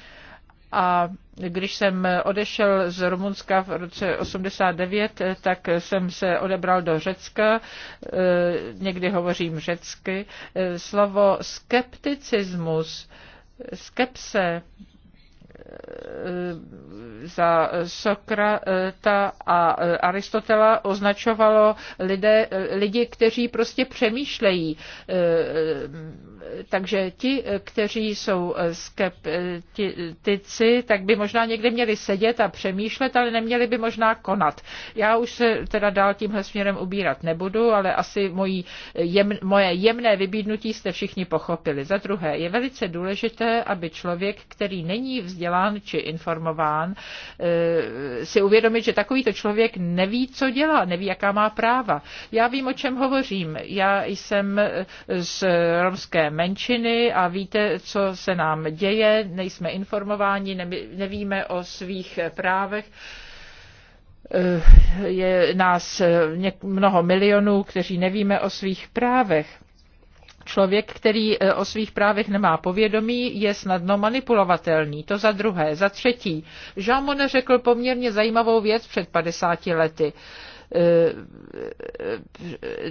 a když jsem odešel z Rumunska v roce 89, tak jsem se odebral do Řecka, eh, někdy hovořím řecky. Eh, slovo skepticismus, skepse za Sokrata a Aristotela označovalo lidé, lidi, kteří prostě přemýšlejí. Takže ti, kteří jsou skeptici, tak by možná někde měli sedět a přemýšlet, ale neměli by možná konat. Já už se teda dál tímhle směrem ubírat nebudu, ale asi mojí, jem, moje jemné vybídnutí jste všichni pochopili. Za druhé, je velice důležité, aby člověk, který není vzdělaný, vzdělán či informován, eh, si uvědomit, že takovýto člověk neví, co dělá, neví, jaká má práva. Já vím, o čem hovořím. Já jsem z romské menšiny a víte, co se nám děje, nejsme informováni, nevíme o svých právech eh, je nás mnoho milionů, kteří nevíme o svých právech člověk, který e, o svých právech nemá povědomí, je snadno manipulovatelný. To za druhé. Za třetí. Jean Monnet řekl poměrně zajímavou věc před 50 lety e, e,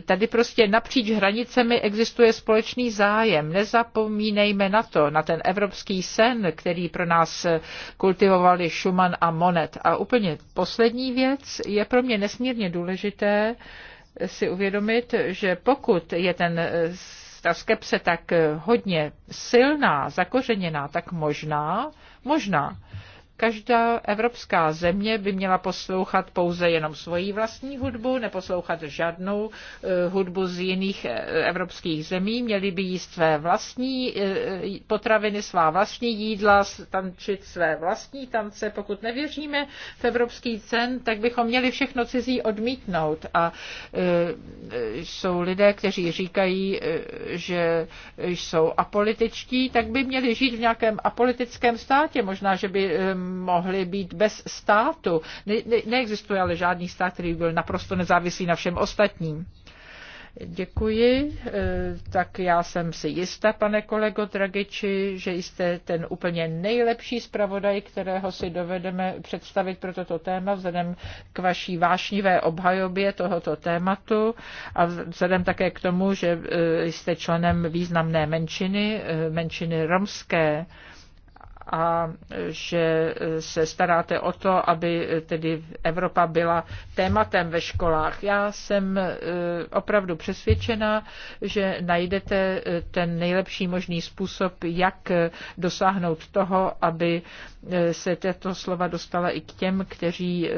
tady prostě napříč hranicemi existuje společný zájem. Nezapomínejme na to, na ten evropský sen, který pro nás kultivovali Schumann a Monet. A úplně poslední věc je pro mě nesmírně důležité si uvědomit, že pokud je ten ta skepse tak eh, hodně silná, zakořeněná, tak možná, možná Každá evropská země by měla poslouchat pouze jenom svoji vlastní hudbu, neposlouchat žádnou eh, hudbu z jiných eh, evropských zemí. Měli by jíst své vlastní eh, potraviny, svá vlastní jídla, tančit své vlastní tance. Pokud nevěříme v evropský cen, tak bychom měli všechno cizí odmítnout. A jsou lidé, kteří říkají, že jsou apolitičtí, tak by měli žít v nějakém apolitickém státě. Možná, že by mohly být bez státu. Ne, ne, neexistuje ale žádný stát, který byl naprosto nezávislý na všem ostatním. Děkuji. E, tak já jsem si jista, pane kolego Dragiči, že jste ten úplně nejlepší zpravodaj, kterého si dovedeme představit pro toto téma, vzhledem k vaší vášnivé obhajobě tohoto tématu a vzhledem také k tomu, že e, jste členem významné menšiny, e, menšiny romské a že se staráte o to, aby tedy Evropa byla tématem ve školách. Já jsem e, opravdu přesvědčena, že najdete e, ten nejlepší možný způsob, jak dosáhnout toho, aby e, se tato slova dostala i k těm, kteří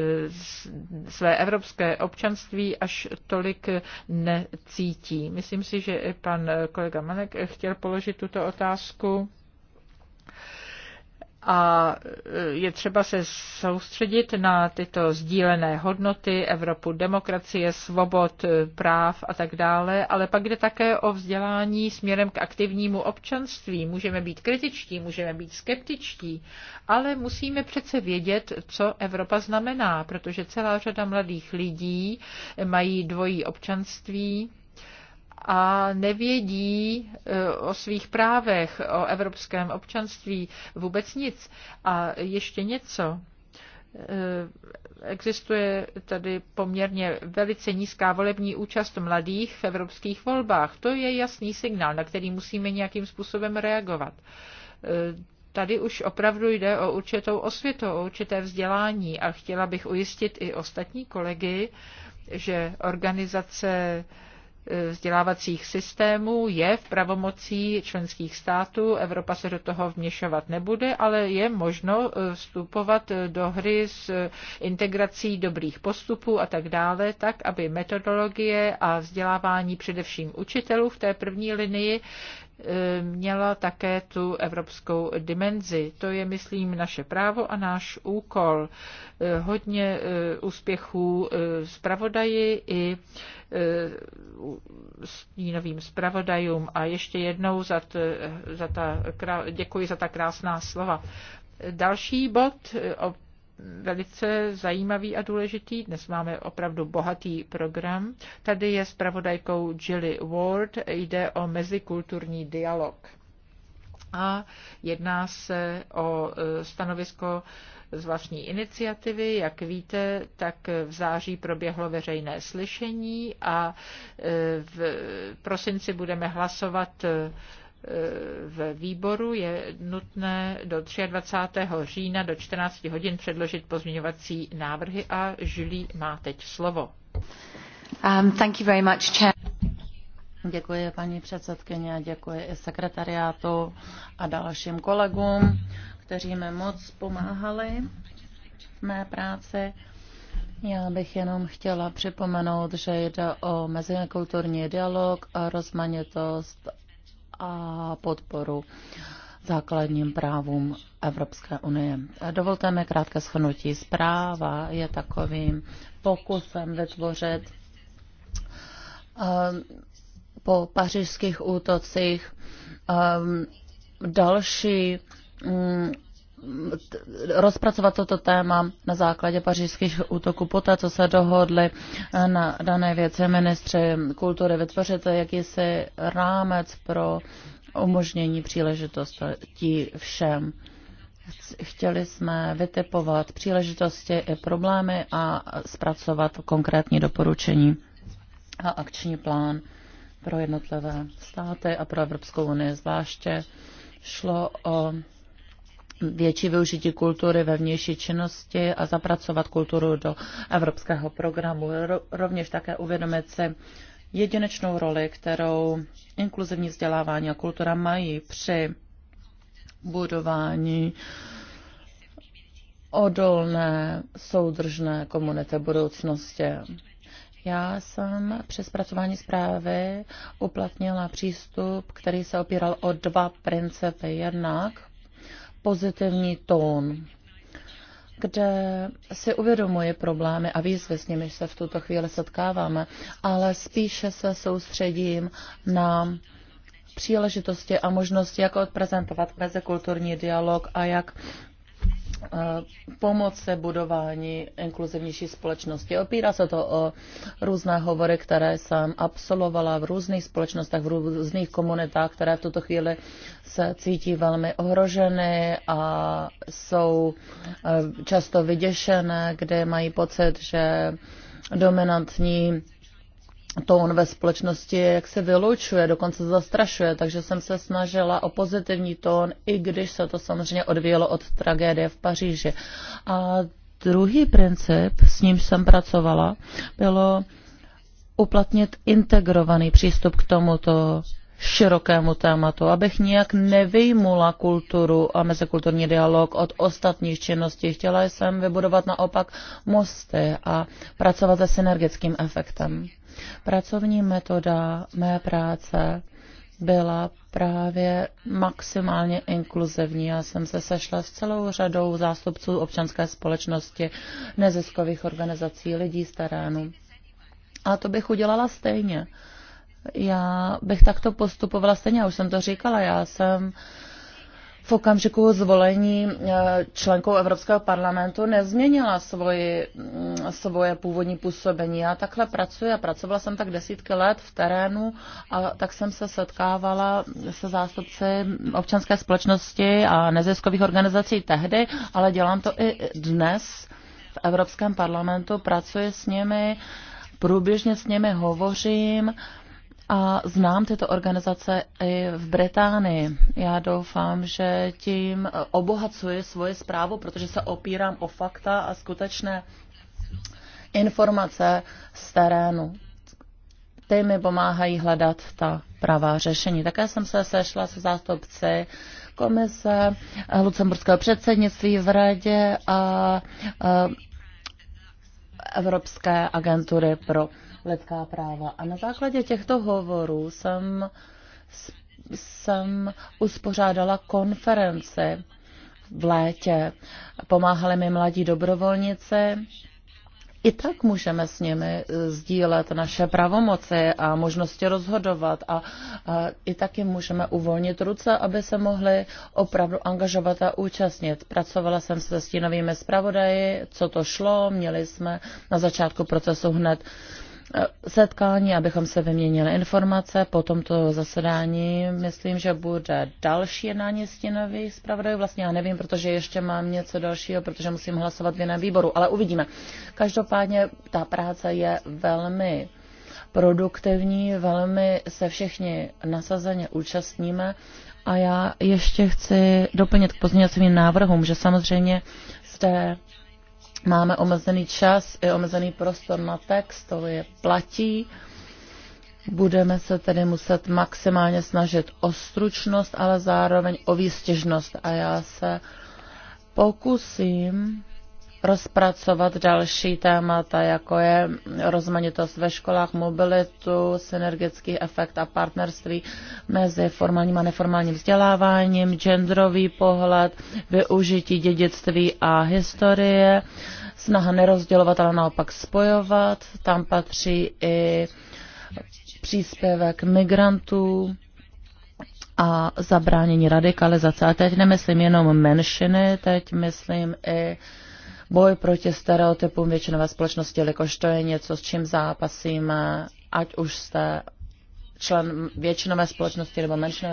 své evropské občanství až tolik necítí. Myslím si, že pan kolega Manek chtěl položit tuto otázku a e, je třeba se soustředit na tyto sdílené hodnoty, Evropu demokracie, svobod, e, práv a tak dále, ale pak jde také o vzdělání směrem k aktivnímu občanství. Můžeme být kritičtí, můžeme být skeptičtí, ale musíme přece vědět, co Evropa znamená, protože celá řada mladých lidí mají dvojí občanství, a nevědí e, o svých právech, o evropském občanství vůbec nic. A ještě něco e, existuje tady poměrně velice nízká volební účast mladých v evropských volbách. To je jasný signál, na který musíme nějakým způsobem reagovat. E, tady už opravdu jde o určitou osvětu, o určité vzdělání a chtěla bych ujistit i ostatní kolegy, že organizace vzdělávacích systémů je v pravomocí členských států. Evropa se do toho vměšovat nebude, ale je možno eh, vstupovat do hry s integrací dobrých postupů a tak dále, tak aby metodologie a vzdělávání především učitelů v té první linii měla také tu evropskou dimenzi. To je, myslím, naše právo a náš úkol. Eh, hodně eh, úspěchů eh, zpravodaji i stínovým zpravodajům a ještě jednou za, t, za ta, děkuji za ta krásná slova. Další bod, velice zajímavý a důležitý. Dnes máme opravdu bohatý program. Tady je s pravodajkou Jilly Ward. Jde o mezikulturní dialog. A jedná se o e, stanovisko z vlastní iniciativy. Jak víte, tak v září proběhlo veřejné slyšení a e, v prosinci budeme hlasovat e, Eh, ve výboru je nutné do 23. října do 14 hodin předložit pozměňovací návrhy a Žilí má teď slovo. Um, thank you very much, Chair. Děkuji paní předsedkyně a děkuji i sekretariátu a dalším kolegům, kteří mi moc pomáhali v mé práci. Já bych jenom chtěla připomenout, že jde o mezikulturní dialog a rozmanitost a podporu základním právům Evropské unie. Dovolte mi krátké shrnutí. Zpráva je takovým pokusem vytvořit ehm, po pařížských útocích ehm, další mm, rozpracovat toto téma na základě pařížských útoků poté, co se dohodli eh, na dané věci ministři kultury, vytvořit jakýsi rámec pro umožnění příležitostí všem. Chtěli jsme vytipovat příležitosti i problémy a zpracovat konkrétní doporučení a akční plán pro jednotlivé státy a pro Evropskou unii zvláště. Šlo o větší využití kultury ve vnější činnosti a zapracovat kulturu do evropského programu. Rovněž také uvědomit si jedinečnou roli, kterou inkluzivní vzdělávání a kultura mají při budování odolné, soudržné komunity budoucnosti. Já jsem při zpracování zprávy uplatnila přístup, který se opíral o dva principy. Jednak pozitivní tón, kde si uvědomuje problémy a výzvy, s nimi se v tuto chvíli setkáváme, ale spíše se soustředím na příležitosti a možnosti, jak odprezentovat mezikulturní dialog a jak Eh, pomoc se budování inkluzivnější společnosti. Opírá se to o různé hovory, které jsem absolvovala v různých společnostech, v různých komunitách, které v tuto chvíli se cítí velmi ohroženy a jsou eh, často vyděšené, kde mají pocit, že dominantní tón ve společnosti, jak se vylučuje, dokonce zastrašuje, takže jsem se snažila o pozitivní tón, i když se to samozřejmě odvíjelo od tragédie v Paříži. A druhý princip, s nímž jsem pracovala, bylo uplatnit integrovaný přístup k tomuto širokému tématu, abych nijak nevyjmula kulturu a mezikulturní dialog od ostatních činností. Chtěla jsem vybudovat naopak mosty a pracovat se synergickým efektem. Pracovní metoda mé práce byla právě maximálně inkluzivní. Já jsem se sešla s celou řadou zástupců občanské společnosti, neziskových organizací, lidí z terénu. A to bych udělala stejně. Já bych takto postupovala stejně, já už jsem to říkala, já jsem uh, v okamžiku zvolení eh, členkou Evropského parlamentu nezměnila svoji, mm, svoje původní působení. Já takhle pracuji a pracovala jsem tak desítky let v terénu a tak jsem se setkávala se zástupci občanské společnosti a neziskových organizací tehdy, ale dělám to i dnes v Evropském parlamentu, pracuji s nimi, průběžně s nimi hovořím a znám tyto organizace i v Británii. Já doufám, že tím eh, obohacuji svoje zprávu, protože se opírám o fakta a skutečné informace z terénu. Ty mi pomáhají hledat ta pravá řešení. Také jsem se sešla se zástupci komise eh, Lucemburského předsednictví v radě a eh, Evropské agentury pro lidská práva. A na základě těchto hovorů jsem, jsem uspořádala konferenci v létě. Pomáhali mi mladí dobrovolníci. I tak můžeme s nimi e, sdílet naše pravomoci a možnosti rozhodovat a, a i taky můžeme uvolnit ruce, aby se mohli opravdu angažovat a účastnit. Pracovala jsem se stínovými zpravodaji, co to šlo, měli jsme na začátku procesu hned setkání, abychom se vyměnili informace. Po tomto zasedání myslím, že bude další jednání stínových zpravodajů. Vlastně já nevím, protože ještě mám něco dalšího, protože musím hlasovat v jiném výboru, ale uvidíme. Každopádně ta práce je velmi produktivní, velmi se všichni nasazeně účastníme a já ještě chci doplnit k pozměňovacím návrhům, že samozřejmě zde Máme omezený čas i omezený prostor na text, to je platí. Budeme se tedy muset maximálně snažit o stručnost, ale zároveň o výstěžnost. A já se pokusím rozpracovat další témata, jako je rozmanitost ve školách, mobilitu, synergický efekt a partnerství mezi formálním a neformálním vzděláváním, genderový pohled, využití dědictví a historie, snaha nerozdělovat, ale naopak spojovat. Tam patří i příspěvek migrantů, a zabránění radikalizace. A teď nemyslím jenom menšiny, teď myslím i uh, boj proti stereotypům většinové společnosti, jelikož to je něco, s čím zápasíme, ať už jste člen většinové společnosti nebo, menšiny,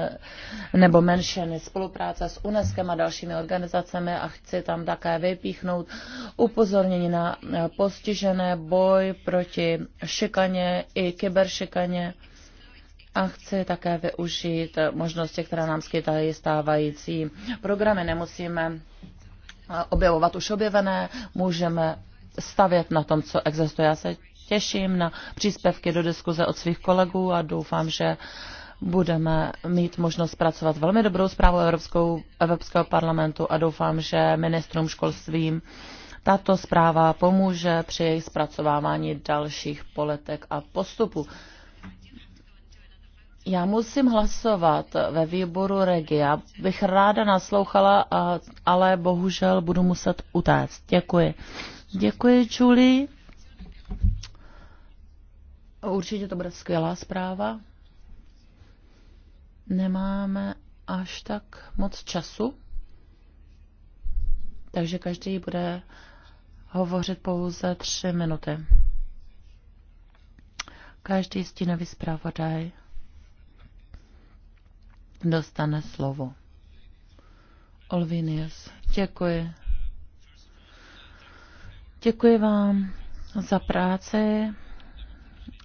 nebo menšiny, spolupráce s UNESCO a dalšími organizacemi a chci tam také vypíchnout upozornění na postižené boj proti šikaně i kyberšikaně a chci také využít možnosti, které nám skytají stávající programy. Nemusíme objevovat už objevené, můžeme stavět na tom, co existuje. Já se těším na příspěvky do diskuze od svých kolegů a doufám, že budeme mít možnost pracovat velmi dobrou zprávu Evropskou, Evropského parlamentu a doufám, že ministrům školstvím tato zpráva pomůže při jejich zpracovávání dalších politik a postupů. Já musím hlasovat ve výboru Regi. Já bych ráda naslouchala, ale bohužel budu muset utéct. Děkuji. Děkuji, Julie. Určitě to bude skvělá zpráva. Nemáme až tak moc času, takže každý bude hovořit pouze tři minuty. Každý stínový zpravodaj dostane slovo. Olvinius, děkuji. Děkuji vám za práci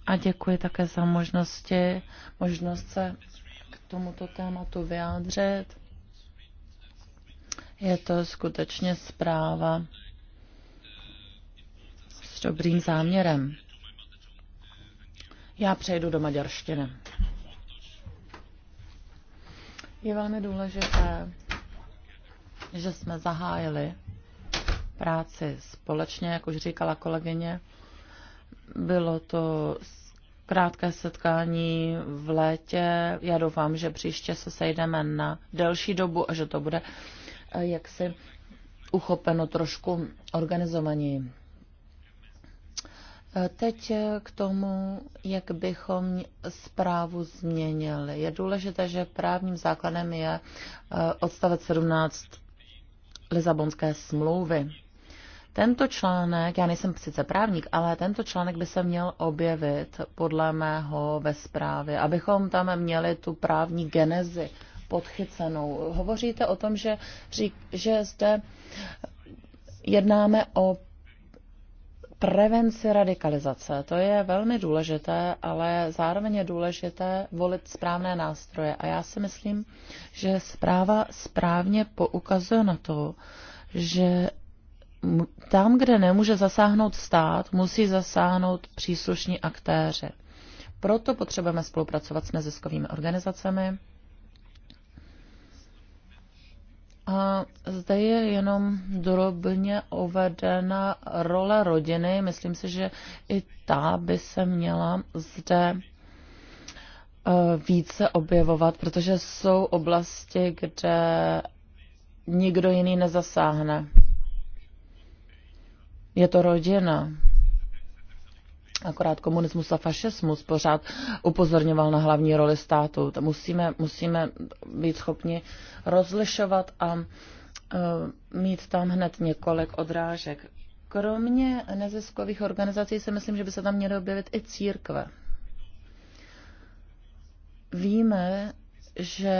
a děkuji také za možnosti, možnost se k tomuto tématu vyjádřit. Je to skutečně zpráva s dobrým záměrem. Já přejdu do maďarštiny. Je velmi důležité, že jsme zahájili práci společně, jak už říkala kolegyně. Bylo to krátké setkání v létě. Já doufám, že příště se sejdeme na delší dobu a že to bude eh, jaksi uchopeno trošku organizovaněji. Teď k tomu, jak bychom zprávu změnili. Je důležité, že právním základem je e, odstavec 17 Lizabonské smlouvy. Tento článek, já nejsem sice právník, ale tento článek by se měl objevit podle mého ve zprávě, abychom tam měli tu právní genezi podchycenou. Hovoříte o tom, že, řík, že zde jednáme o prevenci radikalizace. To je velmi důležité, ale zároveň je důležité volit správné nástroje. A já si myslím, že zpráva správně poukazuje na to, že tam, kde nemůže zasáhnout stát, musí zasáhnout příslušní aktéři. Proto potřebujeme spolupracovat s neziskovými organizacemi, A zde je jenom drobně uvedena role rodiny. Myslím si, že i ta by se měla zde eh, více objevovat, protože jsou oblasti, kde nikdo jiný nezasáhne. Je to rodina akorát komunismus a fašismus pořád upozorňoval na hlavní roli státu. To musíme, musíme být schopni rozlišovat a uh, mít tam hned několik odrážek. Kromě neziskových organizací si myslím, že by se tam měly objevit i církve. Víme, že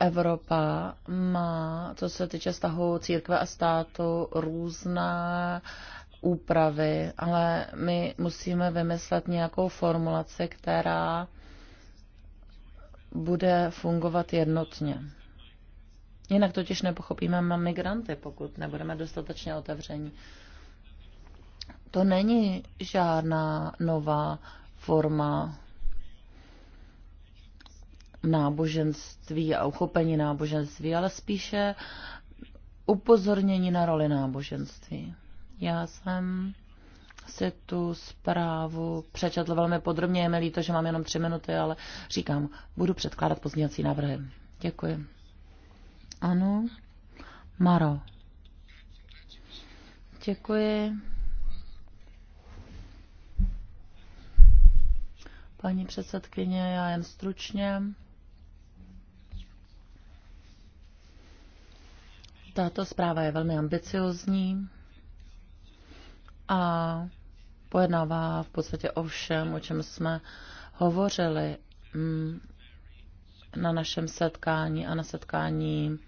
Evropa má, co se týče vztahu církve a státu, různá úpravy, ale my musíme vymyslet nějakou formulaci, která bude fungovat jednotně. Jinak totiž nepochopíme migranty, pokud nebudeme dostatečně otevření. To není žádná nová forma náboženství a uchopení náboženství, ale spíše upozornění na roli náboženství. Já jsem si tu zprávu přečetl velmi podrobně. Je mi líto, že mám jenom tři minuty, ale říkám, budu předkládat pozdějací návrhy. Děkuji. Ano. Maro. Děkuji. Paní předsedkyně, já jen stručně. Tato zpráva je velmi ambiciozní a pojednává v podstatě o všem, o čem jsme hovořili mm, na našem setkání a na setkání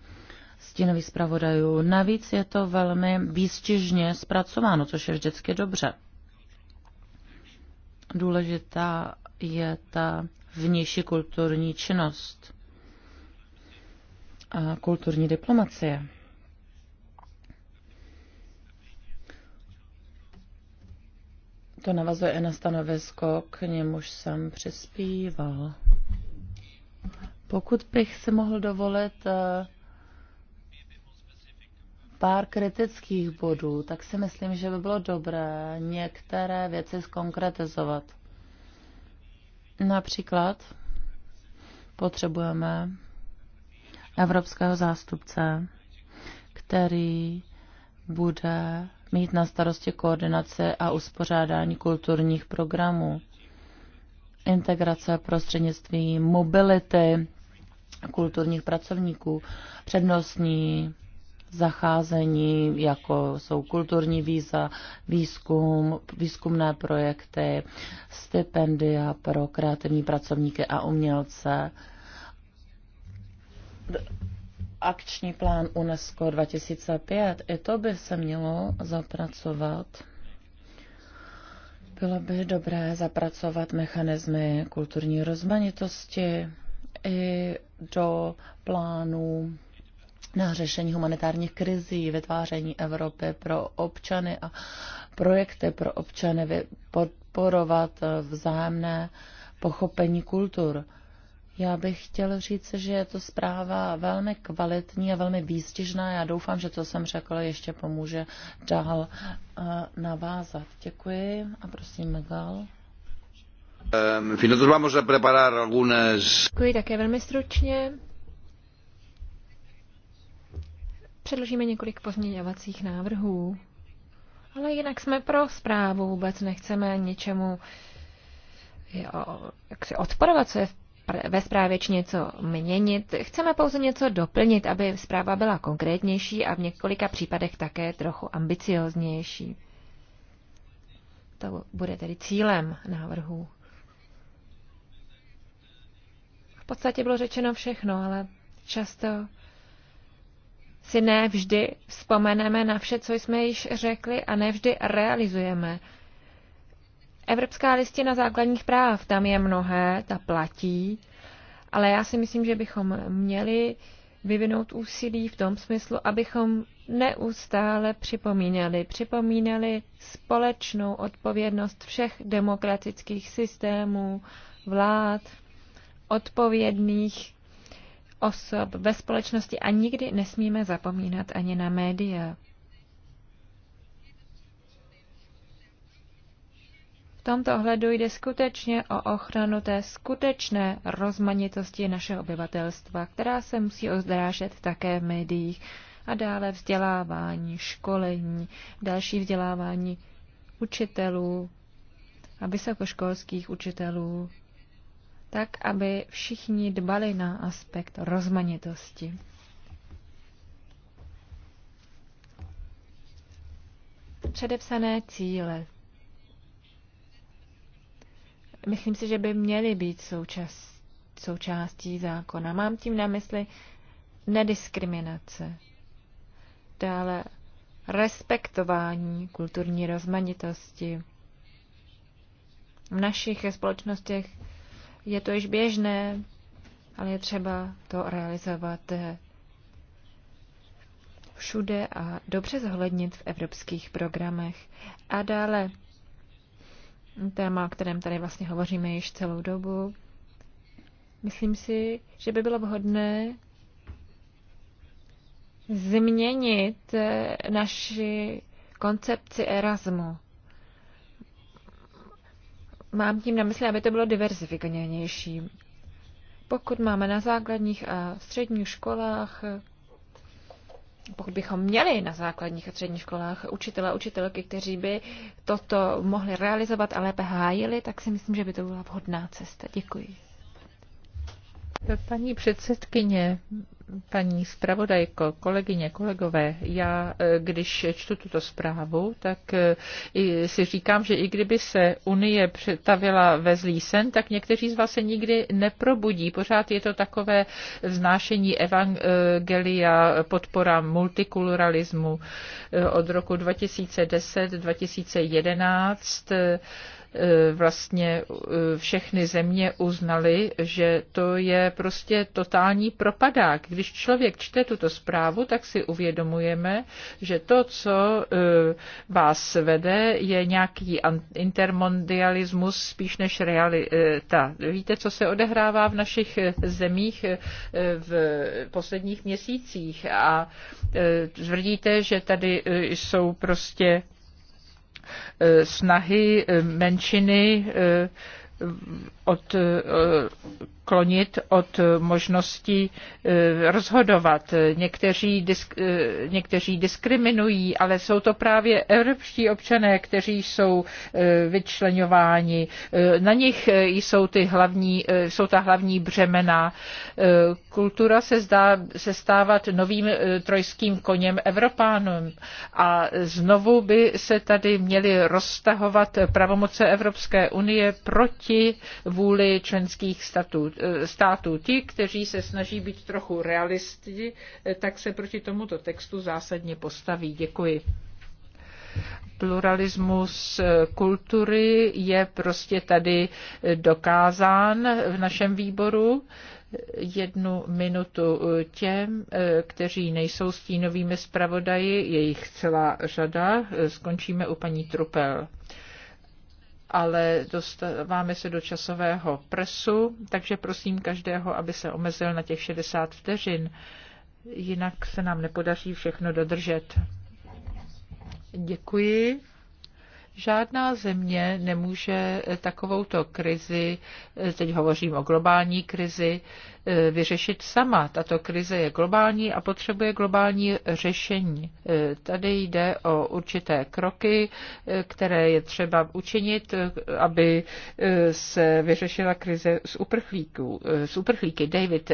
stínových zpravodajů. Navíc je to velmi výstižně zpracováno, což je vždycky dobře. Důležitá je ta vnější kulturní činnost a kulturní diplomacie. To navazuje i na stanovisko, k němuž jsem přispíval. Pokud bych si mohl dovolit eh, pár kritických bodů, tak si myslím, že by bylo dobré některé věci zkonkretizovat. Například potřebujeme evropského zástupce, který bude mít na starosti koordinace a uspořádání kulturních programů, integrace prostřednictvím mobility kulturních pracovníků, přednostní zacházení, jako jsou kulturní víza, výzkum, výzkumné projekty, stipendia pro kreativní pracovníky a umělce, akční plán UNESCO 2005, i to by se mělo zapracovat. Bylo by dobré zapracovat mechanismy kulturní rozmanitosti i do plánů na řešení humanitárních krizí, vytváření Evropy pro občany a projekty pro občany podporovat vzájemné pochopení kultur. Já bych chtěl říct, že je to zpráva velmi kvalitní a velmi výstižná. Já doufám, že to jsem řekl, ještě pomůže dál eh, navázat. Děkuji a prosím, Megal. Děkuji také velmi stručně. Předložíme několik pozměňovacích návrhů. Ale jinak jsme pro zprávu, vůbec nechceme ničemu jo, jak si odporovat, co je v ve zprávě či něco měnit. Chceme pouze něco doplnit, aby zpráva byla konkrétnější a v několika případech také trochu ambicioznější. To bude tedy cílem návrhu. V podstatě bylo řečeno všechno, ale často si ne vždy vzpomeneme na vše, co jsme již řekli a nevždy realizujeme Evropská listina základních práv, tam je mnohé, ta platí, ale já si myslím, že bychom měli vyvinout úsilí v tom smyslu, abychom neustále připomínali, připomínali společnou odpovědnost všech demokratických systémů, vlád, odpovědných osob ve společnosti a nikdy nesmíme zapomínat ani na média. tomto ohledu jde skutečně o ochranu té skutečné rozmanitosti našeho obyvatelstva, která se musí ozdrážet také v médiích a dále vzdělávání, školení, další vzdělávání učitelů a vysokoškolských učitelů, tak, aby všichni dbali na aspekt rozmanitosti. Předepsané cíle myslím si, že by měly být součas, součástí zákona. Mám tím na mysli nediskriminace, dále respektování kulturní rozmanitosti. V našich společnostech je to již běžné, ale je třeba to realizovat všude a dobře zohlednit v evropských programech. A dále téma, o kterém tady vlastně hovoříme již celou dobu. Myslím si, že by bylo vhodné změnit eh, naši koncepci Erasmu. Mám tím na mysli, aby to bylo diverzifikovanější. Pokud máme na základních a středních školách pokud bychom měli na základních a středních školách učitele a učitelky, kteří by toto mohli realizovat a lépe hájili, tak si myslím, že by to byla vhodná cesta. Děkuji. Paní předsedkyně, Paní zpravodajko, kolegyně, kolegové, já eh, když čtu tuto zprávu, tak eh, si říkám, že i kdyby se Unie přetavila ve zlý sen, tak někteří z vás se nikdy neprobudí. Pořád je to takové vznášení evangelia, podpora multikulturalismu eh, od roku 2010-2011 E, vlastně e, všechny země uznaly, že to je prostě totální propadák. Když člověk čte tuto zprávu, tak si uvědomujeme, že to, co e, vás vede, je nějaký intermondialismus spíš než realita. Víte, co se odehrává v našich zemích v posledních měsících a tvrdíte, že tady jsou prostě Eh, snahy eh, menšiny eh, Eh, odklonit od možnosti eh, rozhodovat. Někteří, disk, eh, někteří diskriminují, ale jsou to právě evropští občané, kteří jsou vyčlenováni. Na nich jsou, ty hlavní, jsou ta hlavní břemena. Kultura se zdá se stávat novým trojským koněm Evropánům a znovu by se tady měly roztahovat pravomoce Evropské unie proti vůli členských statů, eh, států. Ti, kteří se snaží být trochu realisti, eh, tak se proti tomuto textu zásadně postaví. Děkuji. Pluralismus eh, kultury je prostě tady dokázán v našem výboru jednu minutu těm, kteří nejsou stínovými zpravodaji, je jich celá řada. Skončíme u paní Trupel ale dostáváme se do časového presu, takže prosím každého, aby se omezil na těch 60 vteřin, jinak se nám nepodaří všechno dodržet. Děkuji. Žádná země nemůže takovouto krizi, teď hovořím o globální krizi, E, vyřešit sama. Tato krize je globální a potřebuje globální řešení. E, tady jde o určité kroky, e, které je třeba učinit, aby se vyřešila krize z uprchlíků. Z uprchlíky David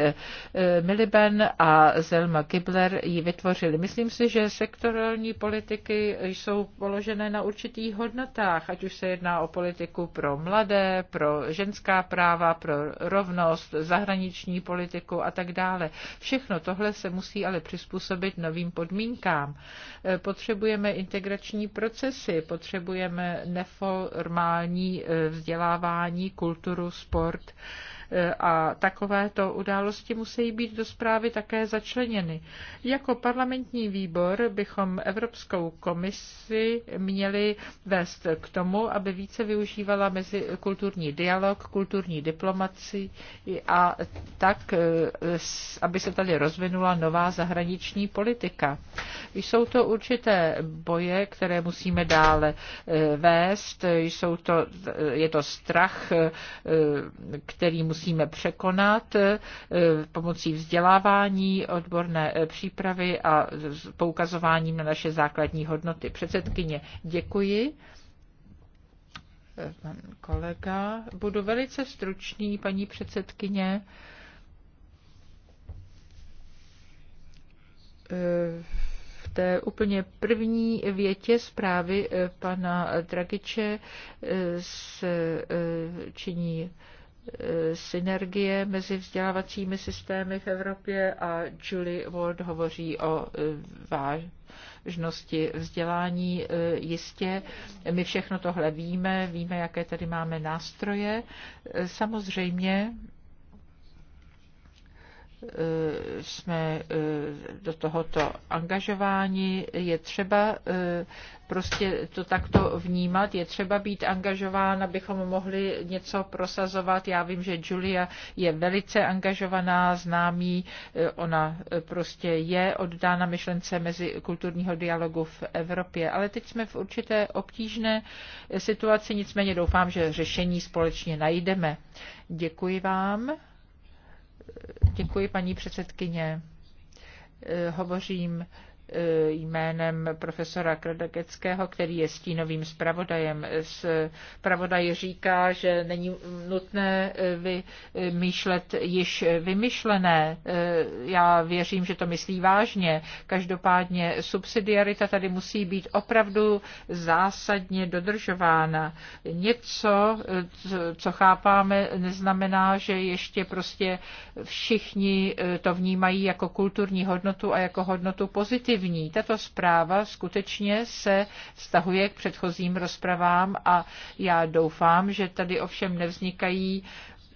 Miliband a Zelma Gibler ji vytvořili. Myslím si, že sektorální politiky jsou položené na určitých hodnotách, ať už se jedná o politiku pro mladé, pro ženská práva, pro rovnost, zahraniční politiku a tak dále. Všechno tohle se musí ale přizpůsobit novým podmínkám. Eh, potřebujeme integrační procesy, potřebujeme neformální eh, vzdělávání, kulturu, sport a takovéto události musí být do zprávy také začleněny. Jako parlamentní výbor bychom Evropskou komisi měli vést k tomu, aby více využívala kulturní dialog, kulturní diplomaci a tak, e, aby se tady rozvinula nová zahraniční politika. Jsou to určité boje, které musíme dále e, vést. Jsou to, e, je to strach, který musí musíme překonat eh, pomocí vzdělávání, odborné eh, přípravy a poukazováním na naše základní hodnoty. Předsedkyně, děkuji eh, pan kolega. Budu velice stručný, paní předsedkyně. V té úplně první větě zprávy pana Dragiče se činí Eh, synergie mezi vzdělávacími systémy v Evropě a Julie Ward hovoří o eh, vážnosti vzdělání. Eh, jistě, my všechno tohle víme, víme, jaké tady máme nástroje. Samozřejmě Eh, jsme eh, do tohoto angažováni. Je třeba eh, prostě to takto vnímat, je třeba být angažován, abychom mohli něco prosazovat. Já vím, že Julia je velice angažovaná, známí, ona prostě je oddána myšlence mezi kulturního dialogu v Evropě, ale teď jsme v určité obtížné situaci, nicméně doufám, že řešení společně najdeme. Děkuji vám. Děkuji, paní předsedkyně. Eh, hovořím jménem profesora Kradekeckého, který je stínovým zpravodajem. Zpravodaj říká, že není nutné eh, vymýšlet již vymyšlené. Eh, já věřím, že to myslí vážně. Každopádně subsidiarita tady musí být opravdu zásadně dodržována. Něco, eh, co chápáme, neznamená, že ještě prostě všichni to vnímají jako kulturní hodnotu a jako hodnotu pozitivní pozitivní. Tato zpráva skutečně se vztahuje k předchozím rozpravám a já doufám, že tady ovšem nevznikají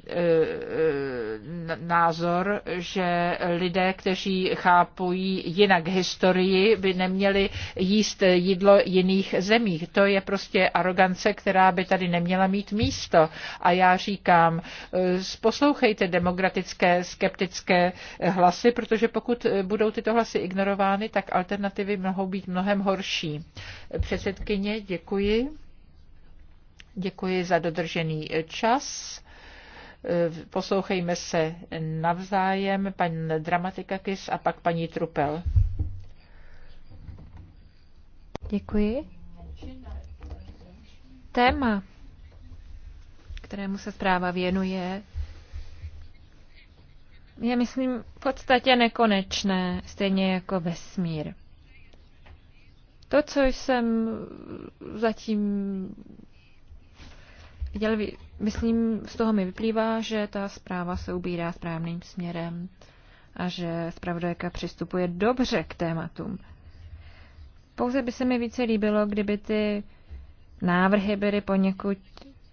E, e, názor, že lidé, kteří chápují jinak historii, by neměli jíst jídlo jiných zemí. To je prostě arogance, která by tady neměla mít místo. A já říkám, e, poslouchejte demokratické, skeptické hlasy, protože pokud budou tyto hlasy ignorovány, tak alternativy mohou být mnohem horší. Předsedkyně, děkuji. Děkuji za dodržený čas. Poslouchejme se navzájem, pan Dramatikakis a pak paní Trupel. Děkuji. Téma, kterému se zpráva věnuje, je, myslím, v podstatě nekonečné, stejně jako vesmír. To, co jsem zatím viděl Myslím, z toho mi vyplývá, že ta zpráva se ubírá správným směrem a že zpravodajka přistupuje dobře k tématům. Pouze by se mi více líbilo, kdyby ty návrhy byly poněkud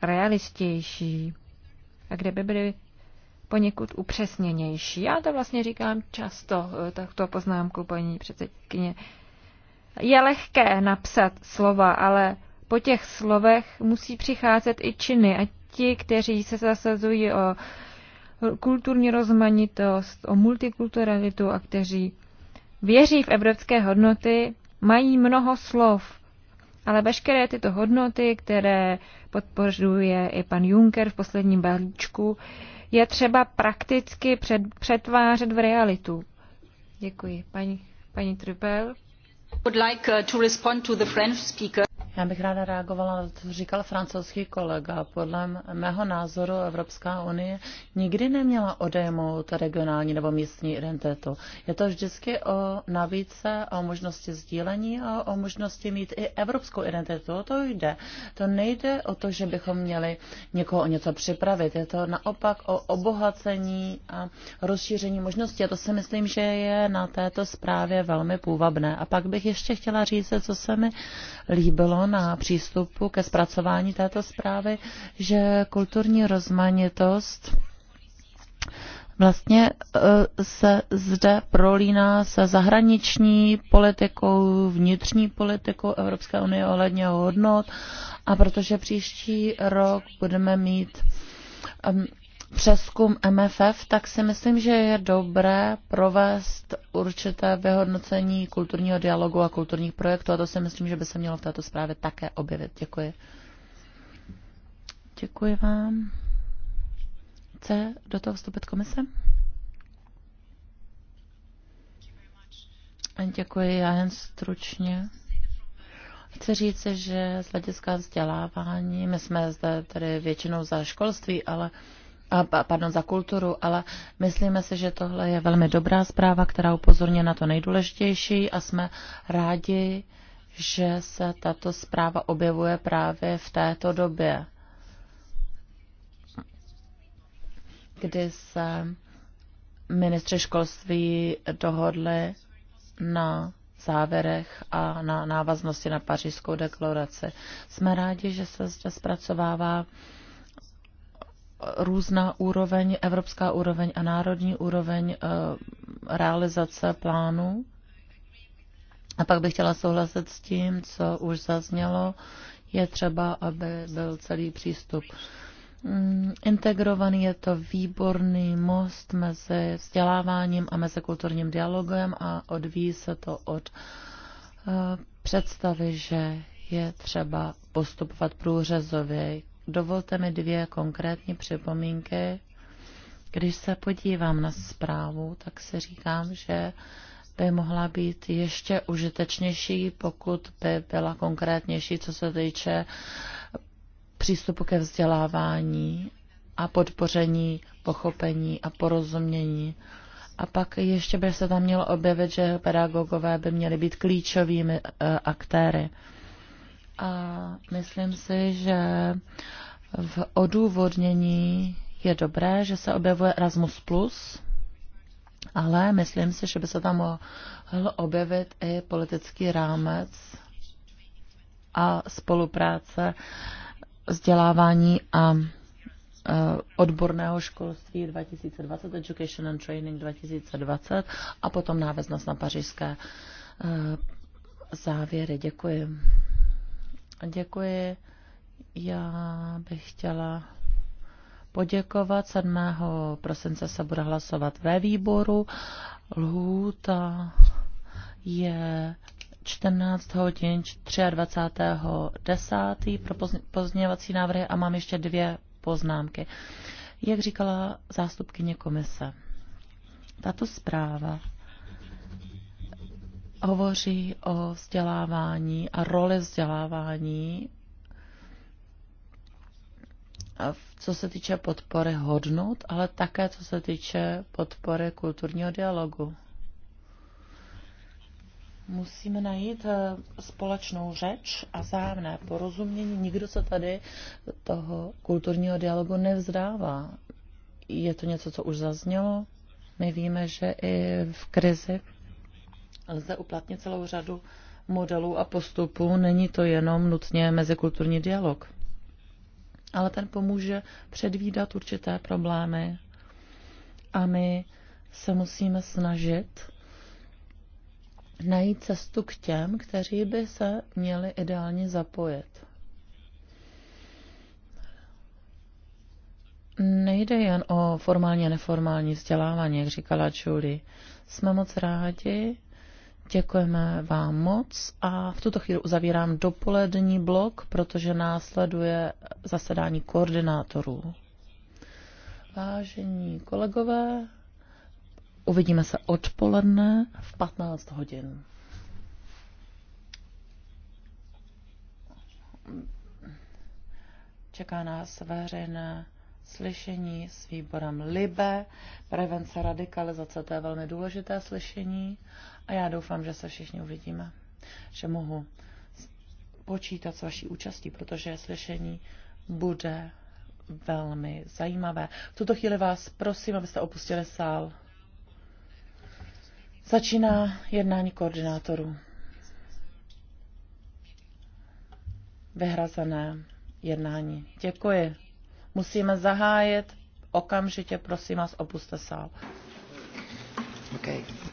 realistější a kdyby byly poněkud upřesněnější. Já to vlastně říkám často, eh, takto poznámku paní předsedkyně. Je lehké napsat slova, ale po těch slovech musí přicházet i činy a ti, kteří se zasazují o kulturní rozmanitost, o multikulturalitu a kteří věří v evropské hodnoty, mají mnoho slov, ale veškeré tyto hodnoty, které podporuje i pan Juncker v posledním balíčku, je třeba prakticky před, přetvářet v realitu. Děkuji. Paní, paní Trupel. Já bych ráda reagovala na to, co říkal francouzský kolega. Podle mého názoru Evropská unie nikdy neměla odejmout regionální nebo místní identitu. Je to vždycky o navíce, o možnosti sdílení a o možnosti mít i evropskou identitu. O to jde. To nejde o to, že bychom měli někoho o něco připravit. Je to naopak o obohacení a rozšíření možností. A to si myslím, že je na této zprávě velmi půvabné. A pak bych ještě chtěla říct, co se mi líbilo na přístupu ke zpracování této zprávy, že kulturní rozmanitost vlastně eh, se zde prolíná se zahraniční politikou, vnitřní politikou Evropské unie ohledně hodnot a protože příští rok budeme mít přeskum MFF, tak si myslím, že je dobré provést určité vyhodnocení kulturního dialogu a kulturních projektů a to si myslím, že by se mělo v této zprávě také objevit. Děkuji. Děkuji vám. Chce do toho vstoupit komise? Děkuji, já jen stručně. Chci říct, že z hlediska vzdělávání, my jsme zde tedy většinou za školství, ale uh, a, pardon, za kulturu, ale myslíme si, že tohle je velmi dobrá zpráva, která upozorně na to nejdůležitější a jsme rádi, že se tato zpráva objevuje právě v této době, kdy se ministři školství dohodli na závěrech a na návaznosti na pařížskou deklaraci. Jsme rádi, že se zde zpracovává různá úroveň, evropská úroveň a národní úroveň eh, realizace plánu. A pak bych chtěla souhlasit s tím, co už zaznělo, je třeba, aby byl celý přístup mm, integrovaný, je to výborný most mezi vzděláváním a mezi kulturním dialogem a odvíjí se to od eh, představy, že je třeba postupovat průřezově dovolte mi dvě konkrétní připomínky. Když se podívám na zprávu, tak si říkám, že by mohla být ještě užitečnější, pokud by byla konkrétnější, co se týče přístupu ke vzdělávání a podpoření, pochopení a porozumění. A pak ještě by se tam mělo objevit, že pedagogové by měli být klíčovými eh, aktéry a myslím si, že v odůvodnění je dobré, že se objevuje Erasmus+, ale myslím si, že by se tam mohl objevit i politický rámec a spolupráce vzdělávání a e, odborného školství 2020, Education and Training 2020 a potom návaznost na pařížské e, závěry. Děkuji. Děkuji. Já bych chtěla poděkovat. 7. prosince se bude hlasovat ve výboru. Lhůta je 14 hodin 23.10. pro pozměňovací návrhy a mám ještě dvě poznámky. Jak říkala zástupkyně komise, tato zpráva hovoří o vzdělávání a roli vzdělávání, co se týče podpory hodnot, ale také co se týče podpory kulturního dialogu. Musíme najít eh, společnou řeč a zájemné porozumění. Nikdo se tady toho kulturního dialogu nevzdává. Je to něco, co už zaznělo. My víme, že i v krizi lze uplatnit celou řadu modelů a postupů. Není to jenom nutně mezikulturní dialog, ale ten pomůže předvídat určité problémy a my se musíme snažit najít cestu k těm, kteří by se měli ideálně zapojit. Nejde jen o formálně neformální vzdělávání, jak říkala Julie. Jsme moc rádi, Děkujeme vám moc a v tuto chvíli uzavírám dopolední blok, protože následuje zasedání koordinátorů. Vážení kolegové, uvidíme se odpoledne v 15 hodin. Čeká nás veřejné slyšení s výborem LIBE, prevence radikalizace, to je velmi důležité slyšení a já doufám, že se všichni uvidíme, že mohu počítat s vaší účastí, protože slyšení bude velmi zajímavé. V tuto chvíli vás prosím, abyste opustili sál. Začíná jednání koordinátorů. Vyhrazené jednání. Děkuji. Musíme zahájit okamžitě, prosím vás, opuste sál. Okay.